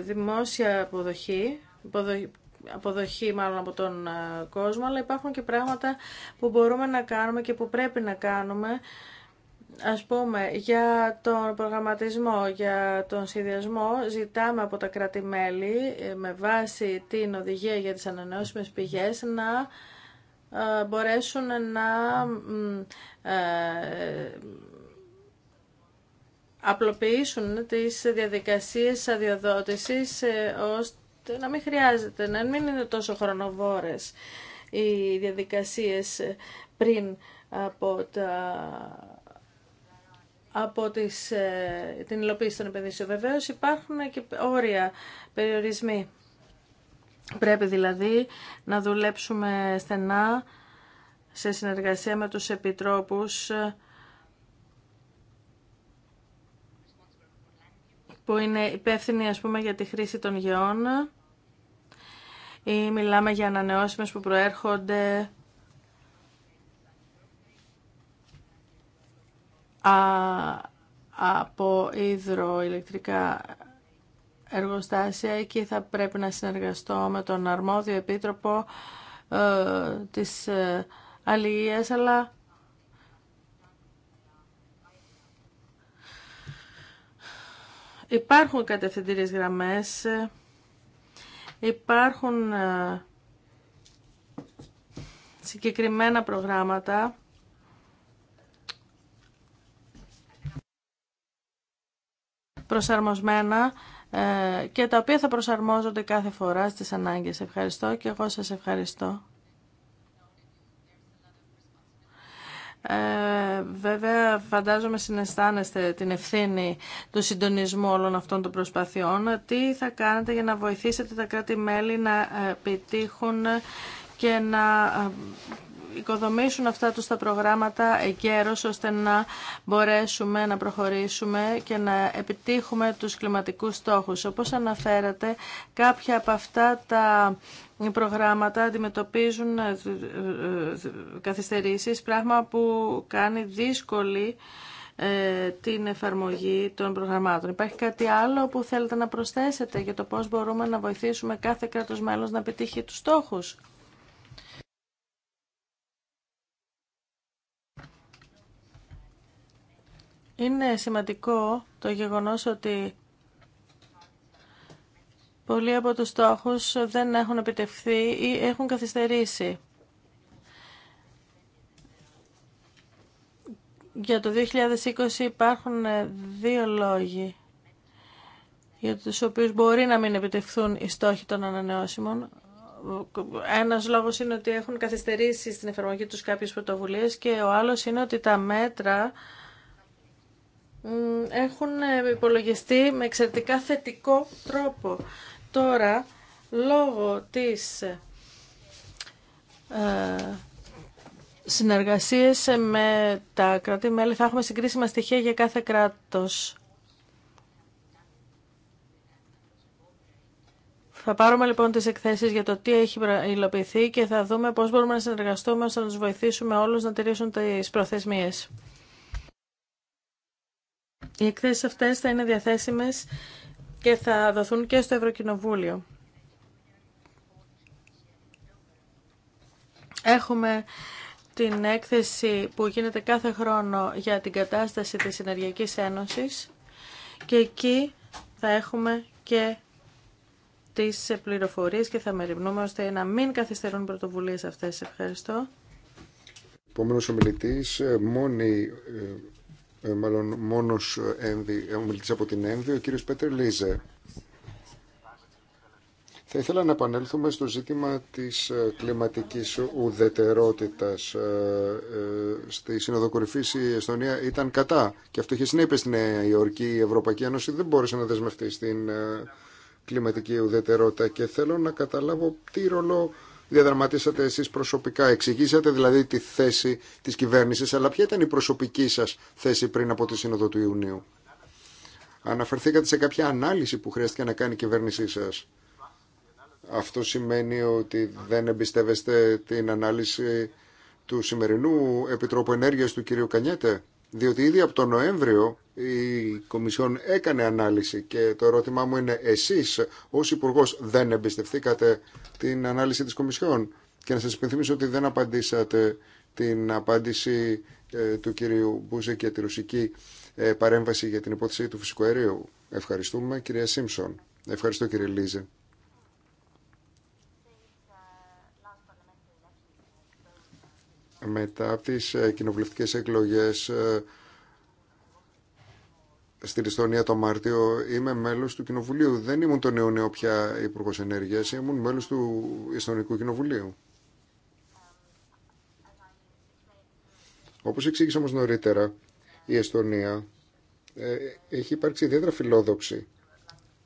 δημόσια αποδοχή αποδοχή μάλλον από τον ε, κόσμο, αλλά υπάρχουν και πράγματα που μπορούμε να κάνουμε και που πρέπει να κάνουμε ας πούμε, για τον προγραμματισμό, για τον σχεδιασμό, ζητάμε από τα κρατη ε, με βάση την οδηγία για τις ανανεώσιμες πηγές, να ε, μπορέσουν να απλοποιήσουν τις διαδικασίες αδειοδότησης ώστε να μην χρειάζεται, να μην είναι τόσο χρονοβόρες οι διαδικασίες πριν από, τα, από τις, ε, την υλοποίηση των επενδύσεων. Βεβαίως υπάρχουν και όρια, περιορισμοί. Πρέπει δηλαδή να δουλέψουμε στενά σε συνεργασία με τους επιτρόπους που είναι υπεύθυνοι ας πούμε για τη χρήση των γεών ή μιλάμε για ανανεώσιμες που προέρχονται από υδροηλεκτρικά εργοστάσια. Εκεί θα πρέπει να συνεργαστώ με τον αρμόδιο επίτροπο ε, της ε, αλληλείας, αλλά Υπάρχουν κατευθυντήριες γραμμές, υπάρχουν ε, συγκεκριμένα προγράμματα. προσαρμοσμένα ε, και τα οποία θα προσαρμόζονται κάθε φορά στις ανάγκες. Ευχαριστώ και εγώ σας ευχαριστώ. Ε, βέβαια φαντάζομαι συναισθάνεστε την ευθύνη του συντονισμού όλων αυτών των προσπαθειών. Τι θα κάνετε για να βοηθήσετε τα κράτη-μέλη να ε, επιτύχουν και να ε, οικοδομήσουν αυτά τους τα προγράμματα εγκαίρως ώστε να μπορέσουμε να προχωρήσουμε και να επιτύχουμε τους κλιματικούς στόχους. Όπως αναφέρατε, κάποια από αυτά τα προγράμματα αντιμετωπίζουν ε, ε, ε, καθυστερήσεις, πράγμα που κάνει δύσκολη την εφαρμογή των προγραμμάτων. Υπάρχει κάτι άλλο που θέλετε να προσθέσετε για το πώς μπορούμε να βοηθήσουμε κάθε κράτος μέλος να πετύχει τους στόχους. Είναι σημαντικό το γεγονός ότι πολλοί από τους στόχους δεν έχουν επιτευχθεί ή έχουν καθυστερήσει. Για το 2020 υπάρχουν δύο λόγοι για τους οποίους μπορεί να μην επιτευχθούν οι στόχοι των ανανεώσιμων. Ένας λόγος είναι ότι έχουν καθυστερήσει στην εφαρμογή τους κάποιες πρωτοβουλίες και ο άλλος είναι ότι τα μέτρα έχουν υπολογιστεί με εξαιρετικά θετικό τρόπο. Τώρα, λόγω της ε, συνεργασίας με τα κράτη-μέλη θα έχουμε συγκρίσιμα στοιχεία για κάθε κράτος. Θα πάρουμε λοιπόν τις εκθέσεις για το τι έχει υλοποιηθεί και θα δούμε πώς μπορούμε να συνεργαστούμε ώστε να τους βοηθήσουμε όλους να τηρήσουν τις προθεσμίες. Οι εκθέσεις αυτές θα είναι διαθέσιμες και θα δοθούν και στο Ευρωκοινοβούλιο. Έχουμε την έκθεση που γίνεται κάθε χρόνο για την κατάσταση της Ενεργειακής Ένωσης και εκεί θα έχουμε και τις πληροφορίες και θα μεριμνούμε ώστε να μην καθυστερούν πρωτοβουλίες αυτές. Ευχαριστώ. Επόμενος ομιλητής, ε, μόνη ε, ε, μάλλον μόνος ε, έμβη, ε, από την ΕΜΔΙ, ο κύριος Πέτερ Λίζε. Θα ήθελα να επανέλθουμε στο ζήτημα της κλιματικής ουδετερότητας. Στη Σύνοδο Κορυφής η Εστονία ήταν κατά και αυτό είχε συνέπειες στην Νέα Υόρκη. Η Ευρωπαϊκή Ένωση δεν μπόρεσε να δεσμευτεί στην κλιματική ουδετερότητα και θέλω να καταλάβω τι ρόλο διαδραματίσατε εσείς προσωπικά. Εξηγήσατε δηλαδή τη θέση της κυβέρνησης, αλλά ποια ήταν η προσωπική σας θέση πριν από τη Σύνοδο του Ιουνίου. Αναφερθήκατε σε κάποια ανάλυση που χρειάστηκε να κάνει η κυβέρνησή σας. Αυτό σημαίνει ότι δεν εμπιστεύεστε την ανάλυση του σημερινού Επιτρόπου Ενέργειας του κ. Κανιέτε. Διότι ήδη από τον Νοέμβριο η Κομισιόν έκανε ανάλυση και το ερώτημά μου είναι εσείς ως υπουργό δεν εμπιστευτήκατε την ανάλυση της Κομισιόν και να σας υπενθυμίσω ότι δεν απαντήσατε την απάντηση ε, του κυρίου Μπούζε και τη ρωσική ε, παρέμβαση για την υπόθεση του φυσικού αερίου. Ευχαριστούμε κυρία Σίμψον. Ευχαριστώ κύριε Λίζε. μετά από τις ε, κοινοβουλευτικές εκλογές ε, στην Ιστονία το Μάρτιο είμαι μέλος του Κοινοβουλίου. Δεν ήμουν τον αιώνιο πια υπουργό Ενέργειας, ήμουν μέλος του Ιστονικού Κοινοβουλίου. Όπως εξήγησα όμως νωρίτερα, η Εστονία ε, έχει υπάρξει ιδιαίτερα φιλόδοξη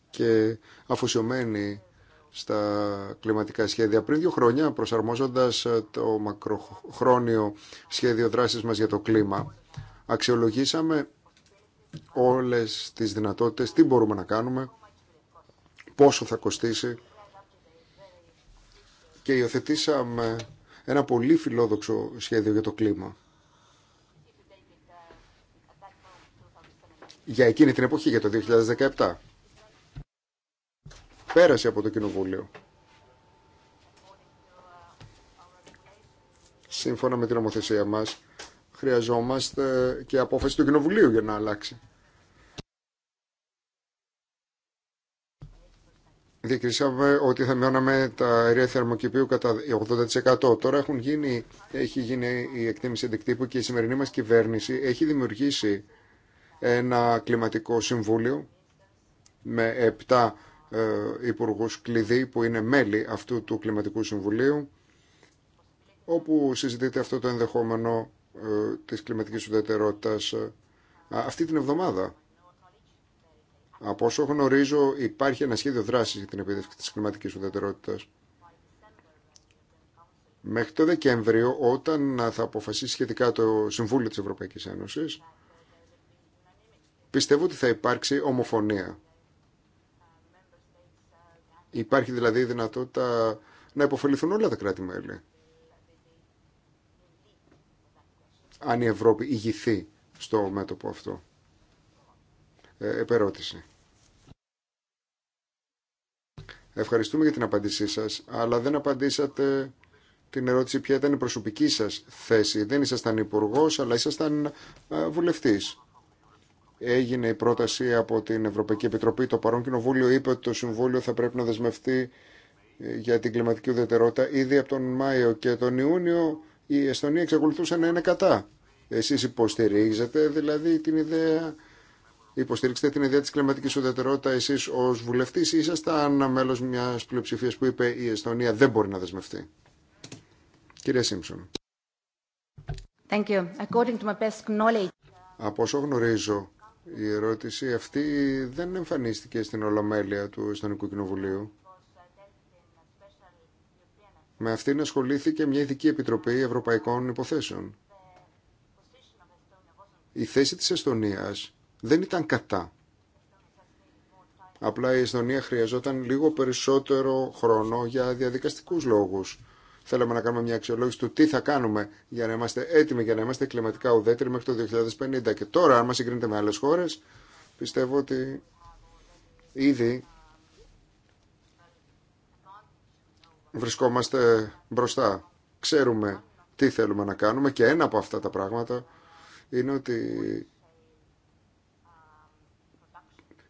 και αφοσιωμένη στα κλιματικά σχέδια. Πριν δύο χρόνια, προσαρμόζοντας ε, το μακροχρόνιο σχέδιο δράσης μας για το κλίμα, αξιολογήσαμε όλες τις δυνατότητες, τι μπορούμε να κάνουμε, πόσο θα κοστίσει και υιοθετήσαμε ένα πολύ φιλόδοξο σχέδιο για το κλίμα. Για εκείνη την εποχή, για το 2017 πέρασε από το Κοινοβούλιο. Σύμφωνα με την νομοθεσία μας, χρειαζόμαστε και απόφαση του Κοινοβουλίου για να αλλάξει. Διακρίσαμε ότι θα μειώναμε τα αερία θερμοκηπίου κατά 80%. Τώρα έχουν γίνει, έχει γίνει η εκτίμηση αντικτύπου και η σημερινή μας κυβέρνηση έχει δημιουργήσει ένα κλιματικό συμβούλιο με 7 ε, υπουργούς κλειδί που είναι μέλη αυτού του Κλιματικού Συμβουλίου όπου συζητείται αυτό το ενδεχόμενο ε, της κλιματικής ουδετερότητας ε, αυτή την εβδομάδα. Από όσο γνωρίζω υπάρχει ένα σχέδιο δράσης για την επίδευξη της κλιματικής ουδετερότητας. Μέχρι το Δεκέμβριο, όταν θα αποφασίσει σχετικά το Συμβούλιο της Ευρωπαϊκής Ένωσης, πιστεύω ότι θα υπάρξει ομοφωνία Υπάρχει δηλαδή η δυνατότητα να υποφεληθούν όλα τα κράτη-μέλη. Αν η Ευρώπη ηγηθεί στο μέτωπο αυτό. Ε, επερώτηση. Ευχαριστούμε για την απάντησή σας, αλλά δεν απαντήσατε την ερώτηση ποια ήταν η προσωπική σας θέση. Δεν ήσασταν υπουργό, αλλά ήσασταν ε, βουλευτής έγινε η πρόταση από την Ευρωπαϊκή Επιτροπή. Το παρόν κοινοβούλιο είπε ότι το Συμβούλιο θα πρέπει να δεσμευτεί ε, για την κλιματική ουδετερότητα ήδη από τον Μάιο και τον Ιούνιο η Εστονία εξακολουθούσε να είναι κατά. Εσείς υποστηρίζετε δηλαδή την ιδέα, υποστηρίξετε την ιδέα της κλιματικής ουδετερότητας εσείς ως βουλευτής ή ήσασταν μέλος μιας πλειοψηφίας που είπε η Εστονία δεν μπορεί να δεσμευτεί. Κυρία Σίμψον. Από όσο γνωρίζω, η ερώτηση αυτή δεν εμφανίστηκε στην Ολομέλεια του Ιστονικού Κοινοβουλίου. Με αυτήν ασχολήθηκε μια ειδική επιτροπή ευρωπαϊκών υποθέσεων. Η θέση της Εστονίας δεν ήταν κατά. Απλά η Εστονία χρειαζόταν λίγο περισσότερο χρόνο για διαδικαστικούς λόγους Θέλαμε να κάνουμε μια αξιολόγηση του τι θα κάνουμε για να είμαστε έτοιμοι, για να είμαστε κλιματικά ουδέτεροι μέχρι το 2050. Και τώρα, αν μα συγκρίνετε με άλλε χώρε, πιστεύω ότι ήδη βρισκόμαστε μπροστά. Ξέρουμε τι θέλουμε να κάνουμε και ένα από αυτά τα πράγματα είναι ότι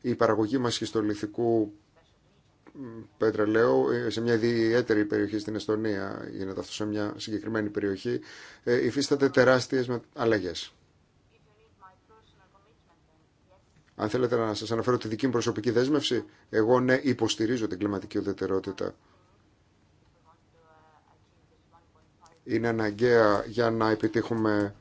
η παραγωγή μας χιστολιθικού πετρελαίου ε, σε μια ιδιαίτερη περιοχή στην Εστονία, γίνεται αυτό σε μια συγκεκριμένη περιοχή, ε, υφίσταται τεράστιες αλλαγές. Αν θέλετε να σας αναφέρω τη δική μου προσωπική δέσμευση, εγώ ναι υποστηρίζω την κλιματική ουδετερότητα. Είναι αναγκαία για να επιτύχουμε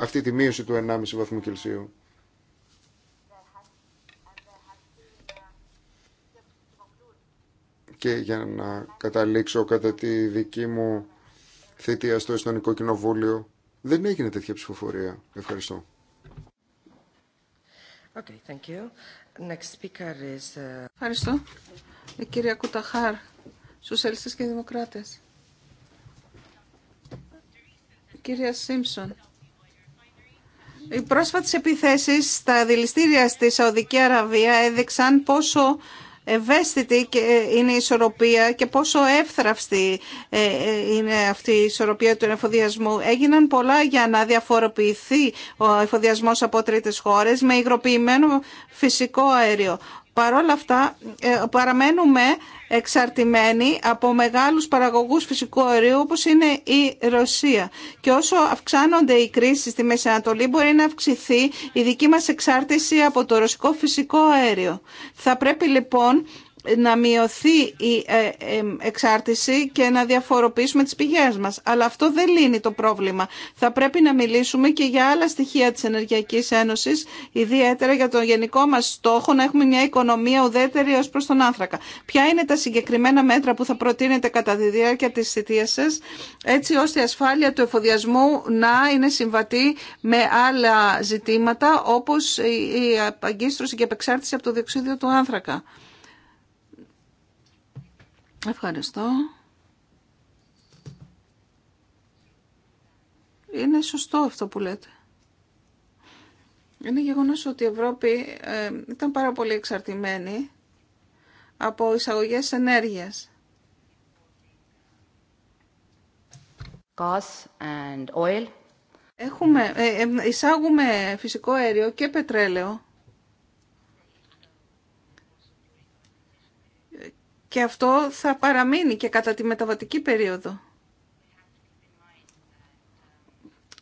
αυτή τη μείωση του 1,5 βαθμού Κελσίου. Και για να καταλήξω κατά τη δική μου θητεία στο Ιστονικό Κοινοβούλιο, δεν έγινε τέτοια ψηφοφορία. Ευχαριστώ. Okay, thank you. Next speaker is... Uh, Ευχαριστώ. Η κυρία Κουταχάρ, Σοσιαλιστές και Δημοκράτες. Η κυρία Σίμψον. Οι πρόσφατες επιθέσεις στα δηληστήρια στη Σαουδική Αραβία έδειξαν πόσο ευαίσθητη ε, είναι η ισορροπία και πόσο εύθραυστη ε, ε, είναι αυτή η ισορροπία του εφοδιασμού. Έγιναν πολλά για να διαφοροποιηθεί ο εφοδιασμός από τρίτες χώρες με υγροποιημένο φυσικό αέριο. Παρ' όλα αυτά ε, παραμένουμε εξαρτημένοι από μεγάλους παραγωγούς φυσικού αερίου όπως είναι η Ρωσία. Και όσο αυξάνονται οι κρίσεις στη Μέση Ανατολή μπορεί να αυξηθεί η δική μας εξάρτηση από το ρωσικό φυσικό αέριο. Θα πρέπει λοιπόν να μειωθεί η ε, ε, εξάρτηση και να διαφοροποιήσουμε τις πηγές μας. Αλλά αυτό δεν λύνει το πρόβλημα. Θα πρέπει να μιλήσουμε και για άλλα στοιχεία της Ενεργειακής Ένωσης, ιδιαίτερα για τον γενικό μας στόχο να έχουμε μια οικονομία ουδέτερη ως προς τον άνθρακα. Ποια είναι τα συγκεκριμένα μέτρα που θα προτείνετε κατά τη διάρκεια της θητείας σας, έτσι ώστε η ασφάλεια του εφοδιασμού να είναι συμβατή με άλλα ζητήματα, όπως η απαγκίστρωση και επεξάρτηση από το διοξίδιο του άνθρακα. Ευχαριστώ. Είναι σωστό αυτό που λέτε. Είναι γεγονός ότι η Ευρώπη ε, ήταν πάρα πολύ εξαρτημένη από εισαγωγές ενέργειας. and Έχουμε, ε, ε, εισάγουμε φυσικό αέριο και πετρέλαιο Και αυτό θα παραμείνει και κατά τη μεταβατική περίοδο.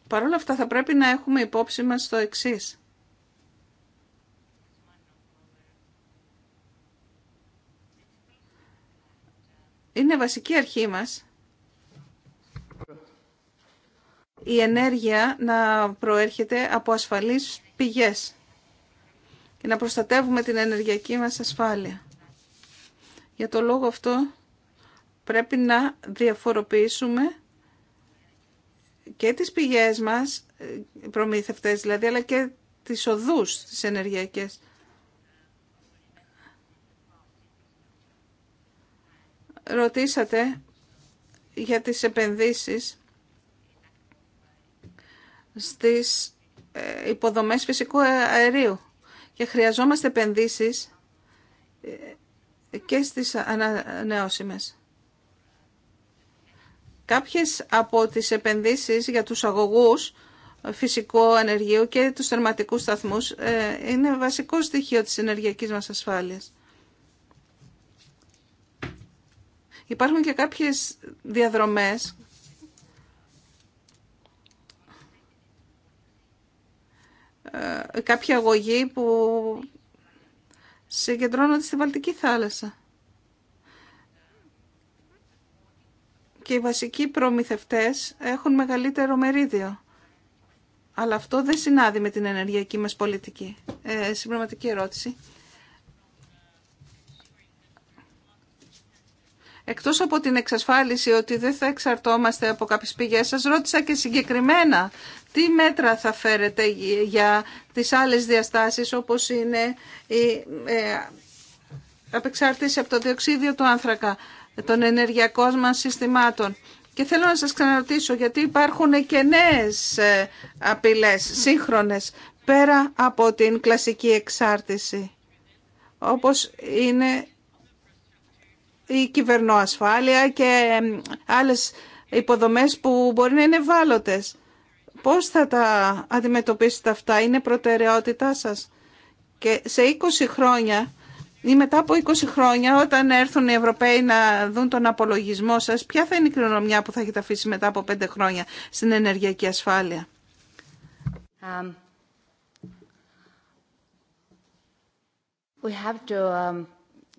Παρ' όλα αυτά θα πρέπει να έχουμε υπόψη μας το εξής. Είναι βασική αρχή μας η ενέργεια να προέρχεται από ασφαλείς πηγές και να προστατεύουμε την ενεργειακή μας ασφάλεια. Για το λόγο αυτό πρέπει να διαφοροποιήσουμε και τις πηγές μας, ε, προμήθευτές δηλαδή, αλλά και τις οδούς τις ενεργειακές. Ρωτήσατε για τις επενδύσεις στις ε, υποδομές φυσικού αερίου και χρειαζόμαστε επενδύσεις ε, και στις ανανεώσιμες. Κάποιες από τις επενδύσεις για τους αγωγούς φυσικού ανεργείου και τους θερματικούς σταθμούς ε, είναι βασικό στοιχείο της ενεργειακής μας ασφάλειας. Υπάρχουν και κάποιες διαδρομές ε, κάποια αγωγή που συγκεντρώνονται στη Βαλτική θάλασσα. Και οι βασικοί προμηθευτές έχουν μεγαλύτερο μερίδιο. Αλλά αυτό δεν συνάδει με την ενεργειακή μας πολιτική. Ε, συμπληρωματική ερώτηση. εκτός από την εξασφάλιση ότι δεν θα εξαρτώμαστε από κάποιες πηγές, σας ρώτησα και συγκεκριμένα τι μέτρα θα φέρετε για τις άλλες διαστάσεις όπως είναι η ε, απεξάρτηση από το διοξίδιο του άνθρακα των ενεργειακών μας συστημάτων. Και θέλω να σας ξαναρωτήσω γιατί υπάρχουν και νέες ε, απειλές, σύγχρονες, πέρα από την κλασική εξάρτηση, όπως είναι η κυβερνοασφάλεια και άλλες υποδομές που μπορεί να είναι ευάλωτες. Πώς θα τα αντιμετωπίσετε αυτά, είναι προτεραιότητά σας. Και σε 20 χρόνια ή μετά από 20 χρόνια όταν έρθουν οι Ευρωπαίοι να δουν τον απολογισμό σας, ποια θα είναι η κληρονομιά που θα έχετε αφήσει μετά από 5 χρόνια στην ενεργειακή ασφάλεια. Um, we have to, um,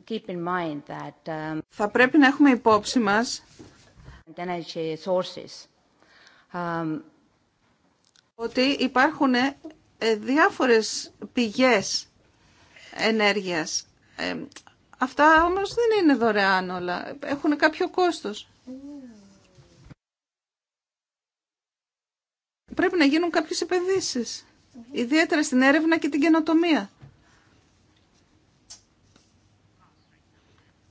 Um, Θα πρέπει να έχουμε υπόψη μας um, ότι υπάρχουν ε, διάφορες πηγές ενέργειας. Ε, αυτά όμως δεν είναι δωρεάν όλα. Έχουν κάποιο κόστος. Πρέπει να γίνουν κάποιες επενδύσεις. Ιδιαίτερα στην έρευνα και την καινοτομία.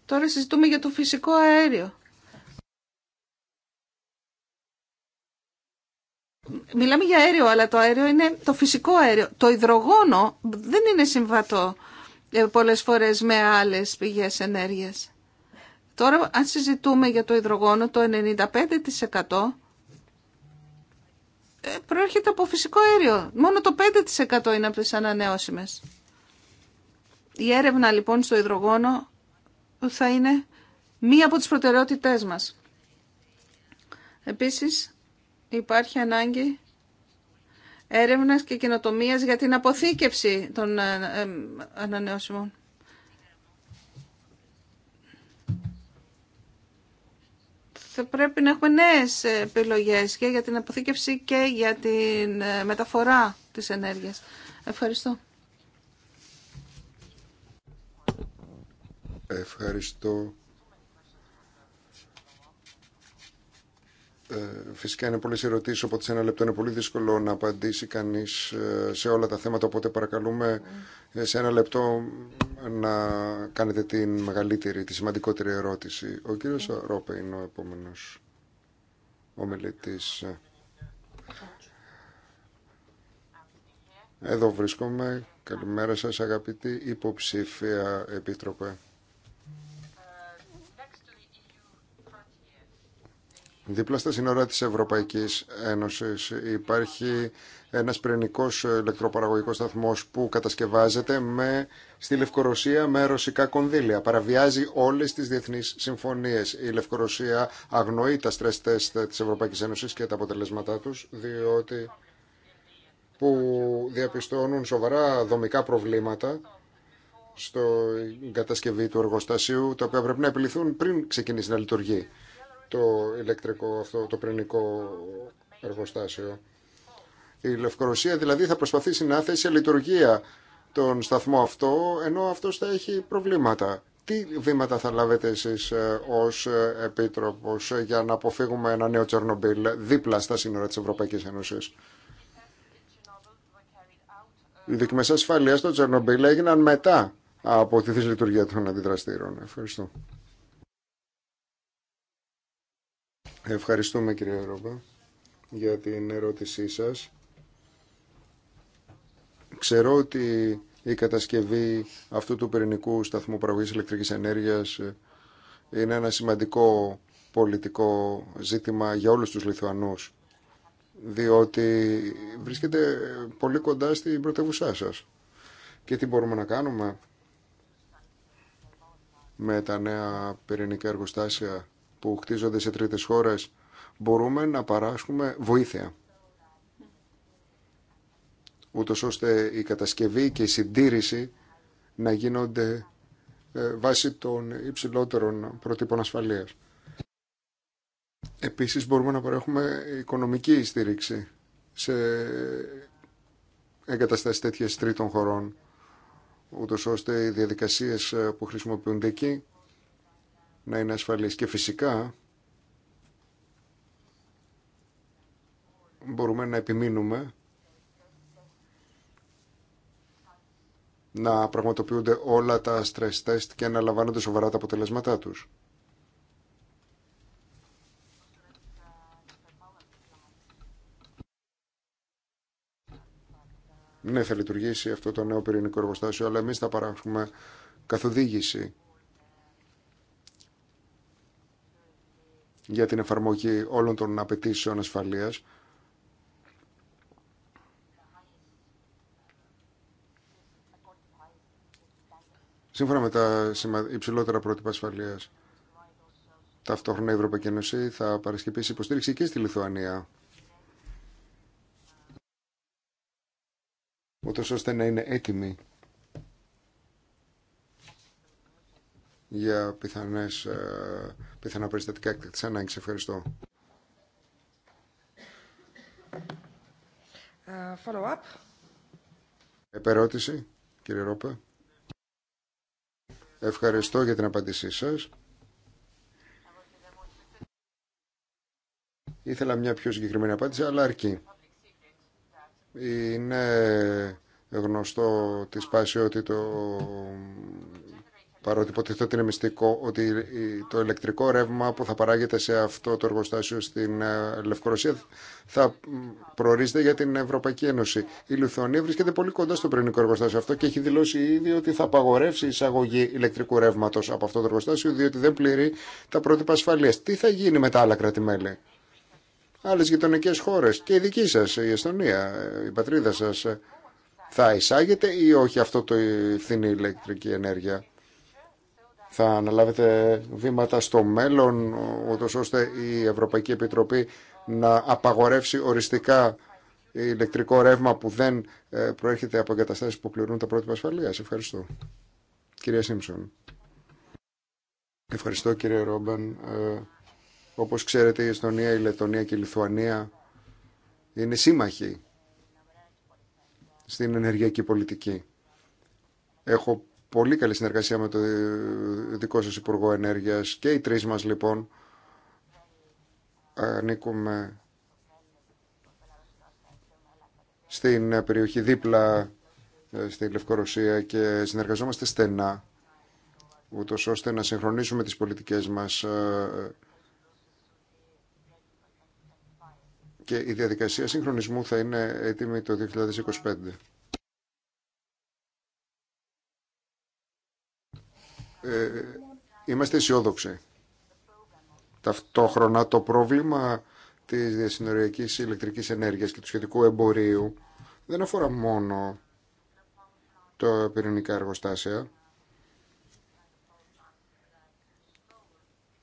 Τώρα συζητούμε για το φυσικό αέριο. Μιλάμε για αέριο, αλλά το αέριο είναι το φυσικό αέριο. Το υδρογόνο δεν είναι συμβατό ε, πολλές φορές με άλλες πηγές ενέργειας. Τώρα, αν συζητούμε για το υδρογόνο, το 95% ε, προέρχεται από φυσικό αέριο. Μόνο το 5% είναι από τις ανανεώσιμες. Η έρευνα λοιπόν στο υδρογόνο θα είναι μία από τις προτεραιότητές μας. Επίσης, υπάρχει ανάγκη έρευνας και καινοτομία για την αποθήκευση των ε, ε, ανανεώσιμων. Θα πρέπει να έχουμε νέες επιλογές και για την αποθήκευση και για την ε, μεταφορά της ενέργειας. Ευχαριστώ. Ευχαριστώ. Ε, φυσικά είναι πολλές ερωτήσεις, οπότε σε ένα λεπτό είναι πολύ δύσκολο να απαντήσει κανείς ε, σε όλα τα θέματα, οπότε παρακαλούμε ε, σε ένα λεπτό να κάνετε την μεγαλύτερη, τη σημαντικότερη ερώτηση. Ο κύριος Ρόπε είναι ο επόμενος ομιλητής. Εδώ βρίσκομαι. Καλημέρα σας αγαπητή υποψήφια επίτροπε. Δίπλα στα σύνορα της Ευρωπαϊκής Ένωσης υπάρχει ένας πυρηνικός ηλεκτροπαραγωγικός σταθμός που κατασκευάζεται με, στη Λευκορωσία με ρωσικά κονδύλια. Παραβιάζει όλες τις διεθνείς συμφωνίες. Η Λευκορωσία αγνοεί τα stress test της Ευρωπαϊκής Ένωσης και τα αποτελέσματά τους, διότι που διαπιστώνουν σοβαρά δομικά προβλήματα στο κατασκευή του εργοστασίου, τα οποία πρέπει να επιληθούν πριν ξεκινήσει να λειτουργεί το ηλεκτρικό αυτό, το πρινικό εργοστάσιο. Η Λευκορωσία δηλαδή θα προσπαθήσει να θέσει σε λειτουργία τον σταθμό αυτό, ενώ αυτός θα έχει προβλήματα. Τι βήματα θα λάβετε εσείς ε, ως ε, Επίτροπος ε, για να αποφύγουμε ένα νέο Τσερνομπίλ δίπλα στα σύνορα της Ευρωπαϊκής Ένωσης. Οι δικμές ασφαλείας στο Τσερνομπίλ έγιναν μετά από τη δυσλειτουργία των αντιδραστήρων. Ευχαριστώ. Ευχαριστούμε κύριε Ρόμπα για την ερώτησή σας. Ξέρω ότι η κατασκευή αυτού του πυρηνικού σταθμού παραγωγής ηλεκτρικής ενέργειας ε, είναι ένα σημαντικό πολιτικό ζήτημα για όλους τους Λιθουανούς διότι βρίσκεται πολύ κοντά στην πρωτεύουσά σας. Και τι μπορούμε να κάνουμε με τα νέα πυρηνικά εργοστάσια που χτίζονται σε τρίτες χώρες μπορούμε να παράσχουμε βοήθεια ούτως ώστε η κατασκευή και η συντήρηση να γίνονται ε, βάσει των υψηλότερων προτύπων ασφαλείας. Επίσης μπορούμε να παρέχουμε οικονομική στήριξη σε εγκαταστάσεις τέτοιες τρίτων χωρών, ούτως ώστε οι διαδικασίες ε, που χρησιμοποιούνται εκεί να είναι ασφαλής. Και φυσικά μπορούμε να επιμείνουμε να πραγματοποιούνται όλα τα stress test και να λαμβάνονται σοβαρά τα αποτελέσματά τους. Ναι, θα λειτουργήσει αυτό το νέο πυρηνικό εργοστάσιο, αλλά εμείς θα παράξουμε καθοδήγηση για την εφαρμογή όλων των απαιτήσεων ασφαλείας. Σύμφωνα με τα υψηλότερα πρότυπα ασφαλείας, ταυτόχρονα η Ευρωπαϊκή Ένωση θα παρασκευήσει υποστήριξη και στη Λιθουανία. Ούτω ώστε να είναι έτοιμη για πιθανές, ε, πιθανά περιστατικά εκτακτής ανάγκης. Ευχαριστώ. Uh, ε, up. Επερώτηση, κύριε Ρόπε. Ευχαριστώ για την απάντησή σας. Ήθελα μια πιο συγκεκριμένη απάντηση, αλλά αρκεί. Είναι γνωστό τη σπάση ότι το παρότι υποτίθεται ότι είναι μυστικό, ότι το ηλεκτρικό ρεύμα που θα παράγεται σε αυτό το εργοστάσιο στην ε, Λευκορωσία θα προορίζεται για την Ευρωπαϊκή Ένωση. Η Λουθονία βρίσκεται πολύ κοντά στο πυρηνικό εργοστάσιο αυτό και έχει δηλώσει ήδη ότι θα απαγορεύσει η εισαγωγή ηλεκτρικού ρεύματο από αυτό το εργοστάσιο, διότι δεν πληρεί τα πρότυπα ασφαλεία. Τι θα γίνει με τα άλλα κράτη-μέλη, άλλε γειτονικέ χώρε και η δική σα, η Εστονία, η πατρίδα σα. Θα εισάγεται ή όχι αυτό το φθηνή ηλεκτρική ενέργεια θα αναλάβετε βήματα στο μέλλον, ώστε η Ευρωπαϊκή Επιτροπή να απαγορεύσει οριστικά ηλεκτρικό ρεύμα που δεν ε, προέρχεται από εγκαταστάσεις που πληρούν τα πρότυπα ασφαλεία. Ευχαριστώ. Κυρία Σίμψον. Ευχαριστώ κύριε Ρόμπεν. Ε, όπως ξέρετε η Εστονία, η Λετωνία και η Λιθουανία είναι σύμμαχοι στην ενεργειακή πολιτική. Έχω πολύ καλή συνεργασία με το δικό σας Υπουργό Ενέργειας και οι τρεις μας λοιπόν ανήκουμε στην περιοχή δίπλα ε, στη Λευκορωσία και συνεργαζόμαστε στενά ούτω ώστε να συγχρονίσουμε τις πολιτικές μας ε, και η διαδικασία συγχρονισμού θα είναι έτοιμη το 2025. Ε, είμαστε αισιόδοξοι. Ταυτόχρονα το πρόβλημα της διασυνοριακής ηλεκτρικής ενέργειας και του σχετικού εμπορίου δεν αφορά μόνο το πυρηνικά εργοστάσια,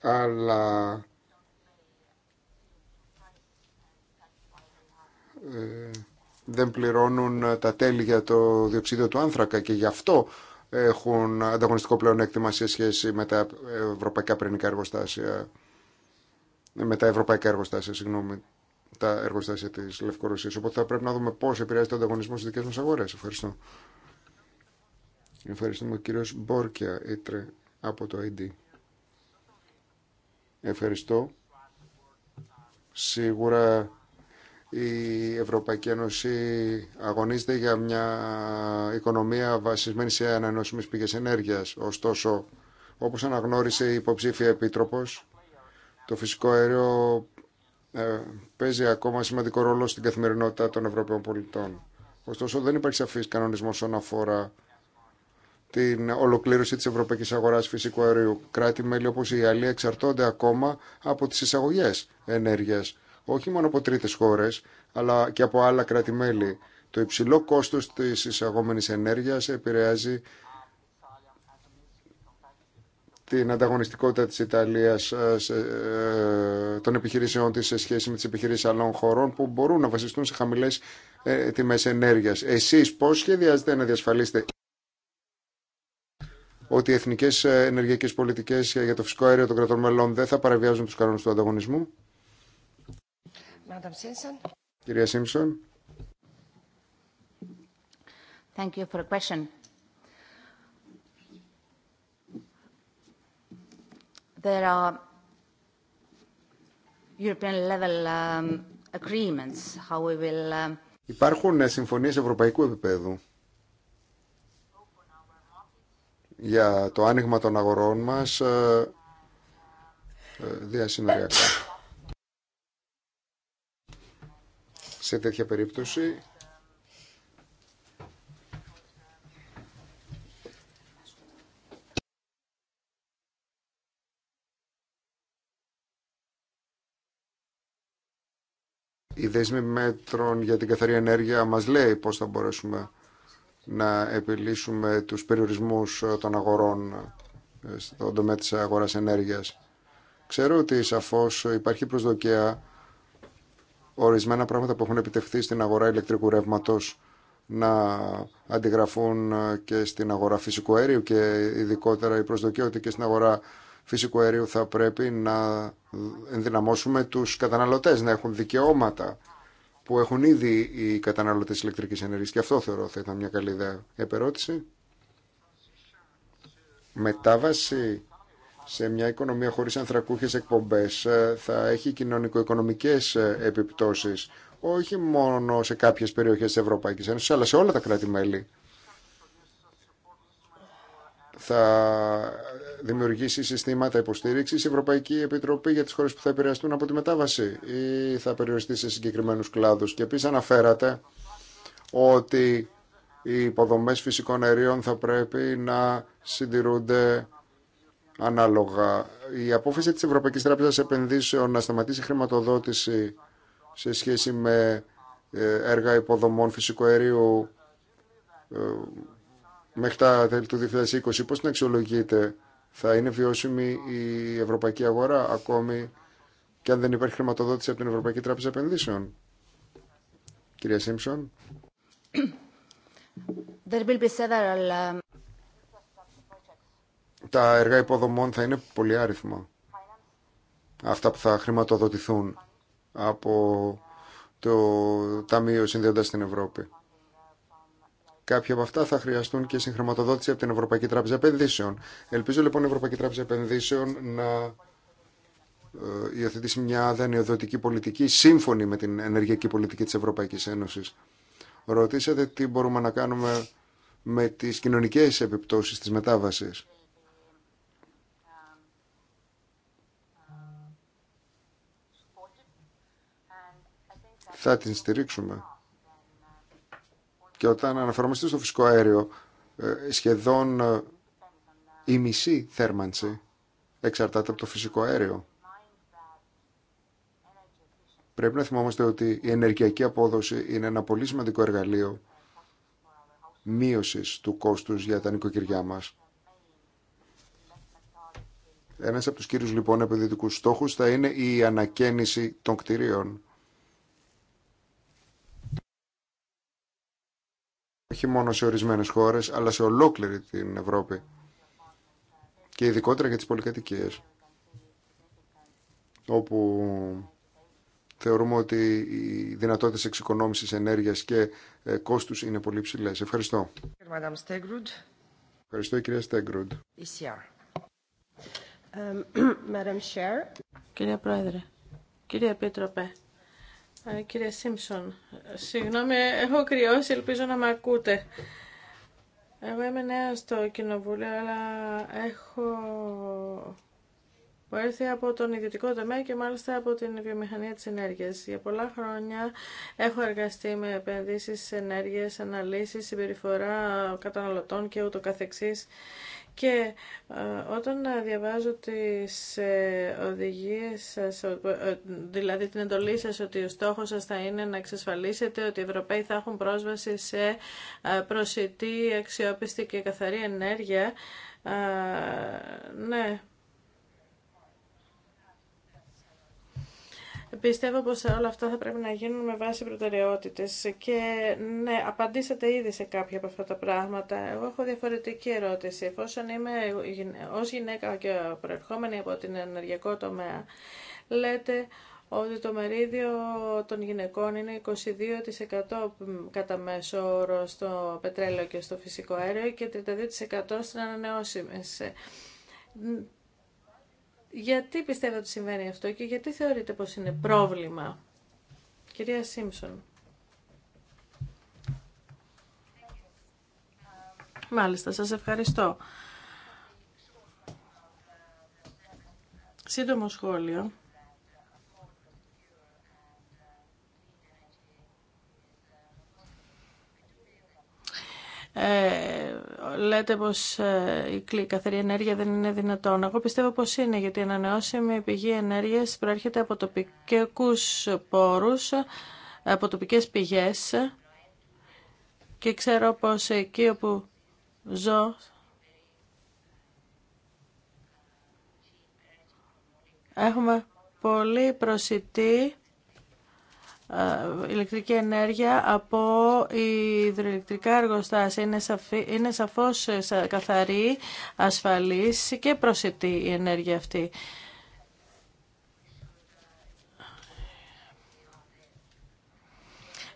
αλλά ε, δεν πληρώνουν τα τέλη για το διοξίδιο του άνθρακα και γι' αυτό έχουν ανταγωνιστικό πλεονέκτημα σε σχέση με τα ευρωπαϊκά πυρηνικά εργοστάσια, με τα ευρωπαϊκά εργοστάσια, συγγνώμη, τα εργοστάσια της Λευκορωσίας. Οπότε θα πρέπει να δούμε πώς επηρεάζεται ο ανταγωνισμό στι δικές μας αγορές. Ευχαριστώ. Ευχαριστούμε ο κύριος Μπόρκια Ήτρε από το ID. Ευχαριστώ. Σίγουρα η Ευρωπαϊκή Ένωση αγωνίζεται για μια οικονομία βασισμένη σε ανανεώσιμες πηγές ενέργειας. Ωστόσο, όπως αναγνώρισε η υποψήφια επίτροπος, το φυσικό αέριο ε, παίζει ακόμα σημαντικό ρόλο στην καθημερινότητα των Ευρωπαίων πολιτών. Ωστόσο, δεν υπάρχει σαφής κανονισμός όσον αφορά την ολοκλήρωση της ευρωπαϊκής αγοράς φυσικού αερίου. Κράτη-μέλη όπως η Ιαλία εξαρτώνται ακόμα από τις εισαγωγές ενέργειας όχι μόνο από τρίτες χώρες, αλλά και από άλλα κράτη-μέλη. Το υψηλό κόστος της εισαγόμενης ενέργειας επηρεάζει την ανταγωνιστικότητα της Ιταλίας ε, ε, των επιχειρήσεών της σε σχέση με τις επιχειρήσεις άλλων χωρών που μπορούν να βασιστούν σε χαμηλές ε, τιμές ενέργειας. Εσείς πώς σχεδιάζετε να διασφαλίσετε ότι οι εθνικές ενεργειακές πολιτικές για το φυσικό αέριο των κρατών μελών δεν θα παραβιάζουν τους κανόνες του ανταγωνισμού. Κυρία Σίμψον. Thank you for the question. There are European level um, agreements how we will um, Υπάρχουν ε, συμφωνίες ευρωπαϊκού επίπεδου για το άνοιγμα των αγορών μας ε, ε, διασυνοριακά. σε τέτοια περίπτωση η δέσμη μέτρων για την καθαρή ενέργεια μας λέει πώς θα μπορέσουμε να επιλύσουμε τους περιορισμούς των αγορών ε, στον τομέα της αγοράς ενέργειας. Ξέρω ότι σαφώς υπάρχει προσδοκία ορισμένα πράγματα που έχουν επιτευχθεί στην αγορά ηλεκτρικού ρεύματο να αντιγραφούν και στην αγορά φυσικού αερίου και ειδικότερα η προσδοκία ότι και στην αγορά φυσικού αερίου θα πρέπει να ενδυναμώσουμε τους καταναλωτές να έχουν δικαιώματα που έχουν ήδη οι καταναλωτές ηλεκτρικής ενέργειας και αυτό θεωρώ θα ήταν μια καλή ιδέα. Επερώτηση. Μετάβαση σε μια οικονομία χωρίς ανθρακούχες εκπομπές ε, θα έχει κοινωνικο-οικονομικές ε, επιπτώσεις όχι μόνο σε κάποιες περιοχές της Ευρωπαϊκής Ένωσης αλλά σε όλα τα κράτη-μέλη. Θα δημιουργήσει συστήματα υποστήριξης η Ευρωπαϊκή Επιτροπή για τις χώρες που θα επηρεαστούν από τη μετάβαση ή θα περιοριστεί σε συγκεκριμένους κλάδους. Και επίσης αναφέρατε ότι οι υποδομές φυσικών αερίων θα πρέπει να συντηρούνται ανάλογα. Η απόφαση της Ευρωπαϊκής Τράπεζας Επενδύσεων να σταματήσει χρηματοδότηση σε σχέση με ε, έργα υποδομών φυσικού αερίου ε, μέχρι τα τέλη του 2020, πώς την αξιολογείτε, θα είναι βιώσιμη η ευρωπαϊκή αγορά ακόμη και αν δεν υπάρχει χρηματοδότηση από την Ευρωπαϊκή Τράπεζα Επενδύσεων. Κυρία Σίμψον. Uh, τα έργα υποδομών θα είναι πολύ άριθμα. Αυτά που θα χρηματοδοτηθούν από το Ταμείο Συνδέοντα στην Ευρώπη. Κάποια από αυτά θα χρειαστούν και συγχρηματοδότηση από την Ευρωπαϊκή Τράπεζα Επενδύσεων. Ελπίζω λοιπόν η Ευρωπαϊκή Τράπεζα Επενδύσεων να ε, υιοθετήσει μια δανειοδοτική πολιτική σύμφωνη με την ενεργειακή πολιτική της Ευρωπαϊκής Ένωσης. Ρωτήσατε τι μπορούμε να κάνουμε με τις κοινωνικές επιπτώσεις της μετάβασης. θα την στηρίξουμε. Και όταν αναφερόμαστε στο φυσικό αέριο, ε, σχεδόν ε, η μισή θέρμανση εξαρτάται από το φυσικό αέριο. Πρέπει να θυμόμαστε ότι η ενεργειακή απόδοση είναι ένα πολύ σημαντικό εργαλείο μείωσης του κόστους για τα νοικοκυριά μας. Ένας από τους κύριους λοιπόν επενδυτικούς στόχους θα είναι η ανακαίνιση των κτηρίων. όχι μόνο σε ορισμένες χώρες, αλλά σε ολόκληρη την Ευρώπη και ειδικότερα για τις πολυκατοικίες, όπου θεωρούμε ότι οι δυνατότητες εξοικονόμησης ενέργειας και ε, κόστους είναι πολύ ψηλές. Ευχαριστώ. Ευχαριστώ, κυρία Στέγκρουντ. Κυρία Πρόεδρε, κύριε Επίτροπε, ε, κύριε Σίμψον, συγγνώμη, έχω κρυώσει, ελπίζω να με ακούτε. Εγώ είμαι νέα στο κοινοβούλιο, αλλά έχω έρθει από τον ιδιωτικό τομέα και μάλιστα από την βιομηχανία της ενέργειας. Για πολλά χρόνια έχω εργαστεί με επενδύσεις, ενέργειες, αναλύσεις, συμπεριφορά καταναλωτών και ούτω καθεξής και ε, όταν διαβάζω τις ε, οδηγίες σας, ε, δηλαδή την εντολή σας ότι ο στόχος σας θα είναι να εξασφαλίσετε ότι οι Ευρωπαίοι θα έχουν πρόσβαση σε προσιτή, αξιόπιστη και καθαρή ενέργεια, ναι, Πιστεύω πως όλα αυτά θα πρέπει να γίνουν με βάση προτεραιότητες και ναι, απαντήσατε ήδη σε κάποια από αυτά τα πράγματα. Εγώ έχω διαφορετική ερώτηση. Εφόσον είμαι ως γυναίκα και προερχόμενη από την ενεργειακό τομέα, λέτε ότι το μερίδιο των γυναικών είναι 22% κατά μέσο όρο στο πετρέλαιο και στο φυσικό αέριο και 32% στην ανανεώσιμη. Γιατί πιστεύετε ότι συμβαίνει αυτό και γιατί θεωρείτε πως είναι πρόβλημα. Κυρία Σίμψον. Μάλιστα, σας ευχαριστώ. Σύντομο σχόλιο Ε, λέτε πως ε, η καθαρή ενέργεια δεν είναι δυνατόν. Εγώ πιστεύω πως είναι, γιατί η ανανεώσιμη πηγή ενέργειας προέρχεται από τοπικούς πόρους, από τοπικές πηγές και ξέρω πως εκεί όπου ζω έχουμε πολύ προσιτή ε, ηλεκτρική ενέργεια από υδροηλεκτρικά εργοστάσια. Είναι, είναι σαφώς ε, καθαρή, ασφαλής και προσιτή η ενέργεια αυτή.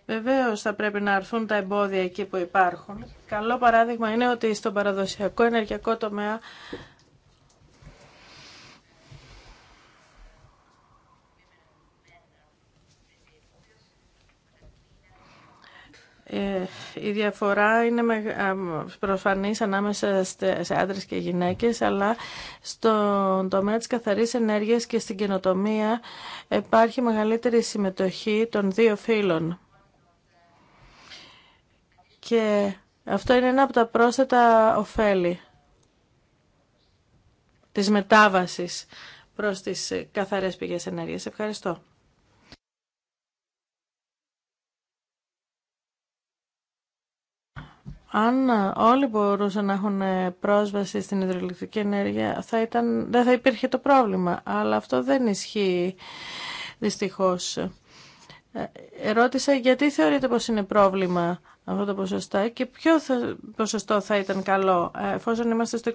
Βεβαίω θα πρέπει να αρθούν τα εμπόδια εκεί που υπάρχουν. Καλό παράδειγμα είναι ότι στο παραδοσιακό ενεργειακό τομέα Ε, η διαφορά είναι προφανής ανάμεσα σε άντρες και γυναίκες, αλλά στον τομέα της καθαρής ενέργειας και στην καινοτομία υπάρχει μεγαλύτερη συμμετοχή των δύο φύλων. Και αυτό είναι ένα από τα πρόσθετα ωφέλη της μετάβασης προς τις καθαρές πηγές ενέργειας. Ευχαριστώ. αν ε, όλοι μπορούσαν να έχουν ε, πρόσβαση στην υδροελεκτρική ενέργεια, θα ήταν, δεν θα υπήρχε το πρόβλημα. Αλλά αυτό δεν ισχύει, δυστυχώς. Ε, ερώτησα γιατί θεωρείτε πως είναι πρόβλημα αυτό το ποσοστά και ποιο ποσοστό θα ήταν καλό εφόσον είμαστε στο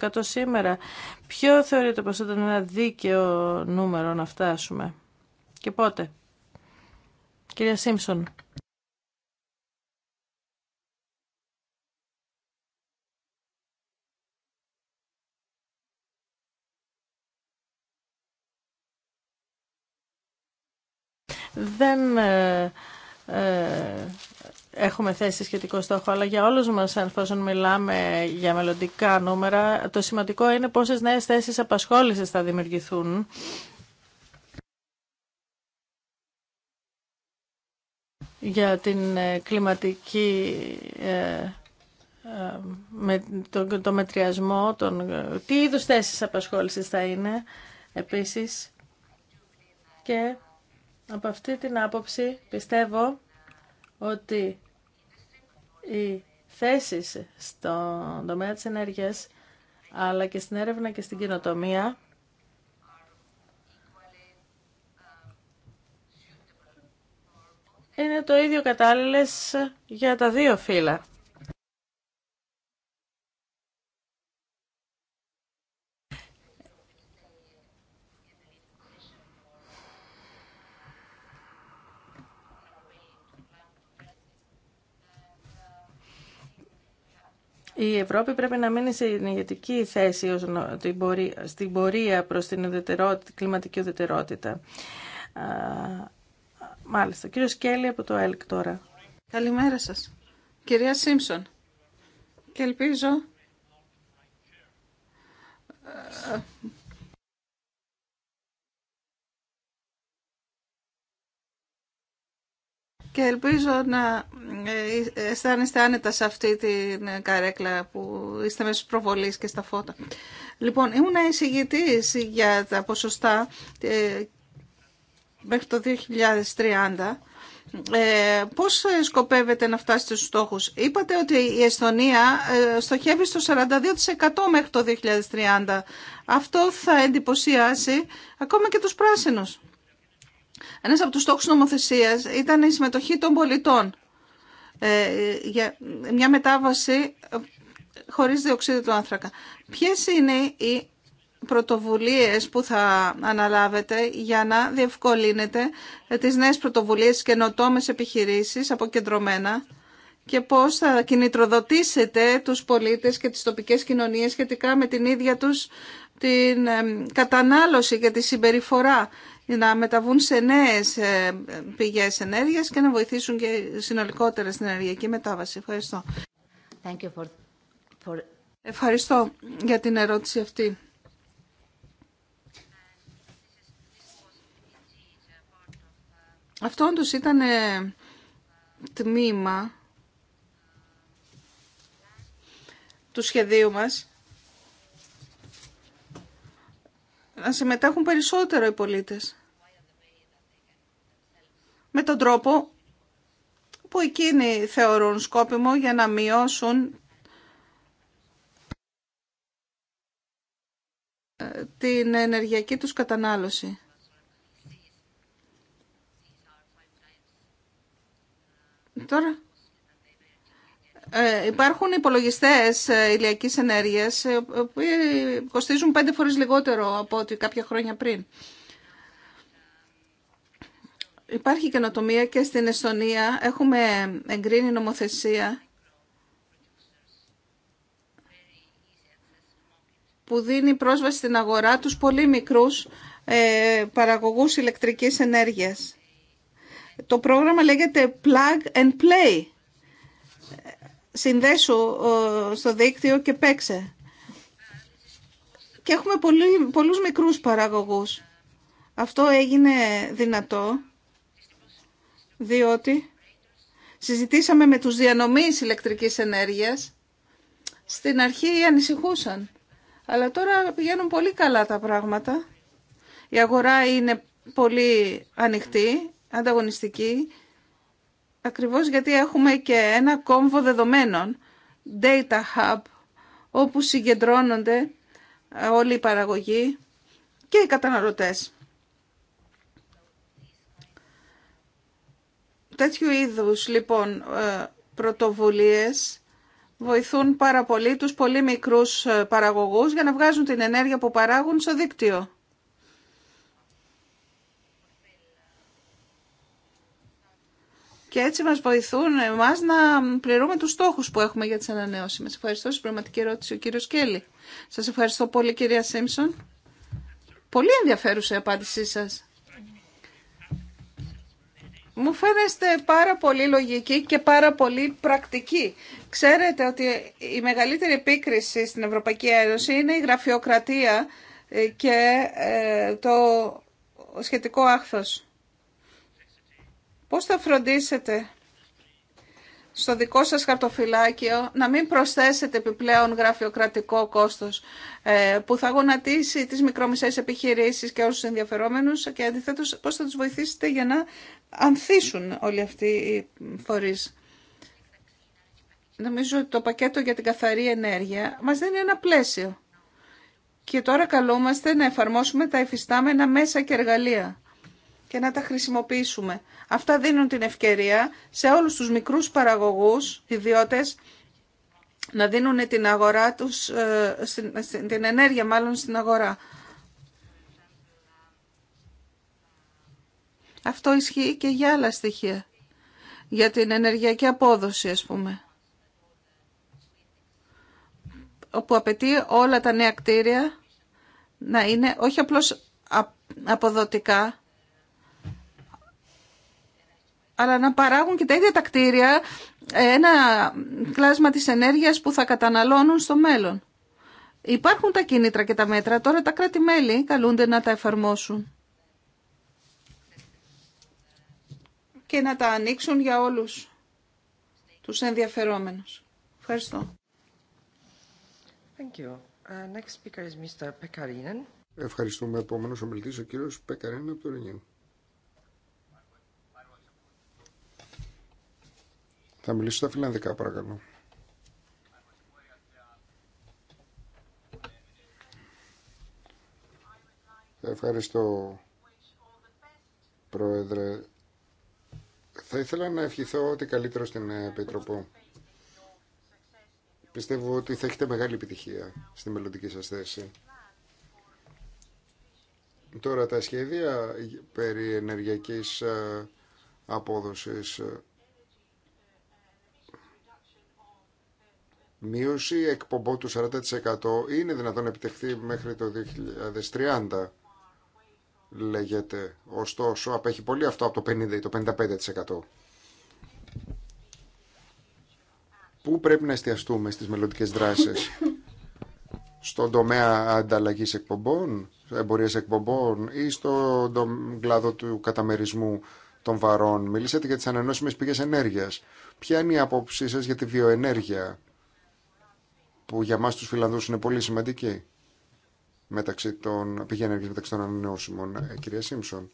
22% σήμερα ποιο θεωρείτε πως ήταν ένα δίκαιο νούμερο να φτάσουμε και πότε κυρία Σίμψον δεν ε, ε, έχουμε θέσει σχετικό στόχο, αλλά για όλους μας, εφόσον μιλάμε για μελλοντικά νούμερα, το σημαντικό είναι πόσες νέες θέσεις απασχόλησης θα δημιουργηθούν. για την ε, κλιματική με το, μετριασμό, τον, τι είδους θέσεις απασχόλησης θα είναι επίσης και από αυτή την άποψη πιστεύω ότι οι θέσεις στον τομέα της ενέργειας αλλά και στην έρευνα και στην κοινοτομία είναι το ίδιο κατάλληλες για τα δύο φύλλα. Η Ευρώπη πρέπει να μείνει σε ηγετική θέση στην πορεία προς την ουδετερότητα, κλιματική ουδετερότητα. Μάλιστα. Κύριο Σκέλη από το ΕΛΚ τώρα. Καλημέρα σας. Κυρία Σίμψον. Και ελπίζω και ελπίζω να ε, αισθάνεστε άνετα σε αυτή την καρέκλα που είστε μέσα προβολής και στα φώτα. Λοιπόν, ήμουν εισηγητής για τα ποσοστά ε, μέχρι το 2030. Ε, πώς ε, σκοπεύετε να φτάσετε στους στόχους. Είπατε ότι η Εστονία στοχεύει στο 42% μέχρι το 2030. Αυτό θα εντυπωσιάσει ακόμα και τους πράσινους. Ένας από τους στόχους νομοθεσίας ήταν η συμμετοχή των πολιτών ε, για μια μετάβαση ε, χωρίς διοξείδιο του άνθρακα. Ποιες είναι οι πρωτοβουλίες που θα αναλάβετε για να διευκολύνετε ε, τις νέες πρωτοβουλίες νοτόμες επιχειρήσεις αποκεντρωμένα και πώς θα κινητροδοτήσετε τους πολίτες και τις τοπικές κοινωνίες σχετικά με την ίδια τους την κατανάλωση και τη συμπεριφορά να μεταβούν σε νέες ε, πηγές ενέργειας και να βοηθήσουν και συνολικότερα στην ενεργειακή μετάβαση. Ευχαριστώ. Thank Ευχαριστώ για την ερώτηση αυτή. Αυτό όντως ήταν ε, τμήμα του σχεδίου μας να συμμετέχουν περισσότερο οι πολίτες με τον τρόπο που εκείνοι θεωρούν σκόπιμο για να μειώσουν ε, την ενεργειακή τους κατανάλωση. Τώρα, ε, υπάρχουν υπολογιστές ε, ηλιακής ενέργειας που κοστίζουν πέντε φορές λιγότερο από ό,τι κάποια χρόνια πριν. Υπάρχει καινοτομία και στην Εστονία. Έχουμε εγκρίνει νομοθεσία που δίνει πρόσβαση στην αγορά τους πολύ μικρούς ε, παραγωγούς ηλεκτρικής ενέργειας. Το πρόγραμμα λέγεται Plug and Play. Συνδέσου ε, στο δίκτυο και παίξε. Και έχουμε πολύ, πολλούς μικρούς παραγωγούς. Αυτό έγινε δυνατό διότι συζητήσαμε με τους διανομής ηλεκτρικής ενέργειας. Στην αρχή ανησυχούσαν, αλλά τώρα πηγαίνουν πολύ καλά τα πράγματα. Η αγορά είναι πολύ ανοιχτή, ανταγωνιστική, ακριβώς γιατί έχουμε και ένα κόμβο δεδομένων, data hub, όπου συγκεντρώνονται όλοι οι παραγωγοί και οι καταναλωτές. τέτοιου είδους λοιπόν ε, πρωτοβουλίες βοηθούν πάρα πολύ τους πολύ μικρούς ε, παραγωγούς για να βγάζουν την ενέργεια που παράγουν στο δίκτυο. Και έτσι μας βοηθούν εμάς να πληρούμε τους στόχους που έχουμε για τις Μας Ευχαριστώ. Στην πραγματική ερώτηση ο κύριος Κέλλη. Σας ευχαριστώ πολύ κυρία Σίμψον. Πολύ ενδιαφέρουσα η απάντησή σας μου φαίνεστε πάρα πολύ λογική και πάρα πολύ πρακτική. Ξέρετε ότι η μεγαλύτερη επίκριση στην Ευρωπαϊκή Ένωση είναι η γραφειοκρατία ε, και ε, το σχετικό άχθος. Πώς θα φροντίσετε στο δικό σας χαρτοφυλάκιο να μην προσθέσετε επιπλέον γραφειοκρατικό κόστος ε, που θα γονατίσει τις μικρομισές επιχειρήσεις και όσους ενδιαφερόμενους και αντιθέτως πώς θα τους βοηθήσετε για να ανθίσουν όλοι αυτοί οι φορείς. Νομίζω ότι το πακέτο για την καθαρή ενέργεια μας δίνει ένα πλαίσιο και τώρα καλούμαστε να εφαρμόσουμε τα εφιστάμενα μέσα και εργαλεία και να τα χρησιμοποιήσουμε. Αυτά δίνουν την ευκαιρία σε όλους τους μικρούς παραγωγούς, ιδιώτες, να δίνουν την αγορά τους, ε, την ενέργεια μάλλον στην αγορά. Αυτό ισχύει και για άλλα στοιχεία. Για την ενεργειακή απόδοση, ας πούμε. Όπου απαιτεί όλα τα νέα κτίρια να είναι όχι απλώς αποδοτικά, αλλά να παράγουν και τα ίδια τα κτίρια ε, ένα κλάσμα της ενέργειας που θα καταναλώνουν στο μέλλον. Υπάρχουν τα κίνητρα και τα μέτρα, τώρα τα κράτη-μέλη καλούνται να τα εφαρμόσουν. Και να τα ανοίξουν για όλους τους ενδιαφερόμενους. Ευχαριστώ. Thank you. Uh, next speaker is Mr. Ευχαριστούμε. Επόμενος ομιλητής ο κύριος Πεκαρίνεν από το Ρινιέν. Θα μιλήσω στα φιλανδικά παρακαλώ. Ευχαριστώ Πρόεδρε. Θα ήθελα να ευχηθώ ότι καλύτερο στην Επιτροπό. Πιστεύω ότι θα έχετε μεγάλη επιτυχία στη μελλοντική σας θέση. Τώρα τα σχέδια περί ενεργειακής ε, απόδοσης ε, μείωση εκπομπών του 40% είναι δυνατόν να επιτευχθεί μέχρι το 2030 λέγεται. Ωστόσο, απέχει πολύ αυτό από το 50% ή το 55%. Πού πρέπει να εστιαστούμε στις μελλοντικές δράσεις. Στον τομέα ανταλλαγή εκπομπών, εμπορία εκπομπών ή στον κλάδο του καταμερισμού των βαρών. Μιλήσατε για τι ανανόσιμες πηγέ ενέργεια Ποια είναι η άποψή σα για τη βιοενέργεια που για μας τους Φιλανδούς είναι πολύ σημαντική μεταξύ των πηγαίνει μεταξύ των ανανεώσιμων. Ε, κυρία Σίμψον,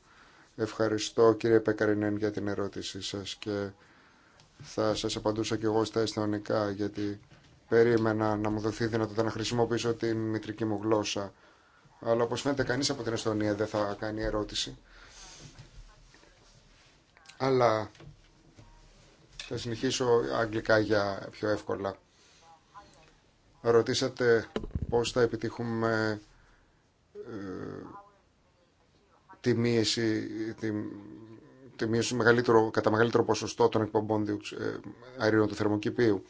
ευχαριστώ κύριε Πεκαρινέν για την ερώτησή σας και θα σας απαντούσα και εγώ στα αισθανικά γιατί περίμενα να μου δοθεί δυνατότητα να χρησιμοποιήσω την μητρική μου γλώσσα. Αλλά όπως φαίνεται κανείς από την Εστονία δεν θα κάνει ερώτηση. Αλλά θα συνεχίσω αγγλικά για πιο εύκολα. Ρωτήσατε πώς θα επιτύχουμε ε, τη μείωση, τη, μεγαλύτερο, κατά μεγαλύτερο ποσοστό των εκπομπών ε, αερίων του θερμοκηπίου.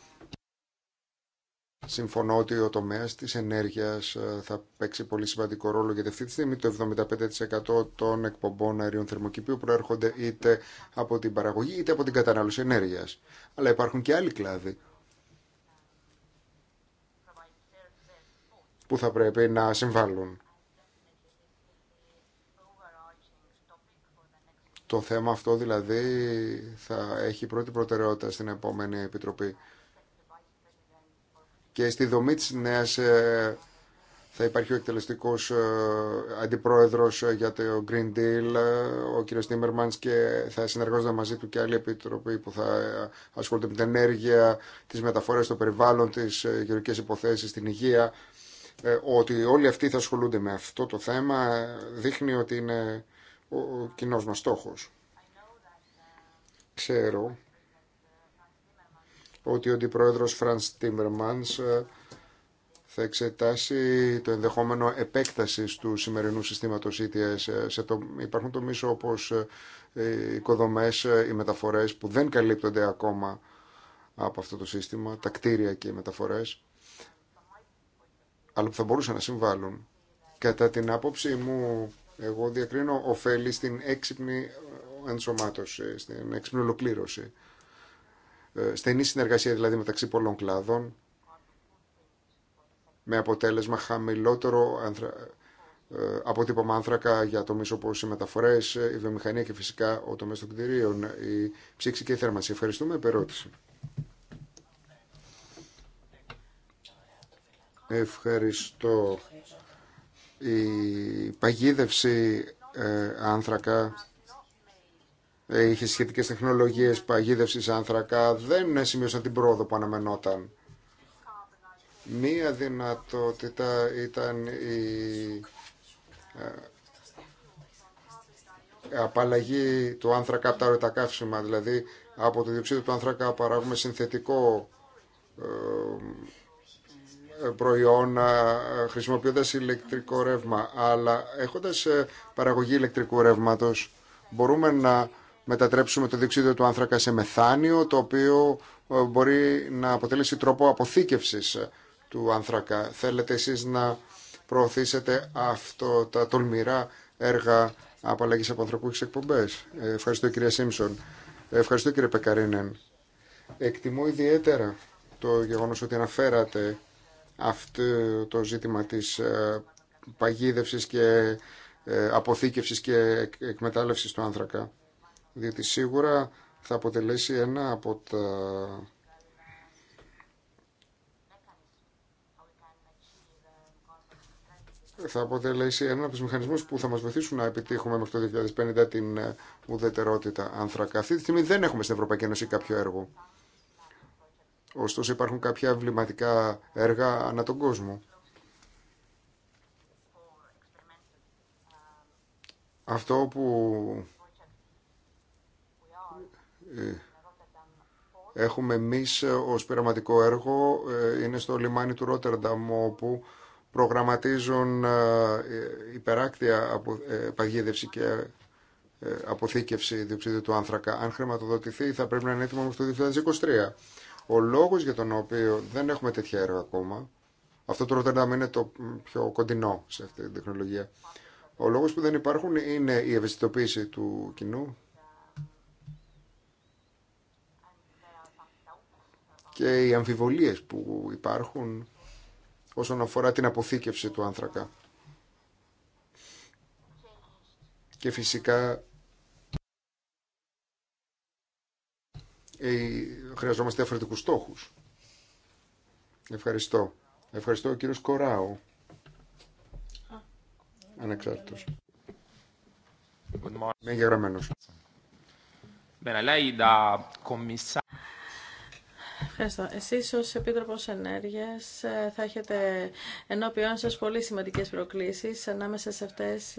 Συμφωνώ ότι ο τομέας της ενέργειας ε, θα παίξει πολύ σημαντικό ρόλο γιατί αυτή τη στιγμή το 75% των εκπομπών αερίων θερμοκηπίου προέρχονται είτε από την παραγωγή είτε από την κατανάλωση ενέργειας. Αλλά υπάρχουν και άλλοι κλάδοι που θα πρέπει να συμβάλλουν. Το θέμα αυτό δηλαδή θα έχει πρώτη προτεραιότητα στην επόμενη Επιτροπή. Και στη δομή της νέας ε, θα υπάρχει ο εκτελεστικός ε, αντιπρόεδρος για το Green Deal, ε, ο κ. Τίμερμανς και θα συνεργάζονται μαζί του και άλλοι επιτροποί που θα ασχολούνται με την ενέργεια, τις μεταφορές, των περιβάλλον, τις γεωργικές υποθέσεις, την υγεία. Ε, ότι όλοι αυτοί θα ασχολούνται με αυτό το θέμα ε, δείχνει ότι είναι ο, κοινός μας στόχος. Ξέρω ότι ο αντιπρόεδρος Φρανς Τίμπερμανς ε, θα εξετάσει το ενδεχόμενο επέκτασης του σημερινού συστήματος ETS. Σε το, υπάρχουν τομείς όπως οι οικοδομές, οι μεταφορές που δεν καλύπτονται ακόμα από αυτό το σύστημα, τα κτίρια και οι μεταφορές αλλά που θα μπορούσαν να συμβάλλουν. Κατά την άποψή μου, εγώ διακρίνω ωφέλη στην έξυπνη ενσωμάτωση, στην έξυπνη ολοκλήρωση. Ε, στενή συνεργασία δηλαδή μεταξύ πολλών κλάδων, με αποτέλεσμα χαμηλότερο ε, αποτύπωμα άνθρακα για το όπω οι μεταφορέ, ε, η βιομηχανία και φυσικά ο τομέας των κτηρίων, η ψήξη και η θέρμανση. Ευχαριστούμε. Επερώτηση. Ευχαριστώ. Η παγίδευση ε, άνθρακα ε, είχε σχετικές τεχνολογίες παγίδευσης άνθρακα δεν σημείωσαν την πρόοδο που αναμενόταν. Μία δυνατότητα ήταν η ε, απαλλαγή του άνθρακα από τα ορειτα δηλαδή από το διοξείδιο του άνθρακα παράγουμε συνθετικό προϊόν ε, χρησιμοποιώντας ηλεκτρικό ρεύμα, αλλά έχοντας ε, παραγωγή ηλεκτρικού ρεύματος μπορούμε να μετατρέψουμε το διοξείδιο του άνθρακα σε μεθάνιο, το οποίο ε, μπορεί να αποτελέσει τρόπο αποθήκευσης του άνθρακα. Θέλετε εσείς να προωθήσετε αυτό τα τολμηρά έργα απαλλαγής από και εκπομπές. Ευχαριστώ κυρία Σίμψον. Ευχαριστώ κύριε Πεκαρίνεν. Εκτιμώ ιδιαίτερα το γεγονός ότι αναφέρατε αυτό το ζήτημα της ε, παγίδευσης και ε, αποθήκευσης και εκμετάλλευσης του άνθρακα. Διότι σίγουρα θα αποτελέσει ένα από τα θα αποτελέσει ένα από του μηχανισμού που θα μα βοηθήσουν να επιτύχουμε μέχρι το 2050 την ε, ουδετερότητα άνθρακα. Αυτή τη στιγμή δεν έχουμε στην Ευρωπαϊκή Ένωση κάποιο έργο Ωστόσο υπάρχουν κάποια εμβληματικά έργα ανά τον κόσμο. Αυτό που ε, έχουμε εμεί ως πειραματικό έργο ε, είναι στο λιμάνι του Ρότερνταμ όπου προγραμματίζουν ε, υπεράκτια παγίδευση και αποθήκευση διοξιδίου του άνθρακα. Αν χρηματοδοτηθεί θα πρέπει να είναι έτοιμο μέχρι το 2023. Ο λόγος για τον οποίο δεν έχουμε τέτοια έργα ακόμα, αυτό το Ρότερνταμ είναι το πιο κοντινό σε αυτή την τεχνολογία, ο λόγο που δεν υπάρχουν είναι η ευαισθητοποίηση του κοινού και οι αμφιβολίες που υπάρχουν όσον αφορά την αποθήκευση του άνθρακα. Και φυσικά η χρειαζόμαστε διαφορετικού στόχους. Ευχαριστώ. Ευχαριστώ ο κύριος Κοράου. Ανεξάρτητο. Με εγγεγραμμένος. Bene, lei Ευχαριστώ. Εσείς ως Επίτροπος Ενέργειας ε, θα έχετε ενώπιόν σας πολύ σημαντικές προκλήσεις. Ανάμεσα σε αυτές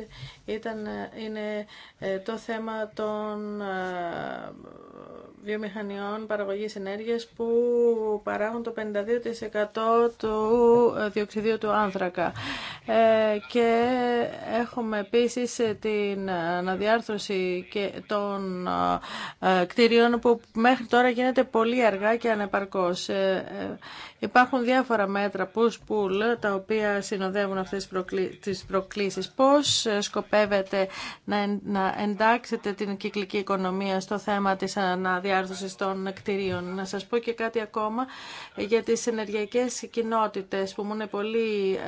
ήταν, ε, είναι ε, το θέμα των βιομηχανιών παραγωγής ενέργειας που παράγουν το 52% του διοξιδίου του άνθρακα. Και έχουμε επίσης την αναδιάρθρωση και των κτίριων που μέχρι τώρα γίνεται πολύ αργά και ανεπαρκώς υπαρχουν ε, ε, Υπάρχουν διάφορα μέτρα τα οποία συνοδεύουν αυτές τις προκλήσεις. Πώς ε, σκοπεύετε να εντάξετε την κυκλική οικονομία στο θέμα της αναδιάρθρωσης των κτηρίων. Να σας πω και κάτι ακόμα για τις ενεργειακές κοινότητες που μου είναι πολύ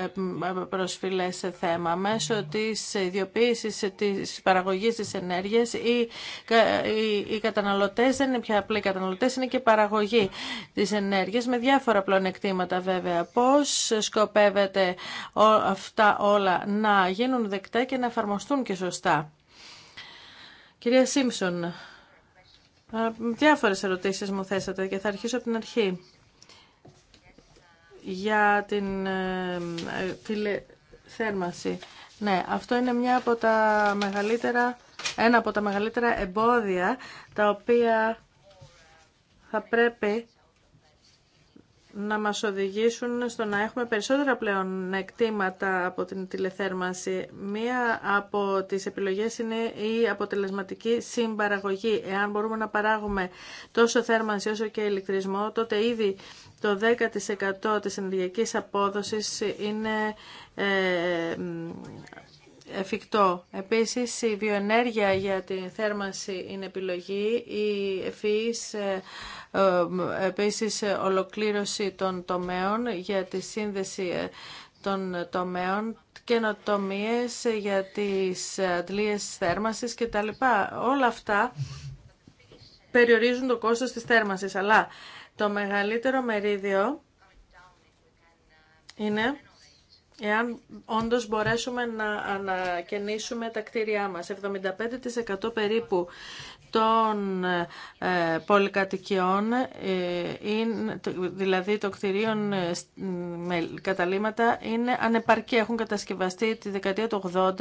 προσφυλές σε θέμα. Μέσω της ιδιοποίησης της παραγωγής της ενέργειας οι, οι, καταναλωτές δεν είναι πια απλοί καταναλωτές, είναι και παραγωγή της ενέργειας με διάφορα πλονεκτήματα βέβαια. Πώς σκοπεύετε αυτά όλα να γίνουν δεκτά και να εφαρμοστούν και σωστά. Κυρία Σίμψον, διάφορες ερωτήσεις μου θέσατε και θα αρχίσω από την αρχή. Για την ε, ε, τηλεθέρμανση. Ναι, αυτό είναι μια από τα μεγαλύτερα, ένα από τα μεγαλύτερα εμπόδια τα οποία θα πρέπει να μας οδηγήσουν στο να έχουμε περισσότερα πλέον εκτήματα από την τηλεθέρμανση. Μία από τις επιλογές είναι η αποτελεσματική συμπαραγωγή. Εάν μπορούμε να παράγουμε τόσο θέρμανση όσο και ηλεκτρισμό, τότε ήδη το 10% της ενεργειακής απόδοσης είναι ε, εφικτό. Επίσης, η βιοενέργεια για τη θέρμανση είναι επιλογή, η ευφυής ε, ε, επίσης ολοκλήρωση των τομέων για τη σύνδεση ε, των τομέων, καινοτομίες για τις αντλίες θέρμανσης κτλ. Όλα αυτά περιορίζουν το κόστος της θέρμανσης, αλλά το μεγαλύτερο μερίδιο είναι εάν όντως μπορέσουμε να ανακαινήσουμε τα κτίρια μας. 75% περίπου των ε, πολυκατοικιών, ε, δηλαδή των κτηρίων ε, με καταλήματα, είναι ανεπαρκή. Έχουν κατασκευαστεί τη δεκαετία του 80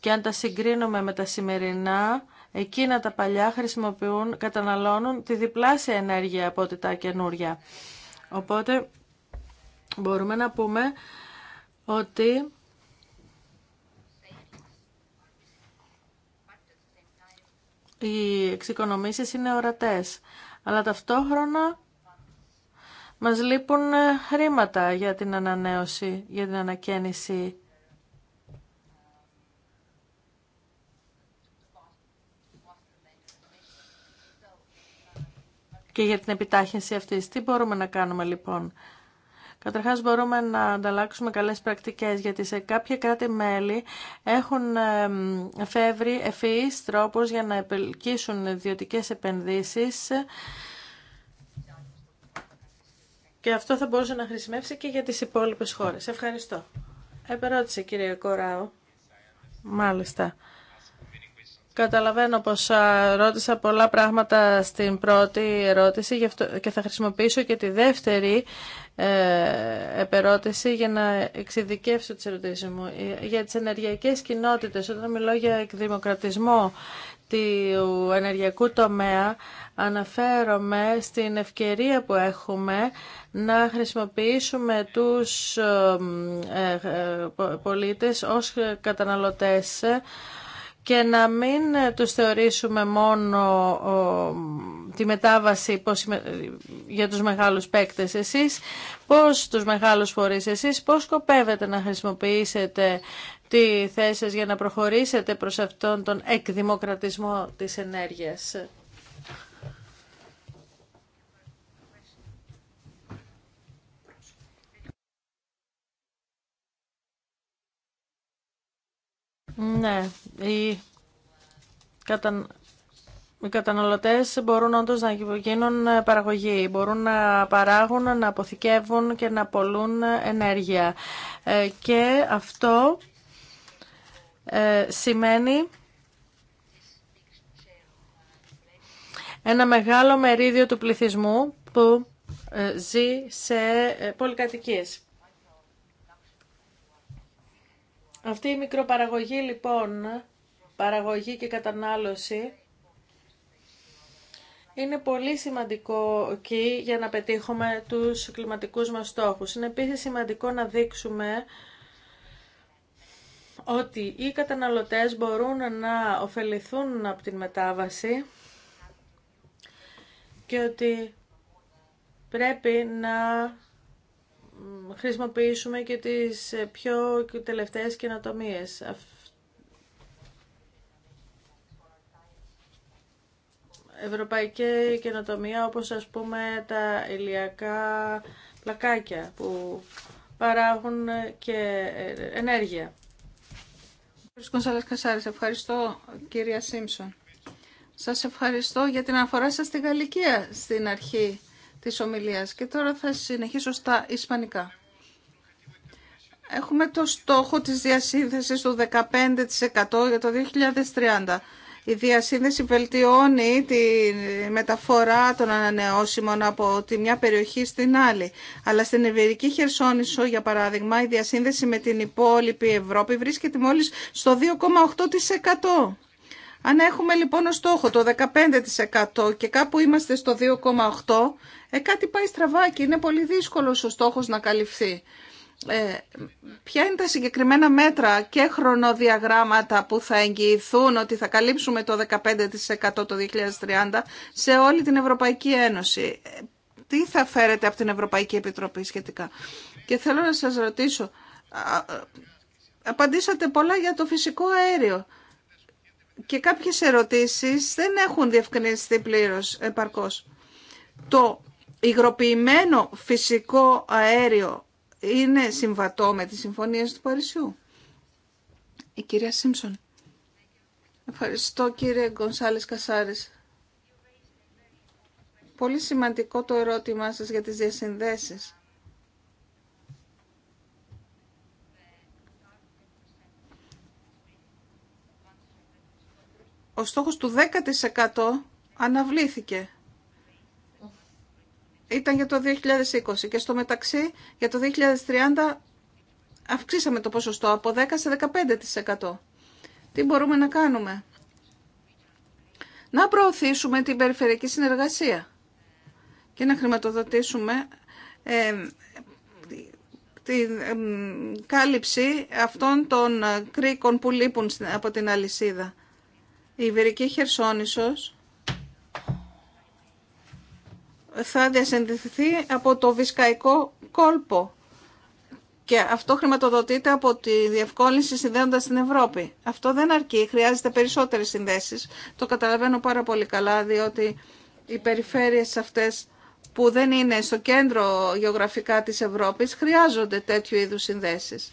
και αν τα συγκρίνουμε με τα σημερινά, εκείνα τα παλιά χρησιμοποιούν, καταναλώνουν τη διπλάσια ενέργεια από ό,τι τα καινούρια. Οπότε μπορούμε να πούμε ότι οι εξοικονομήσεις είναι ορατές, αλλά ταυτόχρονα μας λείπουν ε, χρήματα για την ανανέωση, για την ανακαίνιση και για την επιτάχυνση αυτής. Τι μπορούμε να κάνουμε λοιπόν. Καταρχά μπορούμε να ανταλλάξουμε καλές πρακτικές γιατί σε κάποια κράτη-μέλη έχουν φεύρει ευφυεί τρόπους για να επελκύσουν ιδιωτικέ επενδύσεις και αυτό θα μπορούσε να χρησιμεύσει και για τις υπόλοιπες χώρες. Ευχαριστώ. Επερώτησε κύριε Κοράου. Μάλιστα. Καταλαβαίνω πως ρώτησα πολλά πράγματα στην πρώτη ερώτηση και θα χρησιμοποιήσω και τη δεύτερη ε, επερώτηση για να εξειδικεύσω τις ερωτήσεις μου. Ε, για τις ενεργειακές κοινότητες, όταν μιλώ για εκδημοκρατισμό του ενεργειακού τομέα, αναφέρομαι στην ευκαιρία που έχουμε να χρησιμοποιήσουμε τους ε, πολίτες ως καταναλωτές και να μην τους θεωρήσουμε μόνο τη μετάβαση πώς, για τους μεγάλους παίκτες εσείς, πώς τους μεγάλους φορείς εσείς, πώς σκοπεύετε να χρησιμοποιήσετε τη θέση για να προχωρήσετε προς αυτόν τον εκδημοκρατισμό της ενέργειας. Ναι, οι, κατα... μπορούν όντως να γίνουν ε, παραγωγή, μπορούν να παράγουν, να αποθηκεύουν και να πολλούν ενέργεια. Ε, και αυτό ε, σημαίνει ένα μεγάλο μερίδιο του πληθυσμού που ζει σε πολυκατοικίες. Αυτή η μικροπαραγωγή λοιπόν, παραγωγή και κατανάλωση, είναι πολύ σημαντικό εκεί για να πετύχουμε τους κλιματικούς μας στόχους. Είναι επίσης σημαντικό να δείξουμε ότι οι καταναλωτές μπορούν να ωφεληθούν από την μετάβαση και ότι πρέπει να χρησιμοποιήσουμε και τις ε, πιο τελευταίες καινοτομίες. Ευρωπαϊκή καινοτομία όπως ας πούμε τα ηλιακά πλακάκια που παράγουν ε, και ε, ενέργεια. Ευχαριστώ κυρία Σίμψον. Σας ευχαριστώ για την αναφορά σας στη Γαλλικία στην αρχή Τη ομιλίας και τώρα θα συνεχίσω στα ισπανικά. Έχουμε το στόχο της διασύνθεσης του 15% για το 2030. Η διασύνδεση βελτιώνει τη μεταφορά των ανανεώσιμων από τη μια περιοχή στην άλλη. Αλλά στην Ευερική Χερσόνησο, για παράδειγμα, η διασύνδεση με την υπόλοιπη Ευρώπη βρίσκεται μόλις στο 2,8%. Αν έχουμε λοιπόν ο στόχο το 15% και κάπου είμαστε στο 2,8%, ε, κάτι πάει στραβά είναι πολύ δύσκολο ο στόχος να καλυφθεί. Ε, ποια είναι τα συγκεκριμένα μέτρα και χρονοδιαγράμματα που θα εγγυηθούν ότι θα καλύψουμε το 15% το 2030 σε όλη την Ευρωπαϊκή Ένωση. Ε, τι θα φέρετε από την Ευρωπαϊκή Επιτροπή σχετικά. Και θέλω να σας ρωτήσω, ε, απαντήσατε πολλά για το φυσικό αέριο και κάποιες ερωτήσεις δεν έχουν διευκρινιστεί πλήρως επαρκώς. Το υγροποιημένο φυσικό αέριο είναι συμβατό με τις συμφωνίες του Παρισιού. Η κυρία Σίμψον. Ευχαριστώ κύριε Γκονσάλης Κασάρης. Πολύ σημαντικό το ερώτημά σας για τις διασυνδέσεις. ο στόχος του 10% αναβλήθηκε. Ήταν για το 2020 και στο μεταξύ για το 2030 αυξήσαμε το ποσοστό από 10% σε 15%. Τι μπορούμε να κάνουμε. Να προωθήσουμε την περιφερειακή συνεργασία και να χρηματοδοτήσουμε ε, την ε, κάλυψη αυτών των ε, κρίκων που λείπουν από την αλυσίδα η Ιβερική Χερσόνησος θα διασυνδεθεί από το Βυσκαϊκό κόλπο και αυτό χρηματοδοτείται από τη διευκόλυνση συνδέοντας την Ευρώπη. Αυτό δεν αρκεί, χρειάζεται περισσότερες συνδέσεις. Το καταλαβαίνω πάρα πολύ καλά, διότι οι περιφέρειες αυτές που δεν είναι στο κέντρο γεωγραφικά της Ευρώπης χρειάζονται τέτοιου είδους συνδέσεις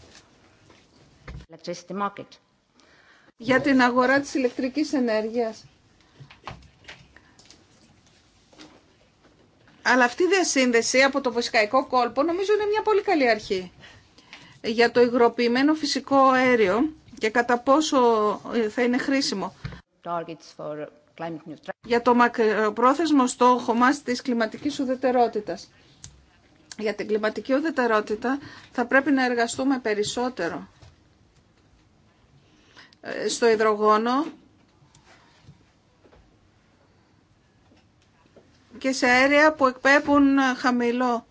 για την αγορά της ηλεκτρικής ενέργειας. Αλλά αυτή η διασύνδεση από το βοσκαϊκό κόλπο νομίζω είναι μια πολύ καλή αρχή. Για το υγροποιημένο φυσικό αέριο και κατά πόσο θα είναι χρήσιμο. Για το μακροπρόθεσμο στόχο μας της κλιματικής ουδετερότητας. Για την κλιματική ουδετερότητα θα πρέπει να εργαστούμε περισσότερο. Ε, στο υδρογόνο και σε αέρια που εκπέμπουν χαμηλό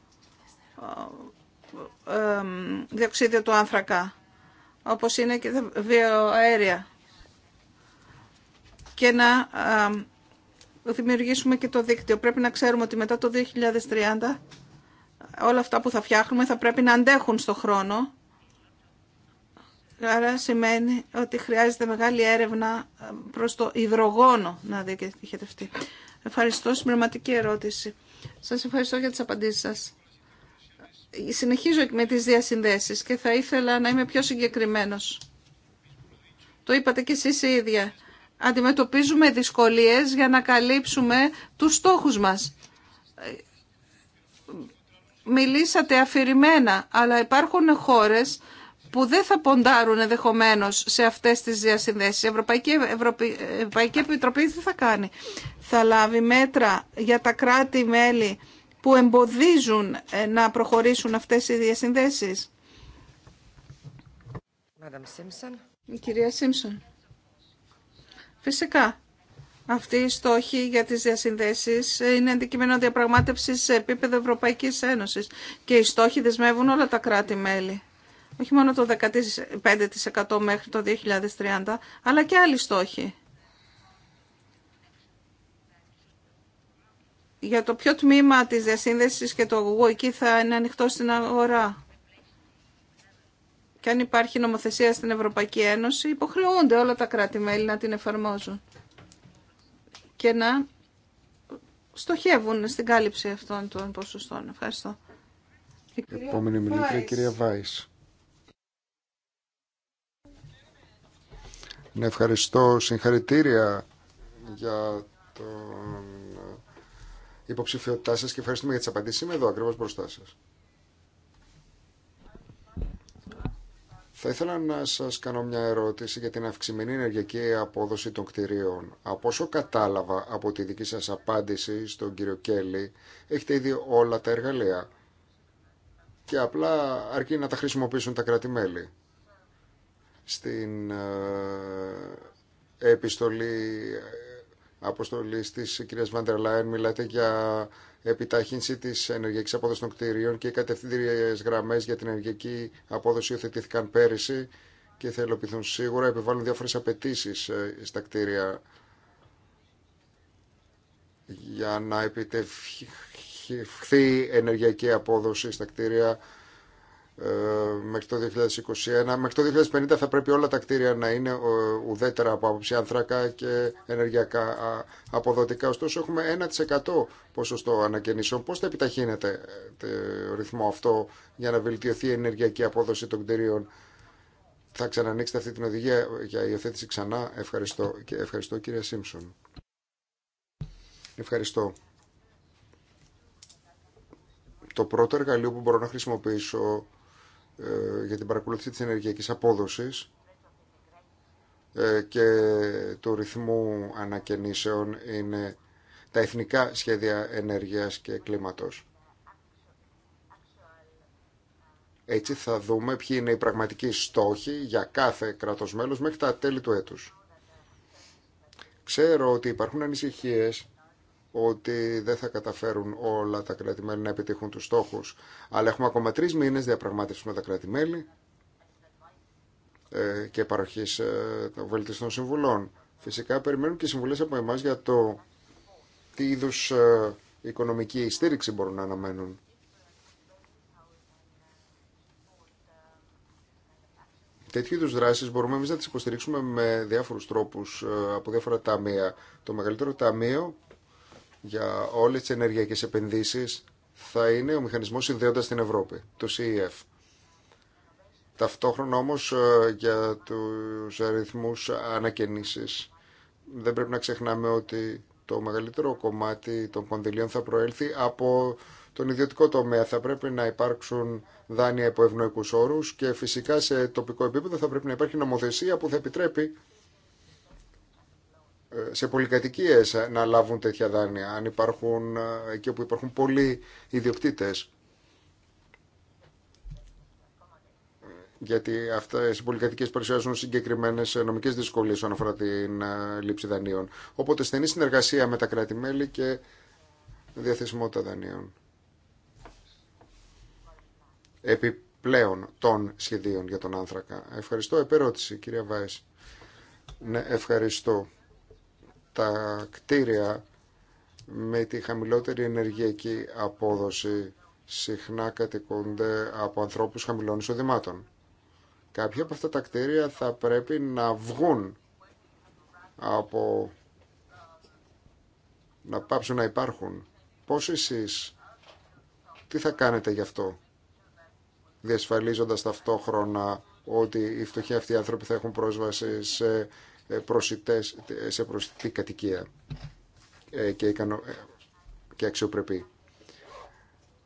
ε, ε, διοξίδιο του άνθρακα, όπως είναι και τα βιοαέρια. Και να δημιουργήσουμε και το δίκτυο. Πρέπει να ξέρουμε ότι μετά το 2030 όλα αυτά που θα φτιάχνουμε θα πρέπει να αντέχουν στο χρόνο Άρα σημαίνει ότι χρειάζεται μεγάλη έρευνα προς το υδρογόνο να διοικητευτεί. Ευχαριστώ. Συμπληρωματική ερώτηση. Σας ευχαριστώ για τις απαντήσεις σας. Συνεχίζω με τις διασυνδέσεις και θα ήθελα να είμαι πιο συγκεκριμένος. Το είπατε κι εσείς η ίδια. Αντιμετωπίζουμε δυσκολίες για να καλύψουμε τους στόχους μας. Μιλήσατε αφηρημένα, αλλά υπάρχουν χώρες που δεν θα ποντάρουν ενδεχομένω σε αυτέ τι διασυνδέσεις. Η Ευρωπαϊκή, Ευρωπαϊκή Επιτροπή τι θα κάνει. Θα λάβει μέτρα για τα κράτη-μέλη που εμποδίζουν ε, να προχωρήσουν αυτέ οι διασυνδέσεις. Η κυρία Σίμψον. Φυσικά. Αυτή η στόχη για τις διασυνδέσεις ε, είναι αντικείμενο διαπραγμάτευσης σε επίπεδο Ευρωπαϊκής Ένωσης και οι στόχοι δεσμεύουν όλα τα κράτη-μέλη όχι μόνο το 15% μέχρι το 2030, αλλά και άλλοι στόχοι. Για το ποιο τμήμα της διασύνδεσης και το εγώ εκεί θα είναι ανοιχτό στην αγορά. Και αν υπάρχει νομοθεσία στην Ευρωπαϊκή Ένωση, υποχρεούνται όλα τα κράτη-μέλη να την εφαρμόζουν και να στοχεύουν στην κάλυψη αυτών των ποσοστών. Ευχαριστώ. Επόμενη μιλήτρια, κυρία Βάης. Να ευχαριστώ συγχαρητήρια για τον υποψηφιότητά σας και ευχαριστούμε για τις απαντήσεις. Είμαι εδώ ακριβώς μπροστά σας. Θα ήθελα να σας κάνω μια ερώτηση για την αυξημένη ενεργειακή απόδοση των κτηρίων. Από όσο κατάλαβα από τη δική σας απάντηση στον κύριο Κέλλη, έχετε ήδη όλα τα εργαλεία και απλά αρκεί να τα χρησιμοποιήσουν τα κράτη-μέλη στην ε, επιστολή ε, αποστολή τη κυρία Βάντερ Λάιν μιλάτε για επιτάχυνση τη ενεργειακή απόδοση των κτηρίων και οι κατευθυντήριε γραμμέ για την ενεργειακή απόδοση υιοθετήθηκαν πέρυσι και θα υλοποιηθούν σίγουρα. Επιβάλλουν διάφορε απαιτήσει ε, στα κτίρια για να επιτευχθεί ενεργειακή απόδοση στα κτίρια ε, μέχρι το 2021. Μέχρι το 2050 θα πρέπει όλα τα κτίρια να είναι ε, ουδέτερα από άποψη ανθρακά και ενεργειακά αποδοτικά. Ωστόσο έχουμε 1% ποσοστό ανακαινήσεων. Πώς θα επιταχύνεται ε, το ρυθμό αυτό για να βελτιωθεί η ενεργειακή απόδοση των κτίριων. Θα ξανανοίξετε αυτή την οδηγία για υιοθέτηση ξανά. Ευχαριστώ και ευχαριστώ κύριε Σίμψον. Ευχαριστώ. Το πρώτο εργαλείο που μπορώ να χρησιμοποιήσω ε, για την παρακολουθή της ενεργειακής απόδοσης ε, και του ρυθμού ανακαινήσεων είναι τα εθνικά σχέδια ενέργειας και κλίματος. Έτσι θα δούμε ποιοι είναι οι πραγματικοί στόχοι για κάθε κράτος μέλος μέχρι τα τέλη του έτους. Ξέρω ότι υπάρχουν ανησυχίες ότι δεν θα καταφέρουν όλα τα κρατη να επιτύχουν τους στόχους. Αλλά έχουμε ακόμα τρει μήνες διαπραγμάτευση με τα κρατη ε, και παροχής ε, των βελτιστών συμβουλών. Φυσικά περιμένουν και συμβουλές από εμάς για το τι είδους ε, οικονομική στήριξη μπορούν να αναμένουν. Τέτοιου είδου δράσει μπορούμε εμεί να τι υποστηρίξουμε με διάφορου τρόπου από διάφορα ταμεία. Το μεγαλύτερο ταμείο για όλες τις ενεργειακές επενδύσεις θα είναι ο μηχανισμός συνδέοντας την Ευρώπη, το CEF. Ταυτόχρονα όμως ε, για τους αριθμούς ανακαινήσεις δεν πρέπει να ξεχνάμε ότι το μεγαλύτερο κομμάτι των κονδυλίων θα προέλθει από τον ιδιωτικό τομέα. Θα πρέπει να υπάρξουν δάνεια υπό ευνοϊκούς όρους και φυσικά σε τοπικό επίπεδο θα πρέπει να υπάρχει νομοθεσία που θα επιτρέπει σε πολυκατοικίε να λάβουν τέτοια δάνεια, αν υπάρχουν ε, εκεί όπου υπάρχουν πολλοί ιδιοκτήτε. γιατί αυτέ οι πολυκατοικίε παρουσιάζουν συγκεκριμένε νομικέ δυσκολίε όσον αφορά την ε, λήψη δανείων. Οπότε στενή συνεργασία με τα κράτη-μέλη και διαθεσιμότητα δανείων. Επιπλέον των σχεδίων για τον άνθρακα. Ευχαριστώ. Επερώτηση, κυρία Βάη. Ναι, ευχαριστώ τα κτίρια με τη χαμηλότερη ενεργειακή απόδοση συχνά κατοικούνται από ανθρώπους χαμηλών εισοδημάτων. Κάποια από αυτά τα κτίρια θα πρέπει να βγουν από να πάψουν να υπάρχουν. Πώς εσείς, τι θα κάνετε γι' αυτό, διασφαλίζοντας ταυτόχρονα ότι οι φτωχοί αυτοί οι άνθρωποι θα έχουν πρόσβαση σε ε, προσιτές, σε προσιτή κατοικία ε, και, ικανο, ε, και αξιοπρεπή.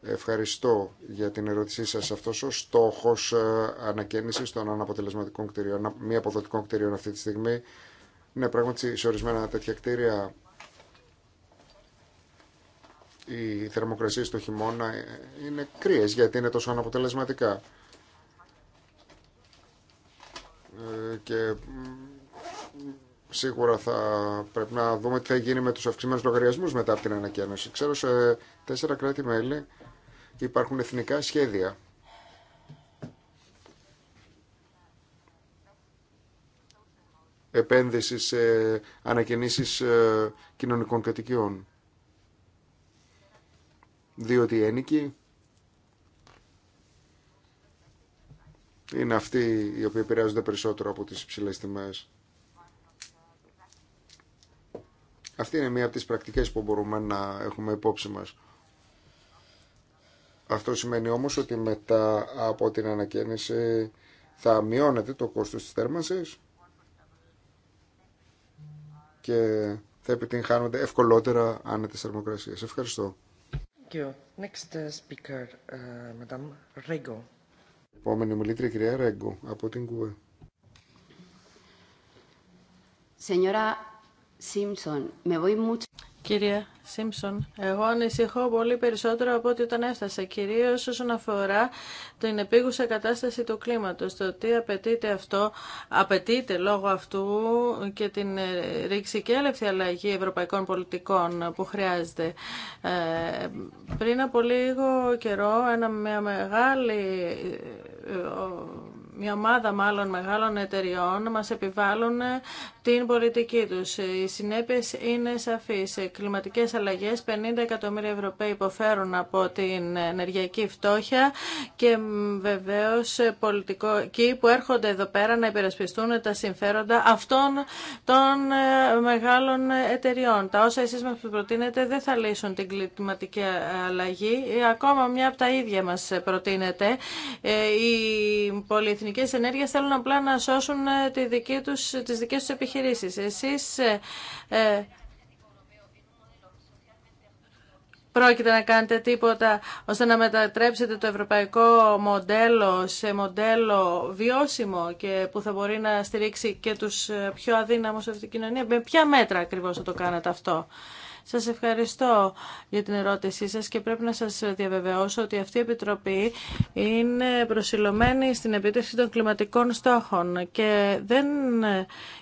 Ευχαριστώ για την ερώτησή σας. Αυτός ο στόχος ανακαίνησης των αναποτελεσματικών κτηρίων, μη αποδοτικών κτηρίων αυτή τη στιγμή, ναι, πράγματι σε ορισμένα τέτοια κτίρια οι θερμοκρασίε το χειμώνα είναι κρύες γιατί είναι τόσο αναποτελεσματικά. Και σίγουρα θα πρέπει να δούμε τι θα γίνει με τους αυξημένους λογαριασμούς μετά από την ανακαίνωση. Ξέρω σε τέσσερα κράτη-μέλη υπάρχουν εθνικά σχέδια. επένδυση σε ανακαινήσεις ε, κοινωνικών κατοικιών. Διότι οι ένικοι είναι αυτοί οι οποίοι επηρεάζονται περισσότερο από τις υψηλές τιμές. Αυτή είναι μία από τις πρακτικές που μπορούμε να έχουμε υπόψη μας. Αυτό σημαίνει όμως ότι μετά από την ανακαίνιση θα μειώνεται το κόστος της θέρμανσης και θα επιτυγχάνονται ευκολότερα άνετες θερμοκρασίες. Ευχαριστώ. Next uh, speaker, uh, Rego. Επόμενη μιλήτρια, κυρία Ρέγκο, από την ΚΟΕ. Señora Σίμψον, Κυρία Σίμψον, εγώ ανησυχώ πολύ περισσότερο από ό,τι όταν έφτασα, κυρίως όσον αφορά την επίγουσα κατάσταση του κλίματος, το τι απαιτείται αυτό, απαιτείται λόγω αυτού και την ε, ρήξη και έλευθη αλλαγή ευρωπαϊκών πολιτικών που χρειάζεται. Ε, πριν από λίγο καιρό, ένα με μεγάλη ε, μια ομάδα μάλλον μεγάλων εταιριών μας επιβάλλουν ε, την πολιτική τους. Οι συνέπειες είναι σαφείς. Κλιματικές αλλαγές, 50 εκατομμύρια Ευρωπαίοι υποφέρουν από την ενεργειακή φτώχεια και βεβαίως ε, πολιτικοί που έρχονται εδώ πέρα να υπερασπιστούν τα συμφέροντα αυτών των ε, μεγάλων εταιριών. Τα όσα εσείς μας προτείνετε δεν θα λύσουν την κλιματική αλλαγή. Ακόμα μια από τα ίδια μας προτείνεται Η πολυεθνική εθνικέ ενέργειε θέλουν απλά να σώσουν ε, τη δική τους, τις δικές τους επιχειρήσεις. Εσείς ε, ε, πρόκειται να κάνετε τίποτα ώστε να μετατρέψετε το ευρωπαϊκό μοντέλο σε μοντέλο βιώσιμο και που θα μπορεί να στηρίξει και τους πιο αδύναμους κοινωνία. Με ποια μέτρα ακριβώς θα το κάνετε αυτό. Σας ευχαριστώ για την ερώτησή σας και πρέπει να σας διαβεβαιώσω ότι αυτή η Επιτροπή είναι προσιλωμένη στην επίτευξη των κλιματικών στόχων και δεν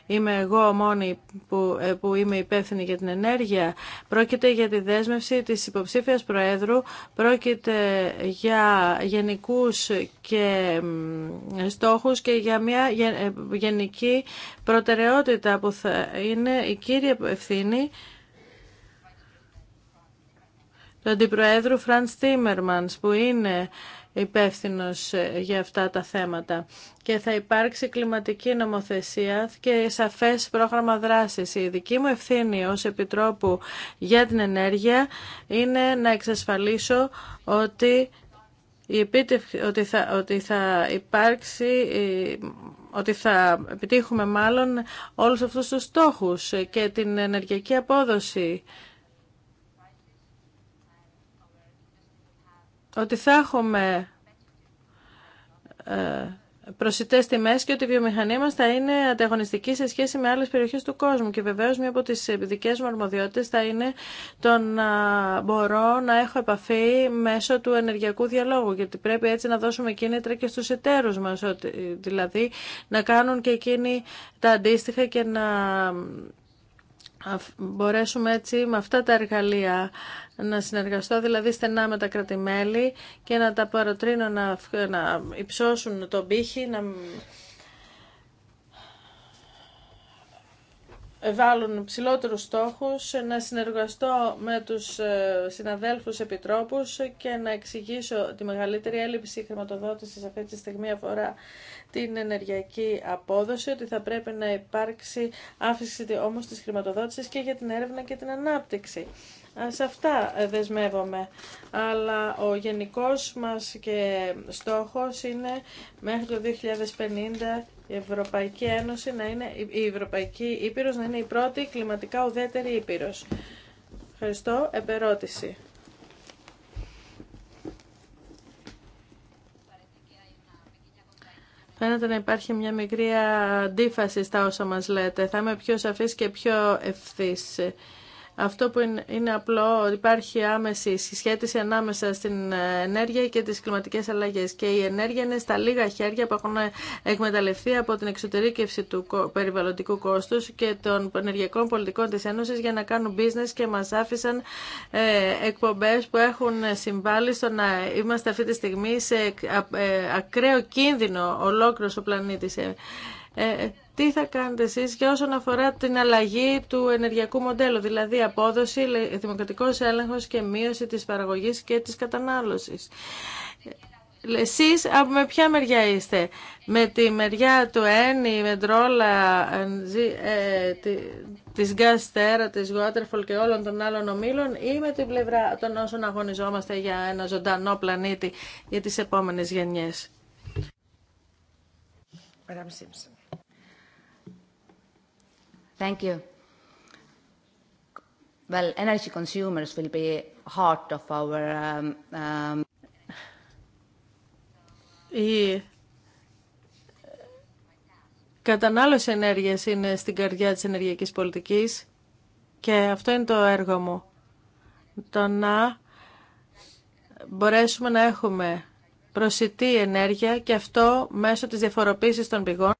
είμαι εγώ μόνη που, ε, που είμαι υπεύθυνη για την ενέργεια. Πρόκειται για τη δέσμευση της υποψήφιας Προέδρου, πρόκειται για γενικούς και στόχους και για μια ε, γενική προτεραιότητα που είναι η κύρια ευθύνη του Αντιπροέδρου Φραντ Τίμερμανς που είναι υπεύθυνο για αυτά τα θέματα. Και θα υπάρξει κλιματική νομοθεσία και σαφές πρόγραμμα δράσης. Η δική μου ευθύνη ως Επιτρόπου για την Ενέργεια είναι να εξασφαλίσω ότι η ότι, θα, ότι ότι θα επιτύχουμε μάλλον όλους αυτούς τους στόχους και την ενεργειακή απόδοση ότι θα έχουμε ε, προσιτέ τιμέ και ότι η βιομηχανία μα θα είναι ανταγωνιστική σε σχέση με άλλε περιοχέ του κόσμου. Και βεβαίω, μία από τι δικέ μου αρμοδιότητε θα είναι το να μπορώ να έχω επαφή μέσω του ενεργειακού διαλόγου. Γιατί πρέπει έτσι να δώσουμε κίνητρα και στου εταίρου μα, δηλαδή να κάνουν και εκείνοι τα αντίστοιχα και να μπορέσουμε έτσι με αυτά τα εργαλεία να συνεργαστώ δηλαδή στενά με τα κρατημέλη και να τα παροτρύνω να, να υψώσουν τον πύχη, να βάλουν ψηλότερους στόχους, να συνεργαστώ με τους ε, συναδέλφους επιτρόπους και να εξηγήσω τη μεγαλύτερη έλλειψη χρηματοδότησης αυτή τη στιγμή αφορά την ενεργειακή απόδοση, ότι θα πρέπει να υπάρξει αύξηση όμως της χρηματοδότησης και για την έρευνα και την ανάπτυξη. Σε αυτά ε, δεσμεύομαι. Αλλά ο γενικός μας και στόχος είναι μέχρι το 2050 η Ευρωπαϊκή Ένωση να είναι η Ευρωπαϊκή Ήπειρος να είναι η πρώτη κλιματικά ουδέτερη Ήπειρος. Ευχαριστώ. Επερώτηση. Φαίνεται να υπάρχει μια μικρή αντίφαση στα όσα μας λέτε. Θα είμαι πιο σαφής και πιο ευθύς. Αυτό που είναι απλό, υπάρχει άμεση συσχέτιση ανάμεσα στην ενέργεια και τις κλιματικές αλλαγές. Και η ενέργεια είναι στα λίγα χέρια που έχουν εκμεταλλευτεί από την εξωτερήκευση του περιβαλλοντικού κόστους και των ενεργειακών πολιτικών της Ένωσης για να κάνουν business και μας άφησαν ε, εκπομπές που έχουν συμβάλει στο να είμαστε αυτή τη στιγμή σε ε, ε, ακραίο κίνδυνο ολόκληρος ο πλανήτης τι θα κάνετε εσείς για όσον αφορά την αλλαγή του ενεργειακού μοντέλου, δηλαδή απόδοση, δημοκρατικός έλεγχος και μείωση της παραγωγής και της κατανάλωσης. Εσείς από με ποια μεριά είστε, με τη μεριά του Ένι, με τρόλα, τη, της Γκαστέρα, της Waterfall και όλων των άλλων ομίλων ή με την πλευρά των όσων αγωνιζόμαστε για ένα ζωντανό πλανήτη για τις επόμενες γενιές. Thank you. Well, energy consumers will be heart of our... Um, um, Η κατανάλωση ενέργειας είναι στην καρδιά της ενεργειακής πολιτικής και αυτό είναι το έργο μου. Το να μπορέσουμε να έχουμε προσιτή ενέργεια και αυτό μέσω της διαφοροποίησης των πηγών.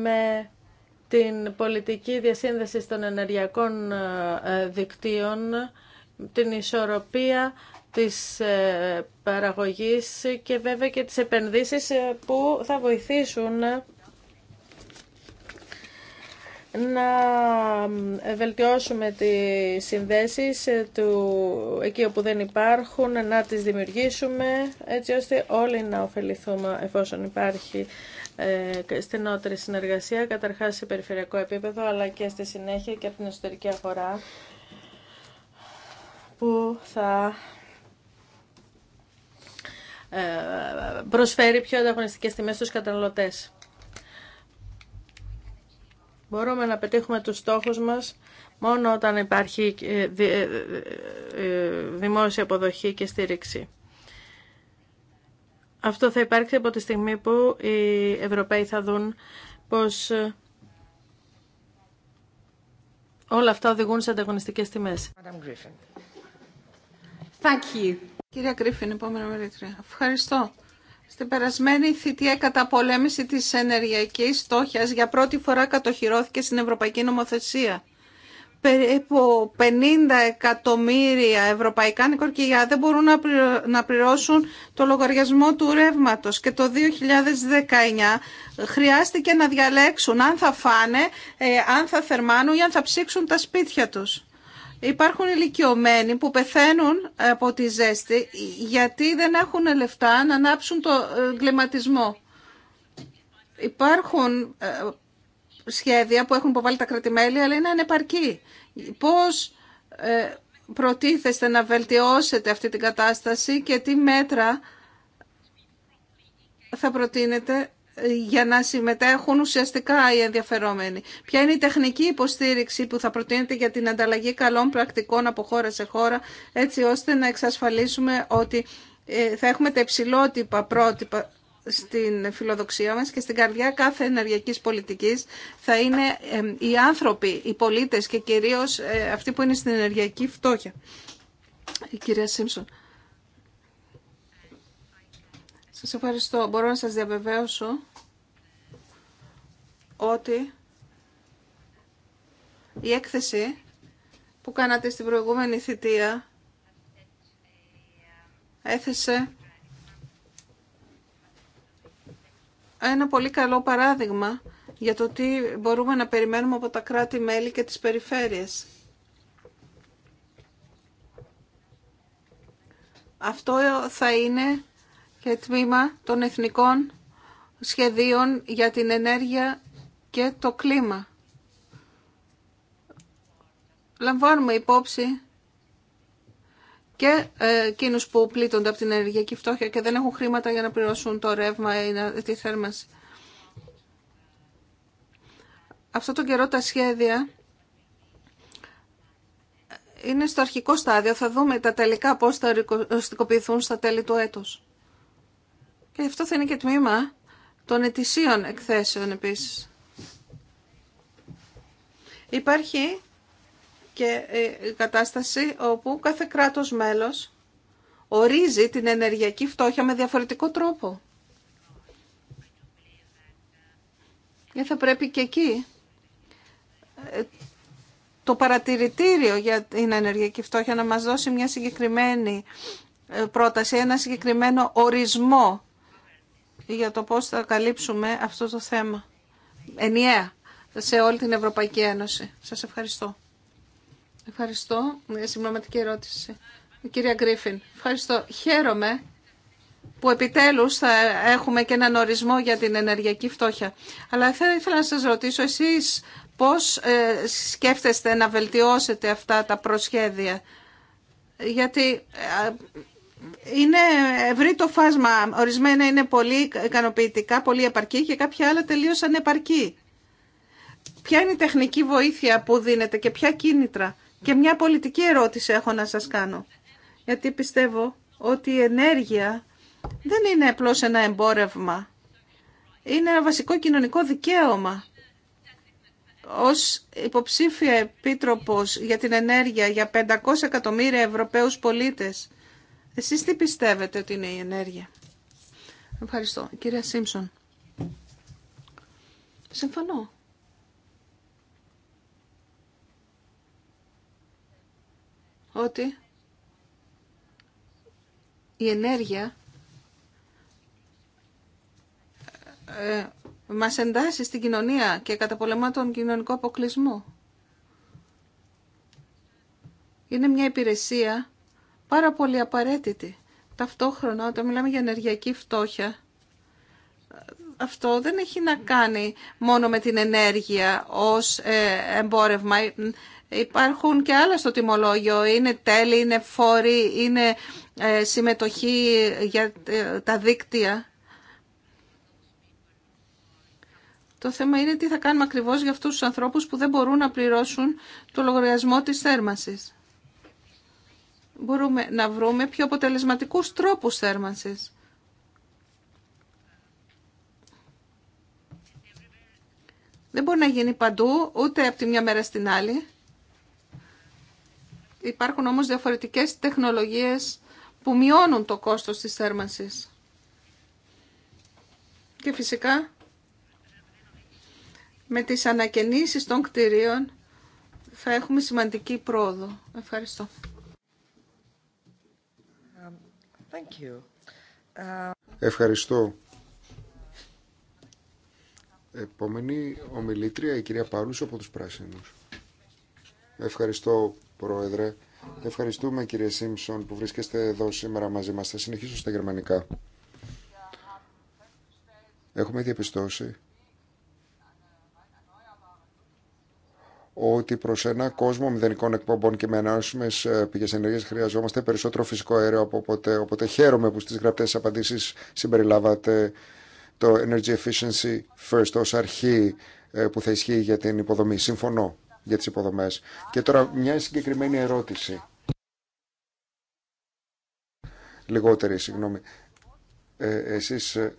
με την πολιτική διασύνδεση των ενεργειακών ε, δικτύων, την ισορροπία της ε, παραγωγής και βέβαια και τις επενδύσεις ε, που θα βοηθήσουν να βελτιώσουμε τις συνδέσεις του, εκεί όπου δεν υπάρχουν, να τις δημιουργήσουμε έτσι ώστε όλοι να ωφεληθούμε εφόσον υπάρχει ε, στην νότερη συνεργασία, καταρχάς σε περιφερειακό επίπεδο, αλλά και στη συνέχεια και από την εσωτερική αγορά, που θα ε, προσφέρει πιο ανταγωνιστικές τιμές στους καταναλωτές. Μπορούμε να πετύχουμε τους στόχους μας μόνο όταν υπάρχει ε, δημόσια αποδοχή και στήριξη. Αυτό θα υπάρξει από τη στιγμή που οι Ευρωπαίοι θα δουν πως όλα αυτά οδηγούν σε ανταγωνιστικές τιμές. Κυρία Γκρίφιν, Ευχαριστώ. Στην περασμένη θητεία καταπολέμηση της ενεργειακής στόχιας για πρώτη φορά κατοχυρώθηκε στην Ευρωπαϊκή Νομοθεσία περίπου 50 εκατομμύρια ευρωπαϊκά νοικοκυριά δεν μπορούν να πληρώσουν το λογαριασμό του ρεύματο. Και το 2019 χρειάστηκε να διαλέξουν αν θα φάνε, ε, αν θα θερμάνουν ή αν θα ψήξουν τα σπίτια τους. Υπάρχουν ηλικιωμένοι που πεθαίνουν από τη ζέστη γιατί δεν έχουν λεφτά να ανάψουν το ε, κλιματισμό. Υπάρχουν ε, σχέδια που έχουν υποβάλει τα κρατημέλη, αλλά είναι ανεπαρκή. Πώς ε, προτίθεστε να βελτιώσετε αυτή την κατάσταση και τι μέτρα θα προτείνετε για να συμμετέχουν ουσιαστικά οι ενδιαφερόμενοι. Ποια είναι η τεχνική υποστήριξη που θα προτείνετε για την ανταλλαγή καλών πρακτικών από χώρα σε χώρα, έτσι ώστε να εξασφαλίσουμε ότι ε, θα έχουμε τα υψηλότυπα πρότυπα στην φιλοδοξία μας και στην καρδιά κάθε ενεργειακής πολιτικής θα είναι οι άνθρωποι, οι πολίτες και κυρίως ε, αυτοί που είναι στην ενεργειακή φτώχεια. Η κυρία Σίμψον. Σας ευχαριστώ. Μπορώ να σας διαβεβαίωσω ότι η έκθεση που κάνατε στην προηγούμενη θητεία έθεσε ένα πολύ καλό παράδειγμα για το τι μπορούμε να περιμένουμε από τα κράτη-μέλη και τις περιφέρειες. Αυτό θα είναι και τμήμα των εθνικών σχεδίων για την ενέργεια και το κλίμα. Λαμβάνουμε υπόψη και ε, εκείνου που πλήττονται από την ενεργειακή φτώχεια και δεν έχουν χρήματα για να πληρώσουν το ρεύμα ή τη θέρμανση. Αυτό το καιρό τα σχέδια είναι στο αρχικό στάδιο. Θα δούμε τα τελικά πώς θα οριστικοποιηθούν στα τέλη του έτους. Και αυτό θα είναι και τμήμα των ετησίων εκθέσεων επίσης. Υπάρχει και η ε, κατάσταση όπου κάθε κράτος μέλος ορίζει την ενεργειακή φτώχεια με διαφορετικό τρόπο. Και θα πρέπει και εκεί ε, το παρατηρητήριο για την ενεργειακή φτώχεια να μας δώσει μια συγκεκριμένη ε, πρόταση, ένα συγκεκριμένο ορισμό για το πώς θα καλύψουμε αυτό το θέμα ενιαία σε όλη την Ευρωπαϊκή Ένωση. Σας ευχαριστώ. Ευχαριστώ. Μια συμπληρωματική ερώτηση. κυρία Γκρίφιν, ευχαριστώ. Χαίρομαι που επιτέλους θα έχουμε και έναν ορισμό για την ενεργειακή φτώχεια. Αλλά θα ήθελα να σας ρωτήσω εσείς πώς ε, σκέφτεστε να βελτιώσετε αυτά τα προσχέδια. Γιατί ε, είναι ευρύ το φάσμα. Ορισμένα είναι πολύ ικανοποιητικά, πολύ επαρκή και κάποια άλλα τελείως ανεπαρκή. Ποια είναι η τεχνική βοήθεια που δίνεται και ποια κίνητρα και μια πολιτική ερώτηση έχω να σας κάνω. Γιατί πιστεύω ότι η ενέργεια δεν είναι απλώς ένα εμπόρευμα. Είναι ένα βασικό κοινωνικό δικαίωμα. Ως υποψήφια επίτροπος για την ενέργεια για 500 εκατομμύρια Ευρωπαίους πολίτες, εσείς τι πιστεύετε ότι είναι η ενέργεια. Ευχαριστώ. Κυρία Σίμψον. Συμφωνώ ότι η ενέργεια ε, μας εντάσσει στην κοινωνία και καταπολεμά τον κοινωνικό αποκλεισμό. Είναι μια υπηρεσία πάρα πολύ απαραίτητη. Ταυτόχρονα, όταν μιλάμε για ενεργειακή φτώχεια, αυτό δεν έχει να κάνει μόνο με την ενέργεια ως ε, εμπόρευμα. Υπάρχουν και άλλα στο τιμολόγιο. Είναι τέλη, είναι φόροι, είναι ε, συμμετοχή για ε, τα δίκτυα. Το θέμα είναι τι θα κάνουμε ακριβώς για αυτούς τους ανθρώπους που δεν μπορούν να πληρώσουν το λογαριασμό της θέρμανσης. Μπορούμε να βρούμε πιο αποτελεσματικούς τρόπους θέρμανσης. Δεν μπορεί να γίνει παντού, ούτε από τη μια μέρα στην άλλη. Υπάρχουν όμως διαφορετικές τεχνολογίες που μειώνουν το κόστος της θέρμανσης. Και φυσικά με τις ανακαινήσεις των κτηρίων θα έχουμε σημαντική πρόοδο. Ευχαριστώ. Ευχαριστώ. Επόμενη ομιλήτρια, η κυρία Παρούς από τους Πράσινους. Ευχαριστώ Πρόεδρε. Ευχαριστούμε κύριε Σίμψον που βρίσκεστε εδώ σήμερα μαζί μας. Θα συνεχίσω στα γερμανικά. Έχουμε διαπιστώσει ότι προ ένα κόσμο μηδενικών εκπομπών και με ανανεώσιμε ε, πηγέ ενέργεια χρειαζόμαστε περισσότερο φυσικό αέριο από ποτέ. Οπότε χαίρομαι που στι γραπτέ απαντήσει συμπεριλάβατε το Energy Efficiency First ω αρχή ε, που θα ισχύει για την υποδομή. Συμφωνώ για τις υποδομές. Και τώρα μια συγκεκριμένη ερώτηση. Λιγότερη, συγγνώμη. Ε, εσείς ε,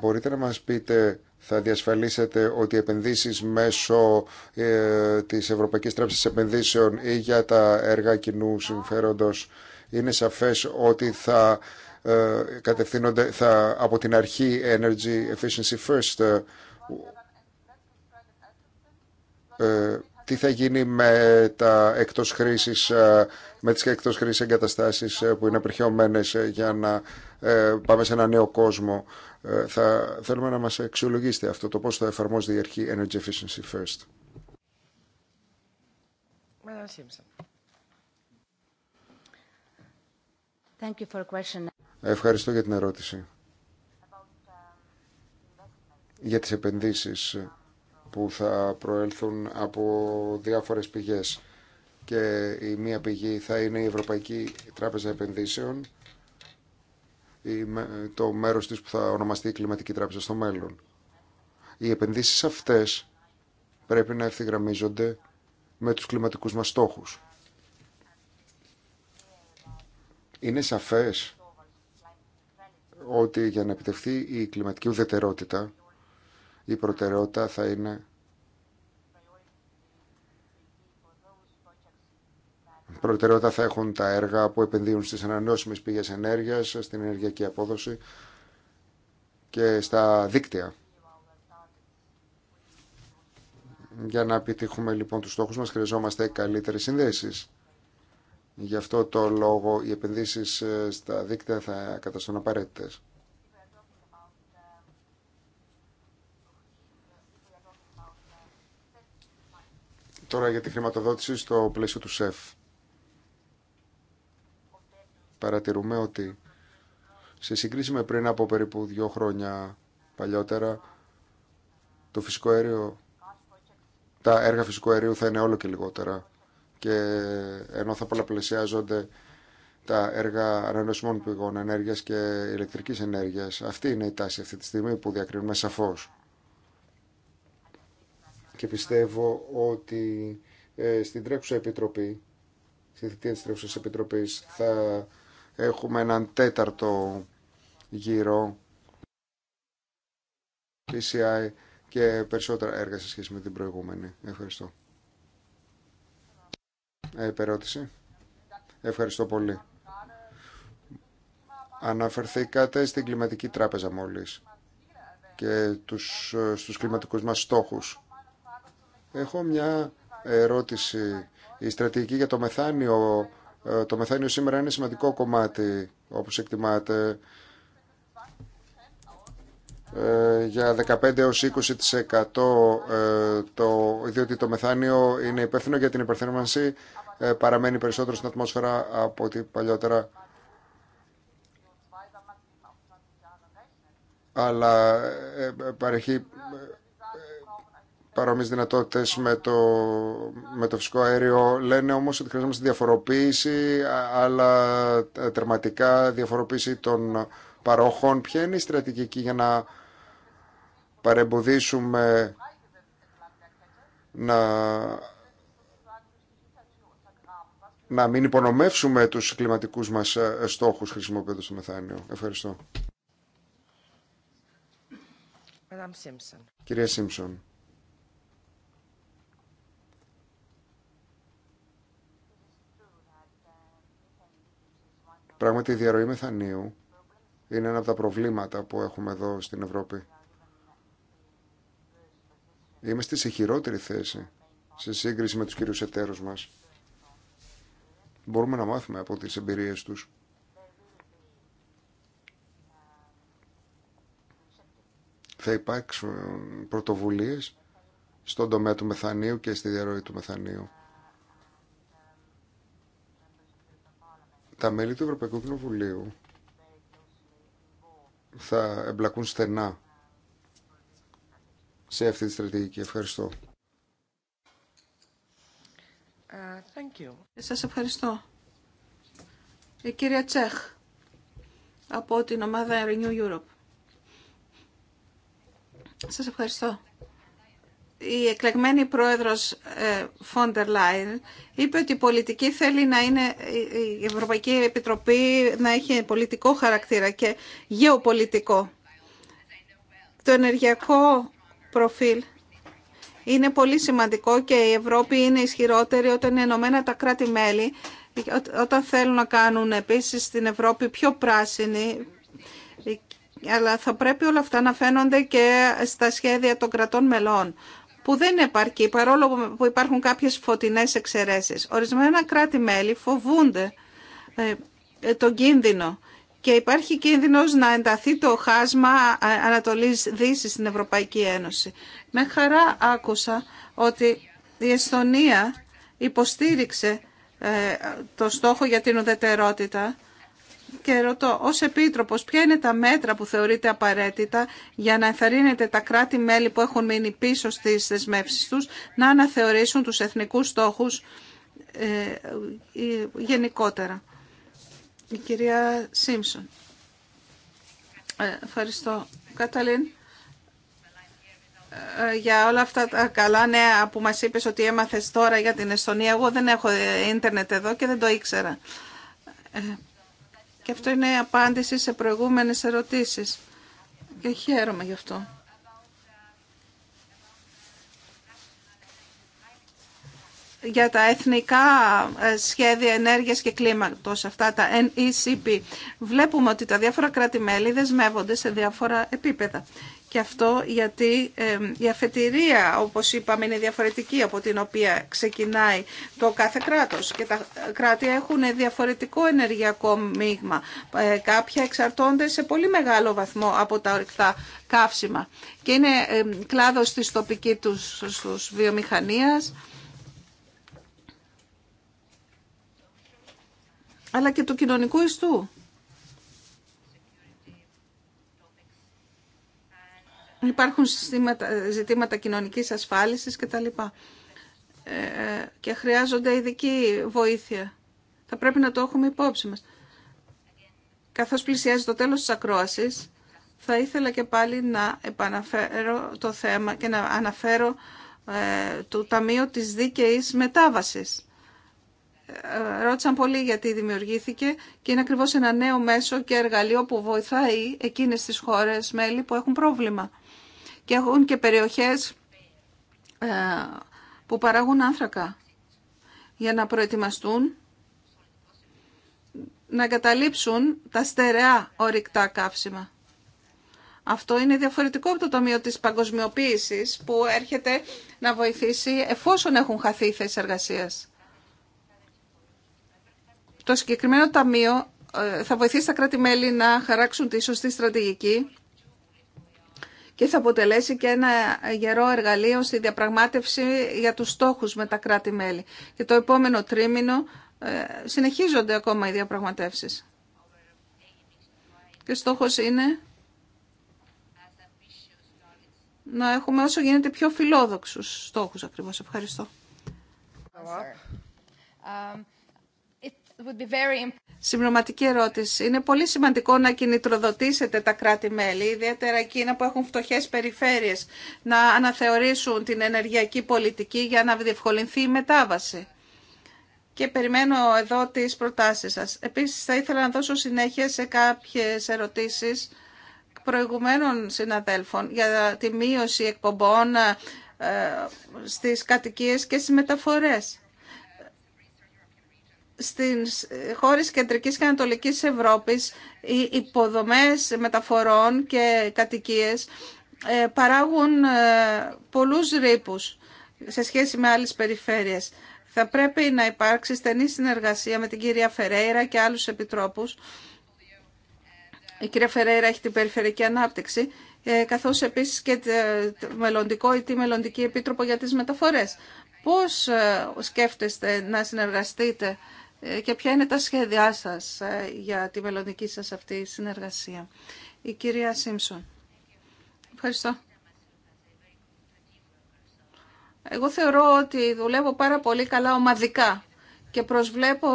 μπορείτε να μας πείτε θα διασφαλίσετε ότι οι επενδύσεις μέσω ε, της Ευρωπαϊκής Τράπεζας Επενδύσεων ή για τα έργα κοινού συμφέροντος είναι σαφές ότι θα ε, κατευθύνονται θα, από την αρχή Energy Efficiency First ε, τι θα γίνει με, τα εκτός χρήσης, ε, με τις εκτός χρήσης εγκαταστάσεις ε, που είναι απερχαιωμένες ε, για να πάμε σε ένα νέο κόσμο. Θα θέλουμε να μας αξιολογήσετε αυτό το πώς θα εφαρμόζεται η αρχή Energy Efficiency First. Ευχαριστώ για την ερώτηση. Um, για τις επενδύσεις που θα προέλθουν από διάφορες πηγές και η μία πηγή θα είναι η Ευρωπαϊκή Τράπεζα Επενδύσεων το μέρος της που θα ονομαστεί η Κλιματική Τράπεζα στο μέλλον. Οι επενδύσεις αυτές πρέπει να ευθυγραμμίζονται με τους κλιματικούς μας στόχους. Είναι σαφές ότι για να επιτευχθεί η κλιματική ουδετερότητα η προτεραιότητα θα είναι προτεραιότητα θα έχουν τα έργα που επενδύουν στις ανανεώσιμες πηγές ενέργειας, στην ενεργειακή απόδοση και στα δίκτυα. Για να επιτύχουμε λοιπόν τους στόχους μας χρειαζόμαστε καλύτερες συνδέσεις. Γι' αυτό το λόγο οι επενδύσεις ε, στα δίκτυα θα καταστούν απαραίτητες. Τώρα για τη χρηματοδότηση στο πλαίσιο του ΣΕΦ. Παρατηρούμε ότι σε σύγκριση με πριν από περίπου δύο χρόνια παλιότερα, το φυσικό αέριο, τα έργα φυσικού αερίου θα είναι όλο και λιγότερα. Και ενώ θα πολλαπλασιάζονται τα έργα ανανεωσιμών πηγών ενέργειας και ηλεκτρικής ενέργειας. Αυτή είναι η τάση αυτή τη στιγμή που διακρίνουμε σαφώς. Και πιστεύω ότι ε, στην τρέχουσα επιτροπή, στη θητεία της τρέχουσας επιτροπής, θα έχουμε έναν τέταρτο γύρο PCI και περισσότερα έργα σε σχέση με την προηγούμενη. Ευχαριστώ. Ε, Επερώτηση. Ευχαριστώ πολύ. Αναφερθήκατε στην κλιματική τράπεζα μόλις και τους, ε, στους κλιματικούς μας στόχους. Έχω μια ερώτηση. Η στρατηγική για το μεθάνιο, ε, το μεθάνιο σήμερα είναι σημαντικό κομμάτι, όπως εκτιμάτε, για 15 έως 20% ε, το, διότι το μεθάνιο είναι υπεύθυνο για την υπερθέρμανση, ε, παραμένει περισσότερο στην ατμόσφαιρα από ό,τι παλιότερα. Αλλά παρέχει παρόμοιε δυνατότητε με το, με το φυσικό αέριο. Λένε όμως ότι χρειαζόμαστε διαφοροποίηση, αλλά ε, τερματικά διαφοροποίηση των παρόχων. Ποια είναι η στρατηγική για να παρεμποδίσουμε να, να μην υπονομεύσουμε τους κλιματικούς μας ε, στόχους χρησιμοποιώντας το μεθάνιο. Ευχαριστώ. Κυρία Σίμψον. Πράγματι, η διαρροή μεθανίου είναι ένα από τα προβλήματα που έχουμε εδώ στην Ευρώπη. Είμαστε σε χειρότερη θέση σε σύγκριση με τους κυρίους εταίρους μας. Μπορούμε να μάθουμε από τις εμπειρίες τους. Θα υπάρξουν πρωτοβουλίες στον τομέα του μεθανίου και στη διαρροή του μεθανίου. τα μέλη του Ευρωπαϊκού Κοινοβουλίου θα εμπλακούν στενά σε αυτή τη στρατηγική. Ευχαριστώ. Uh, ευχαριστώ. Η κυρία Τσέχ από την ομάδα Renew Europe. Σας ευχαριστώ η εκλεγμένη πρόεδρος ε, Φόντερ Λάιν είπε ότι η πολιτική θέλει να είναι η Ευρωπαϊκή Επιτροπή να έχει πολιτικό χαρακτήρα και γεωπολιτικό. Το ενεργειακό προφίλ είναι πολύ σημαντικό και η Ευρώπη είναι ισχυρότερη όταν είναι ενωμένα τα κράτη-μέλη, όταν θέλουν να κάνουν επίσης την Ευρώπη πιο πράσινη, αλλά θα πρέπει όλα αυτά να φαίνονται και στα σχέδια των κρατών μελών που δεν επαρκή παρόλο που υπάρχουν κάποιες φωτεινές εξαιρέσεις. Ορισμένα κράτη-μέλη φοβούνται ε, τον κίνδυνο και υπάρχει κίνδυνος να ενταθεί το χάσμα ε, Ανατολής Δύσης στην Ευρωπαϊκή Ένωση. Με χαρά άκουσα ότι η Εστονία υποστήριξε ε, το στόχο για την ουδετερότητα και ρωτώ ως Επίτροπος ποια είναι τα μέτρα που θεωρείτε απαραίτητα για να ενθαρρύνετε τα κράτη-μέλη που έχουν μείνει πίσω στις δεσμεύσει τους να αναθεωρήσουν τους εθνικούς στόχους ε, ε, γενικότερα. Η κυρία Σίμψον. Ε, ευχαριστώ. Καταλήν ε, για όλα αυτά τα καλά νέα που μας είπες ότι έμαθες τώρα για την Εστονία. Εγώ δεν έχω ίντερνετ εδώ και δεν το ήξερα. Και αυτό είναι η απάντηση σε προηγούμενες ερωτήσεις. Και χαίρομαι γι' αυτό. για τα εθνικά ε, σχέδια ενέργειας και κλίματος, αυτά τα NECP. Βλέπουμε ότι τα διάφορα κράτη-μέλη δεσμεύονται σε διάφορα επίπεδα. Και αυτό γιατί η αφετηρία, όπως είπαμε, είναι διαφορετική από την οποία ξεκινάει το κάθε κράτος. Και τα κράτη έχουν διαφορετικό ενεργειακό μείγμα. Ε, κάποια εξαρτώνται σε πολύ μεγάλο βαθμό από τα ορυκτά καύσιμα. Και είναι κλάδος της τοπικής τους, τους βιομηχανίας. αλλά και του κοινωνικού ιστού. Υπάρχουν συστήματα, ζητήματα κοινωνικής ασφάλισης κτλ. Ε, και χρειάζονται ειδική βοήθεια. Θα πρέπει να το έχουμε υπόψη μας. Καθώς πλησιάζει το τέλος της ακρόασης, θα ήθελα και πάλι να επαναφέρω το θέμα και να αναφέρω ε, το Ταμείο της Δίκαιης Μετάβασης. Ε, ρώτησαν πολύ γιατί δημιουργήθηκε και είναι ακριβώς ένα νέο μέσο και εργαλείο που βοηθάει εκείνες τις χώρες μέλη που έχουν πρόβλημα και έχουν και περιοχές ε, που παράγουν άνθρακα για να προετοιμαστούν να καταλήψουν τα στερεά ορυκτά καύσιμα. Αυτό είναι διαφορετικό από το Ταμείο της Παγκοσμιοποίησης που έρχεται να βοηθήσει εφόσον έχουν χαθεί οι θέσεις εργασίας. Το συγκεκριμένο Ταμείο ε, θα βοηθήσει τα κράτη-μέλη να χαράξουν τη σωστή στρατηγική και θα αποτελέσει και ένα γερό εργαλείο στη διαπραγμάτευση για τους στόχους με τα κράτη-μέλη. Και το επόμενο τρίμηνο ε, συνεχίζονται ακόμα οι διαπραγματεύσεις. Και στόχος είναι να έχουμε όσο γίνεται πιο φιλόδοξους στόχους ακριβώς. Ευχαριστώ. Um, Συμπληρωματική ερώτηση. Είναι πολύ σημαντικό να κινητροδοτήσετε τα κράτη-μέλη, ιδιαίτερα εκείνα που έχουν φτωχέ περιφέρειες, να αναθεωρήσουν την ενεργειακή πολιτική για να διευκολυνθεί η μετάβαση. Και περιμένω εδώ τις προτάσεις σας. Επίσης, θα ήθελα να δώσω συνέχεια σε κάποιες ερωτήσεις προηγουμένων συναδέλφων για τη μείωση εκπομπών ε, στις κατοικίες και στις μεταφορές στις χώρες κεντρικής και ανατολικής Ευρώπης οι υποδομές μεταφορών και κατοικίες ε, παράγουν ε, πολλούς ρήπους σε σχέση με άλλες περιφέρειες. Θα πρέπει να υπάρξει στενή συνεργασία με την κυρία Φερέιρα και άλλους επιτρόπους. Η κυρία Φερέιρα έχει την περιφερειακή ανάπτυξη, ε, καθώς επίσης και το μελλοντικό ή τη μελλοντική επίτροπο για τις μεταφορές. Πώς σκέφτεστε να συνεργαστείτε ε, και ποια είναι τα σχέδιά σας ε, για τη μελλοντική σας αυτή συνεργασία. Η κυρία Σίμψον. Ευχαριστώ. Εγώ θεωρώ ότι δουλεύω πάρα πολύ καλά ομαδικά και προσβλέπω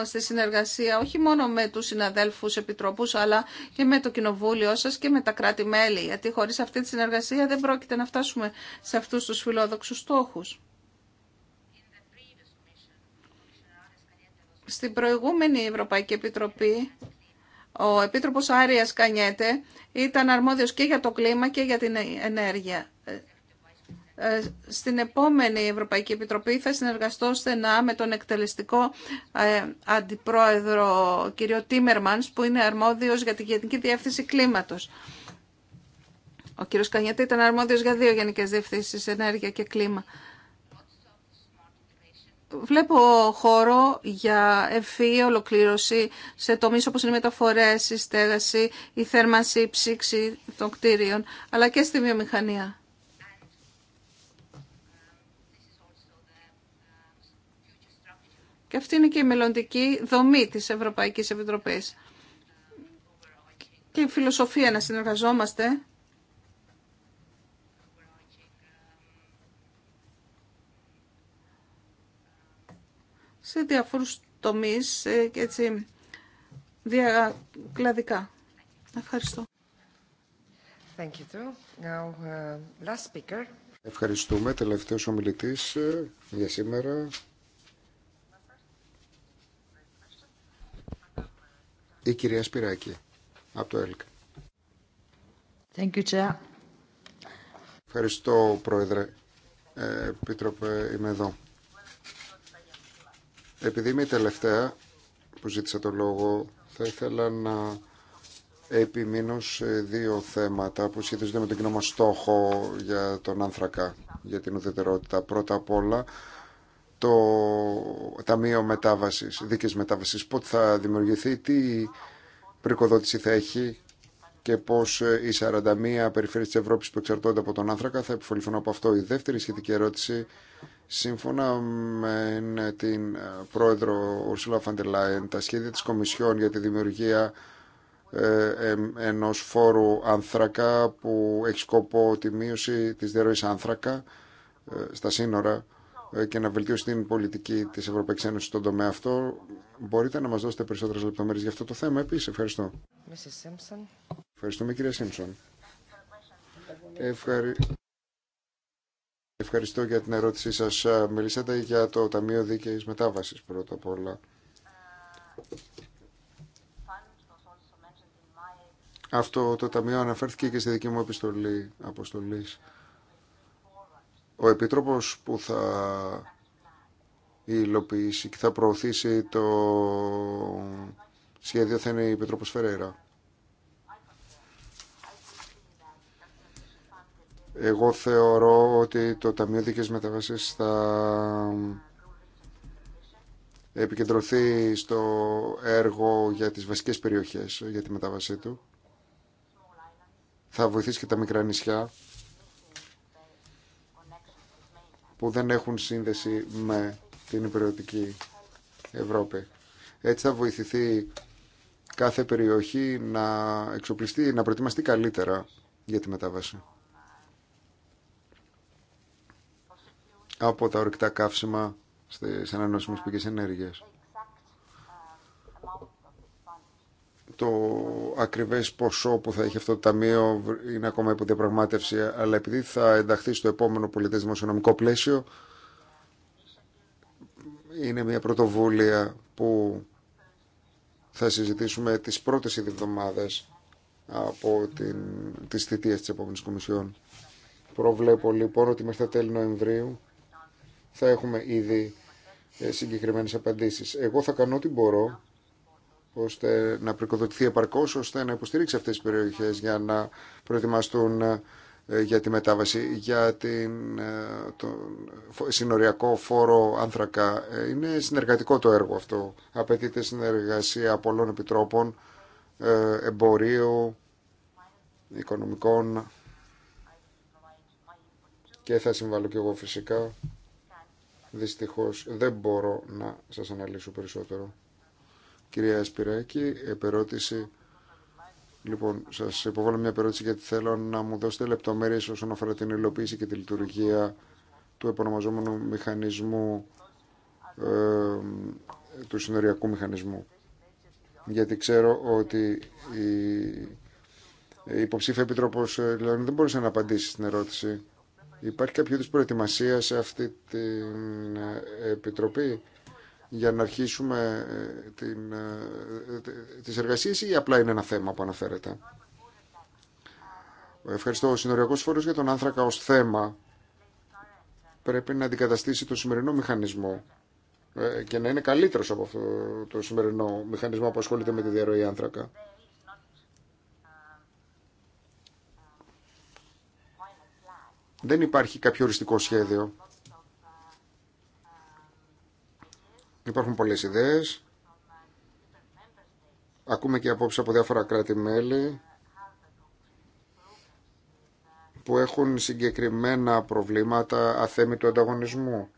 ε, στη συνεργασία όχι μόνο με τους συναδέλφους επιτροπούς αλλά και με το κοινοβούλιο σας και με τα κράτη-μέλη γιατί χωρίς αυτή τη συνεργασία δεν πρόκειται να φτάσουμε σε αυτούς τους φιλόδοξους στόχους. Στην προηγούμενη Ευρωπαϊκή Επιτροπή, ο Επίτροπος Άριας Κανιέτε ήταν αρμόδιος και για το κλίμα και για την ενέργεια. Ε, στην επόμενη Ευρωπαϊκή Επιτροπή θα συνεργαστώ στενά με τον εκτελεστικό ε, αντιπρόεδρο κύριο Τίμερμανς που είναι αρμόδιος για την Γενική Διεύθυνση Κλίματος. Ο κύριος Κανιέτε ήταν αρμόδιος για δύο γενικές διευθύνσεις, ενέργεια και κλίμα βλέπω χώρο για ευφύ ολοκλήρωση σε τομεί όπω είναι οι μεταφορές, η στέγαση, η θέρμανση, η ψήξη των κτίριων, αλλά και στη βιομηχανία. Και αυτή είναι και η μελλοντική δομή της Ευρωπαϊκής Επιτροπής. Και η φιλοσοφία να συνεργαζόμαστε σε διαφορούς τομείς ε, και έτσι διακλαδικά. Ευχαριστώ. Thank you too. Now, uh, last speaker. Ευχαριστούμε. Τελευταίος ομιλητής ε, για σήμερα. Η κυρία Σπυράκη από το ΕΛΚ. Thank you, Ευχαριστώ, Πρόεδρε. Ε, Επίτροπε, είμαι εδώ. Επειδή είμαι η τελευταία που ζήτησα το λόγο, θα ήθελα να επιμείνω σε δύο θέματα που σχετίζονται με τον κοινό μας στόχο για τον άνθρακα, για την ουδετερότητα. Πρώτα απ' όλα, το Ταμείο Μετάβασης, Δίκαιης Μετάβασης, πότε θα δημιουργηθεί, τι πρικοδότηση θα έχει και πώ οι ε, 41 περιφέρειε τη Ευρώπη που εξαρτώνται από τον άνθρακα θα επιφοληθούν από αυτό. Η δεύτερη σχετική ερώτηση, σύμφωνα με την ε, πρόεδρο Ursula von der Leyen, τα σχέδια τη Κομισιόν για τη δημιουργία ε, ενός φόρου άνθρακα που έχει σκοπό τη μείωση της διαρροής άνθρακα στα σύνορα ε, και να βελτιώσει την πολιτική τη Ευρωπαϊκή Ένωση στον τομέα αυτό. Μπορείτε να μα δώσετε περισσότερε λεπτομέρειε για αυτό το θέμα επίση. Ευχαριστώ. Ευχαριστούμε, κυρία Σίμψον. Ευχαριστώ για την ερώτησή σας. Ε, Μιλήσατε για το Ταμείο Δίκαιη μετάβαση πρώτα απ' όλα. Αυτό το Ταμείο αναφέρθηκε και στη δική μου επιστολή αποστολής. Ο Επίτροπος που θα υλοποιήσει και θα προωθήσει το σχέδιο θα είναι η Επίτροπος Φεραίρα. Εγώ θεωρώ ότι το Ταμείο Δίκαιες Μεταβάσεις θα επικεντρωθεί στο έργο για τις βασικές περιοχές, για τη μετάβασή του. Θα βοηθήσει και τα μικρά νησιά που δεν έχουν σύνδεση με την υπηρετική Ευρώπη. Έτσι θα βοηθηθεί κάθε περιοχή να εξοπλιστεί, να προετοιμαστεί καλύτερα για τη μετάβαση. Από τα ορυκτά καύσιμα στις ανανόσιμες πηγές ενέργειας. το ακριβές ποσό που θα έχει αυτό το ταμείο είναι ακόμα υπό διαπραγμάτευση, αλλά επειδή θα ενταχθεί στο επόμενο πολιτισμο δημοσιονομικό πλαίσιο, είναι μια πρωτοβούλια που θα συζητήσουμε τις πρώτες ήδη εβδομάδε από την, τις θητείες της επόμενης Κομισιόν. Προβλέπω λοιπόν ότι μέχρι τα τέλη Νοεμβρίου θα έχουμε ήδη ε, συγκεκριμένες απαντήσεις. Εγώ θα κάνω ό,τι μπορώ ώστε να προκοδοτηθεί επαρκώ, ώστε να υποστηρίξει αυτές τις περιοχές για να προετοιμαστούν ε, για τη μετάβαση. Για την, ε, τον συνοριακό φόρο άνθρακα ε, είναι συνεργατικό το έργο αυτό. Απαιτείται συνεργασία πολλών επιτρόπων, εμπορίου, οικονομικών και θα συμβάλλω και εγώ φυσικά. Δυστυχώς δεν μπορώ να σας αναλύσω περισσότερο. Κυρία Σπυράκη, επερώτηση. Λοιπόν, σα υποβάλλω μια ερώτηση γιατί θέλω να μου δώσετε λεπτομέρειε όσον αφορά την υλοποίηση και τη λειτουργία του επωνομαζόμενου μηχανισμού, ε, του συνοριακού μηχανισμού. Γιατί ξέρω ότι η, υποψήφια επίτροπο ε, δεν μπορούσε να απαντήσει στην ερώτηση. Υπάρχει κάποιο είδου προετοιμασία σε αυτή την ε, επιτροπή για να αρχίσουμε ε, την, ε, τις εργασίες ή απλά είναι ένα θέμα που αναφέρεται. Ευχαριστώ. Ο συνοριακός φόρος για τον άνθρακα ως θέμα πρέπει να αντικαταστήσει το σημερινό μηχανισμό ε, και να είναι καλύτερος από αυτό το σημερινό μηχανισμό που ασχολείται με τη διαρροή άνθρακα. Δεν υπάρχει κάποιο οριστικό σχέδιο Υπάρχουν πολλές ιδέες. Ακούμε και απόψε από διάφορα κράτη-μέλη που έχουν συγκεκριμένα προβλήματα αθέμη ανταγωνισμού.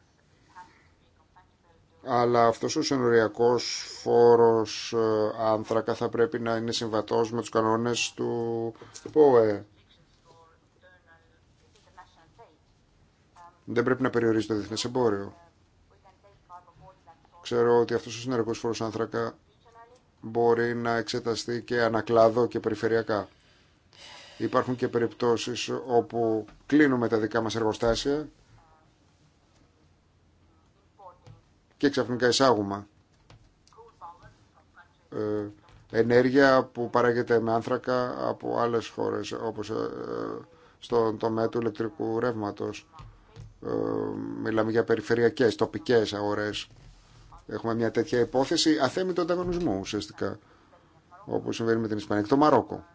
Αλλά αυτός ο συνοριακός φόρος ε, άνθρακα θα πρέπει να είναι συμβατός με τους κανόνες του ΠΟΕ. Δεν πρέπει να περιορίζει το διεθνές εμπόριο. Ξέρω ότι αυτός ο συνεργός φόρος άνθρακα μπορεί να εξεταστεί και ανακλάδο και περιφερειακά. Υπάρχουν και περιπτώσεις όπου κλείνουμε τα δικά μας εργοστάσια και ξαφνικά εισάγουμε ε, ενέργεια που παράγεται με άνθρακα από άλλες χώρες όπως ε, στον τομέα του ηλεκτρικού ρεύματος. Ε, μιλάμε για περιφερειακές, τοπικές αγορές. Έχουμε μια τέτοια υπόθεση του ανταγωνισμού ουσιαστικά, όπως συμβαίνει με την Ισπανία και το Μαρόκο.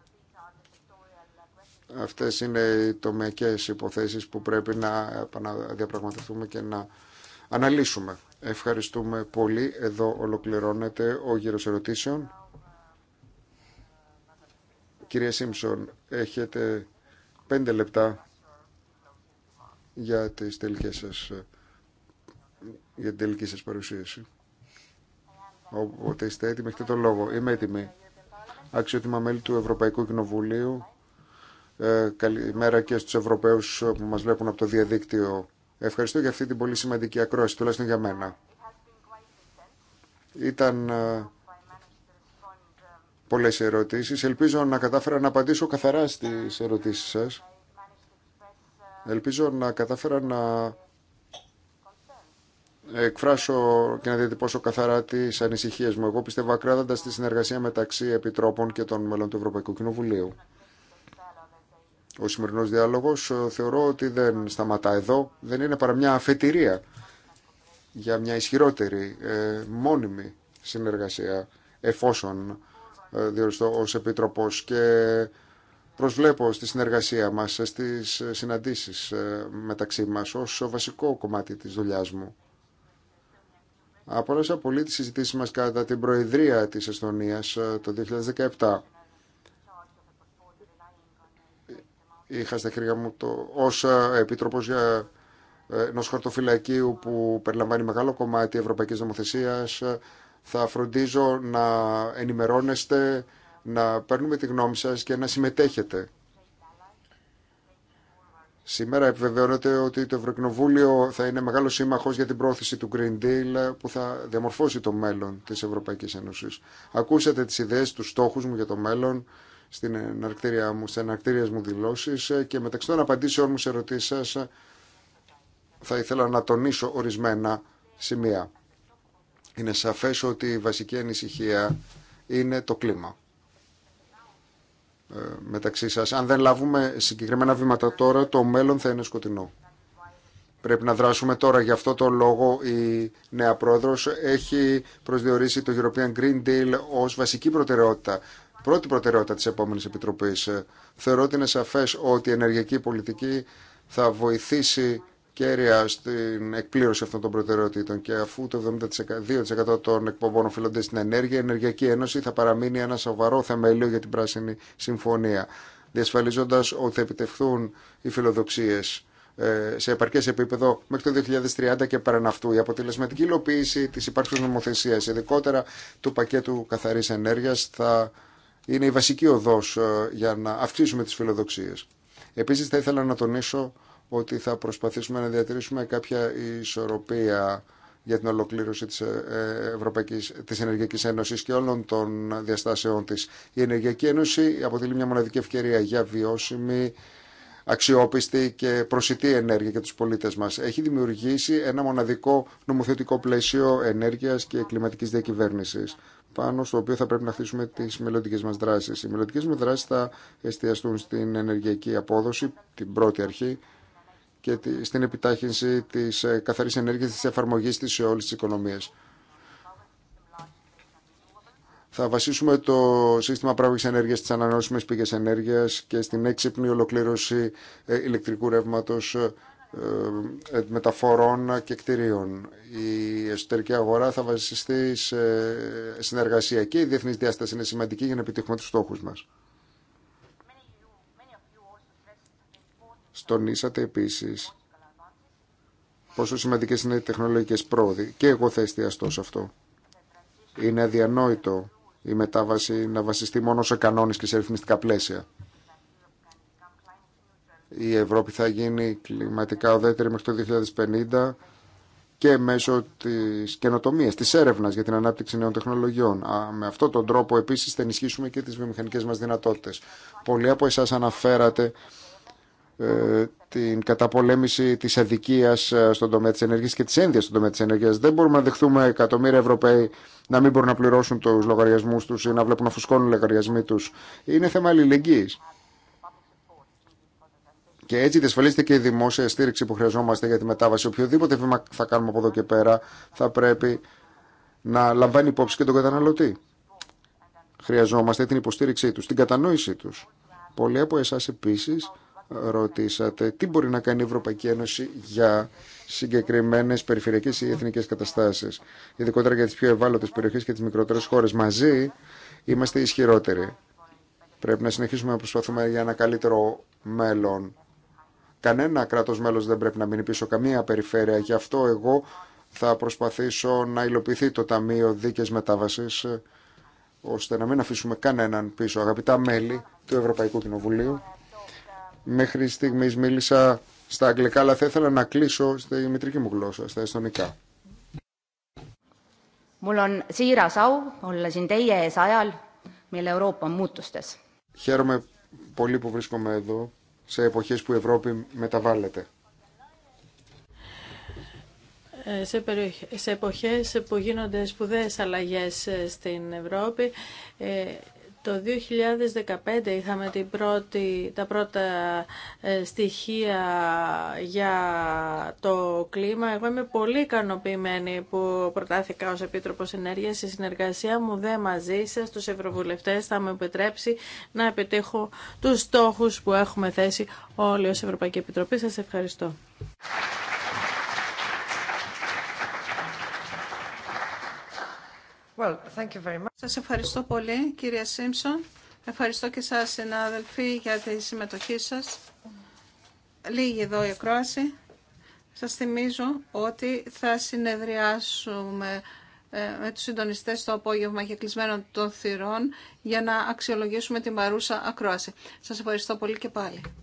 Αυτές είναι οι τομεακές υποθέσεις που πρέπει να διαπραγματευτούμε και να αναλύσουμε. Ευχαριστούμε πολύ. Εδώ ολοκληρώνεται ο γύρος ερωτήσεων. Κυρία Σίμψον, έχετε πέντε λεπτά για, τις τελικές σας, για την τελική σας παρουσίαση. Οπότε είστε έτοιμοι, έχετε τον λόγο. Είμαι έτοιμη. Αξιότιμα μέλη του Ευρωπαϊκού Κοινοβουλίου. Ε, καλημέρα και στους Ευρωπαίους που μας βλέπουν από το διαδίκτυο. Ευχαριστώ για αυτή την πολύ σημαντική ακρόαση, τουλάχιστον για μένα. Ήταν ε, πολλές ερωτήσεις. Ελπίζω να κατάφερα να απαντήσω καθαρά στις ερωτήσεις σας. Ελπίζω να κατάφερα να εκφράσω και να διατυπώσω καθαρά τι ανησυχίε μου. Εγώ πιστεύω ακράδαντα στη συνεργασία μεταξύ επιτρόπων και των μελών του Ευρωπαϊκού Κοινοβουλίου. Ο σημερινός διάλογος ε, θεωρώ ότι δεν σταματά εδώ, δεν είναι παρά μια αφετηρία για μια ισχυρότερη, ε, μόνιμη συνεργασία εφόσον ε, διοριστώ ως Επίτροπος και προσβλέπω στη συνεργασία μας, στις συναντήσεις μεταξύ μας ως βασικό κομμάτι της δουλειάς μου. Απόλαυσα πολύ τις συζητήσεις μας κατά την Προεδρία της Εστονίας ε, το 2017. Είχα στα χέρια μου το, ως ε, Επίτροπος για ε, ενός χορτοφυλακίου που περιλαμβάνει μεγάλο κομμάτι ευρωπαϊκής νομοθεσίας. Θα φροντίζω να ενημερώνεστε, να παίρνουμε τη γνώμη σας και να συμμετέχετε Σήμερα επιβεβαιώνεται ότι το Ευρωκοινοβούλιο θα είναι μεγάλο σύμμαχο για την πρόθεση του Green Deal που θα διαμορφώσει το μέλλον τη Ευρωπαϊκή Ένωση. Ακούσατε τι ιδέε, του στόχου μου για το μέλλον στην εναρκτήρια μου, μου δηλώσει και μεταξύ των απαντήσεών μου σε ερωτήσει σα θα ήθελα να τονίσω ορισμένα σημεία. Είναι σαφές ότι η βασική ανησυχία είναι το κλίμα. Ε, μεταξύ σας. Αν δεν λάβουμε συγκεκριμένα βήματα τώρα, το μέλλον θα είναι σκοτεινό. Πρέπει να δράσουμε τώρα. Γι' αυτό το λόγο η νέα πρόεδρος έχει προσδιορίσει το European Green Deal ως βασική προτεραιότητα. Πρώτη προτεραιότητα της επόμενης Επιτροπής. Θεωρώ ότι είναι σαφές ότι η ενεργειακή πολιτική θα βοηθήσει κέρια στην εκπλήρωση αυτών των προτεραιοτήτων και αφού το 72% των εκπομπών οφείλονται στην ενέργεια, η Ενεργειακή Ένωση θα παραμείνει ένα σοβαρό θεμέλιο για την Πράσινη Συμφωνία, διασφαλίζοντας ότι θα επιτευχθούν οι φιλοδοξίες ε, σε επαρκέ επίπεδο μέχρι το 2030 και πέραν αυτού. Η αποτελεσματική υλοποίηση τη υπάρξη νομοθεσία, ειδικότερα του πακέτου καθαρή ενέργεια, θα είναι η βασική οδό ε, για να αυξήσουμε τι φιλοδοξίε. Επίση, θα ήθελα να τονίσω ότι θα προσπαθήσουμε να διατηρήσουμε κάποια ισορροπία για την ολοκλήρωση της, ε, ε, Ευρωπαϊκής, της Ενεργειακής Ένωσης και όλων των διαστάσεών της. Η Ενεργειακή Ένωση αποτελεί μια μοναδική ευκαιρία για βιώσιμη, αξιόπιστη και προσιτή ενέργεια για τους πολίτες μας. Έχει δημιουργήσει ένα μοναδικό νομοθετικό πλαίσιο ενέργειας και κλιματικής διακυβέρνησης πάνω στο οποίο θα πρέπει να χτίσουμε τις μελλοντικέ μας δράσεις. Οι μελλοντικέ μας δράσεις θα εστιαστούν στην ενεργειακή απόδοση, την πρώτη αρχή, και στην επιτάχυνση της ε, καθαρής ενέργειας της εφαρμογής της σε όλες τις οικονομίες. Θα βασίσουμε το σύστημα παραγωγής ενέργειας στις ανανεώσιμες πηγές ενέργειας και στην έξυπνη ολοκλήρωση ε, ηλεκτρικού ρεύματος ε, μεταφορών και κτηρίων. Η εσωτερική αγορά θα βασιστεί σε συνεργασία και η διεθνής διάσταση είναι σημαντική για να επιτύχουμε τους στόχους μας. Στονίσατε επίση, πόσο σημαντικέ είναι οι τεχνολογικέ πρόοδοι και εγώ θα εστιαστώ σε αυτό. Είναι αδιανόητο η μετάβαση να βασιστεί μόνο σε κανόνε και σε ρυθμιστικά πλαίσια. Η Ευρώπη θα γίνει κλιματικά οδέτερη μέχρι το 2050 και μέσω τη καινοτομία, τη έρευνα για την ανάπτυξη νέων τεχνολογιών. Με αυτόν τον τρόπο επίση θα ενισχύσουμε και τι βιομηχανικέ μα δυνατότητε. Πολλοί από εσά αναφέρατε ε, την καταπολέμηση τη αδικία ε, στον τομέα τη ενέργεια και τη ένδυα στον τομέα τη ενέργεια. Δεν μπορούμε να δεχθούμε εκατομμύρια Ευρωπαίοι να μην μπορούν να πληρώσουν του λογαριασμού του ή να βλέπουν να φουσκώνουν οι λογαριασμοί του. Είναι θέμα αλληλεγγύη. Και έτσι διασφαλίζεται και η δημόσια στήριξη που χρειαζόμαστε για τη μετάβαση. Οποιοδήποτε βήμα θα κάνουμε από εδώ και πέρα θα πρέπει να λαμβάνει υπόψη και τον καταναλωτή. Χρειαζόμαστε την υποστήριξή του, την κατανόησή του. Πολλοί από εσά επίση ρωτήσατε τι μπορεί να κάνει η Ευρωπαϊκή Ένωση για συγκεκριμένε περιφερειακέ ή εθνικέ καταστάσει. ειδικότερα για τι πιο ευάλωτε περιοχέ και τι μικρότερε χώρε. Μαζί είμαστε ισχυρότεροι. Πρέπει να συνεχίσουμε να προσπαθούμε για ένα καλύτερο μέλλον. Κανένα κράτο μέλο δεν πρέπει να μείνει πίσω καμία περιφέρεια. Γι' αυτό εγώ θα προσπαθήσω να υλοποιηθεί το Ταμείο Δίκαιης μετάβαση, ώστε να μην αφήσουμε κανέναν πίσω. Αγαπητά μέλη του Ευρωπαϊκού Κοινοβουλίου, Μέχρι στιγμή μίλησα στα αγγλικά, αλλά θα ήθελα να κλείσω στη μητρική μου γλώσσα, στα εστονικά. Χαίρομαι πολύ που βρίσκομαι εδώ, σε εποχές που η Ευρώπη μεταβάλλεται. Ε, σε, σε εποχές που γίνονται σπουδαίες αλλαγές ε, στην Ευρώπη, ε, το 2015 είχαμε την πρώτη, τα πρώτα ε, στοιχεία για το κλίμα. Εγώ είμαι πολύ ικανοποιημένη που προτάθηκα ως Επίτροπος Ενέργειας. Η συνεργασία μου δε μαζί σας, τους Ευρωβουλευτές, θα με επιτρέψει να επιτύχω τους στόχους που έχουμε θέσει όλοι ως Ευρωπαϊκή Επιτροπή. Σας ευχαριστώ. Well, Σας ευχαριστώ πολύ, κυρία Σίμψον. Ευχαριστώ και σας, συνάδελφοι, για τη συμμετοχή σας. Λίγη εδώ η ακρόαση. Σας θυμίζω ότι θα συνεδριάσουμε ε, με τους συντονιστές το απόγευμα και κλεισμένων των θυρών για να αξιολογήσουμε την παρούσα ακρόαση. Σας ευχαριστώ πολύ και πάλι.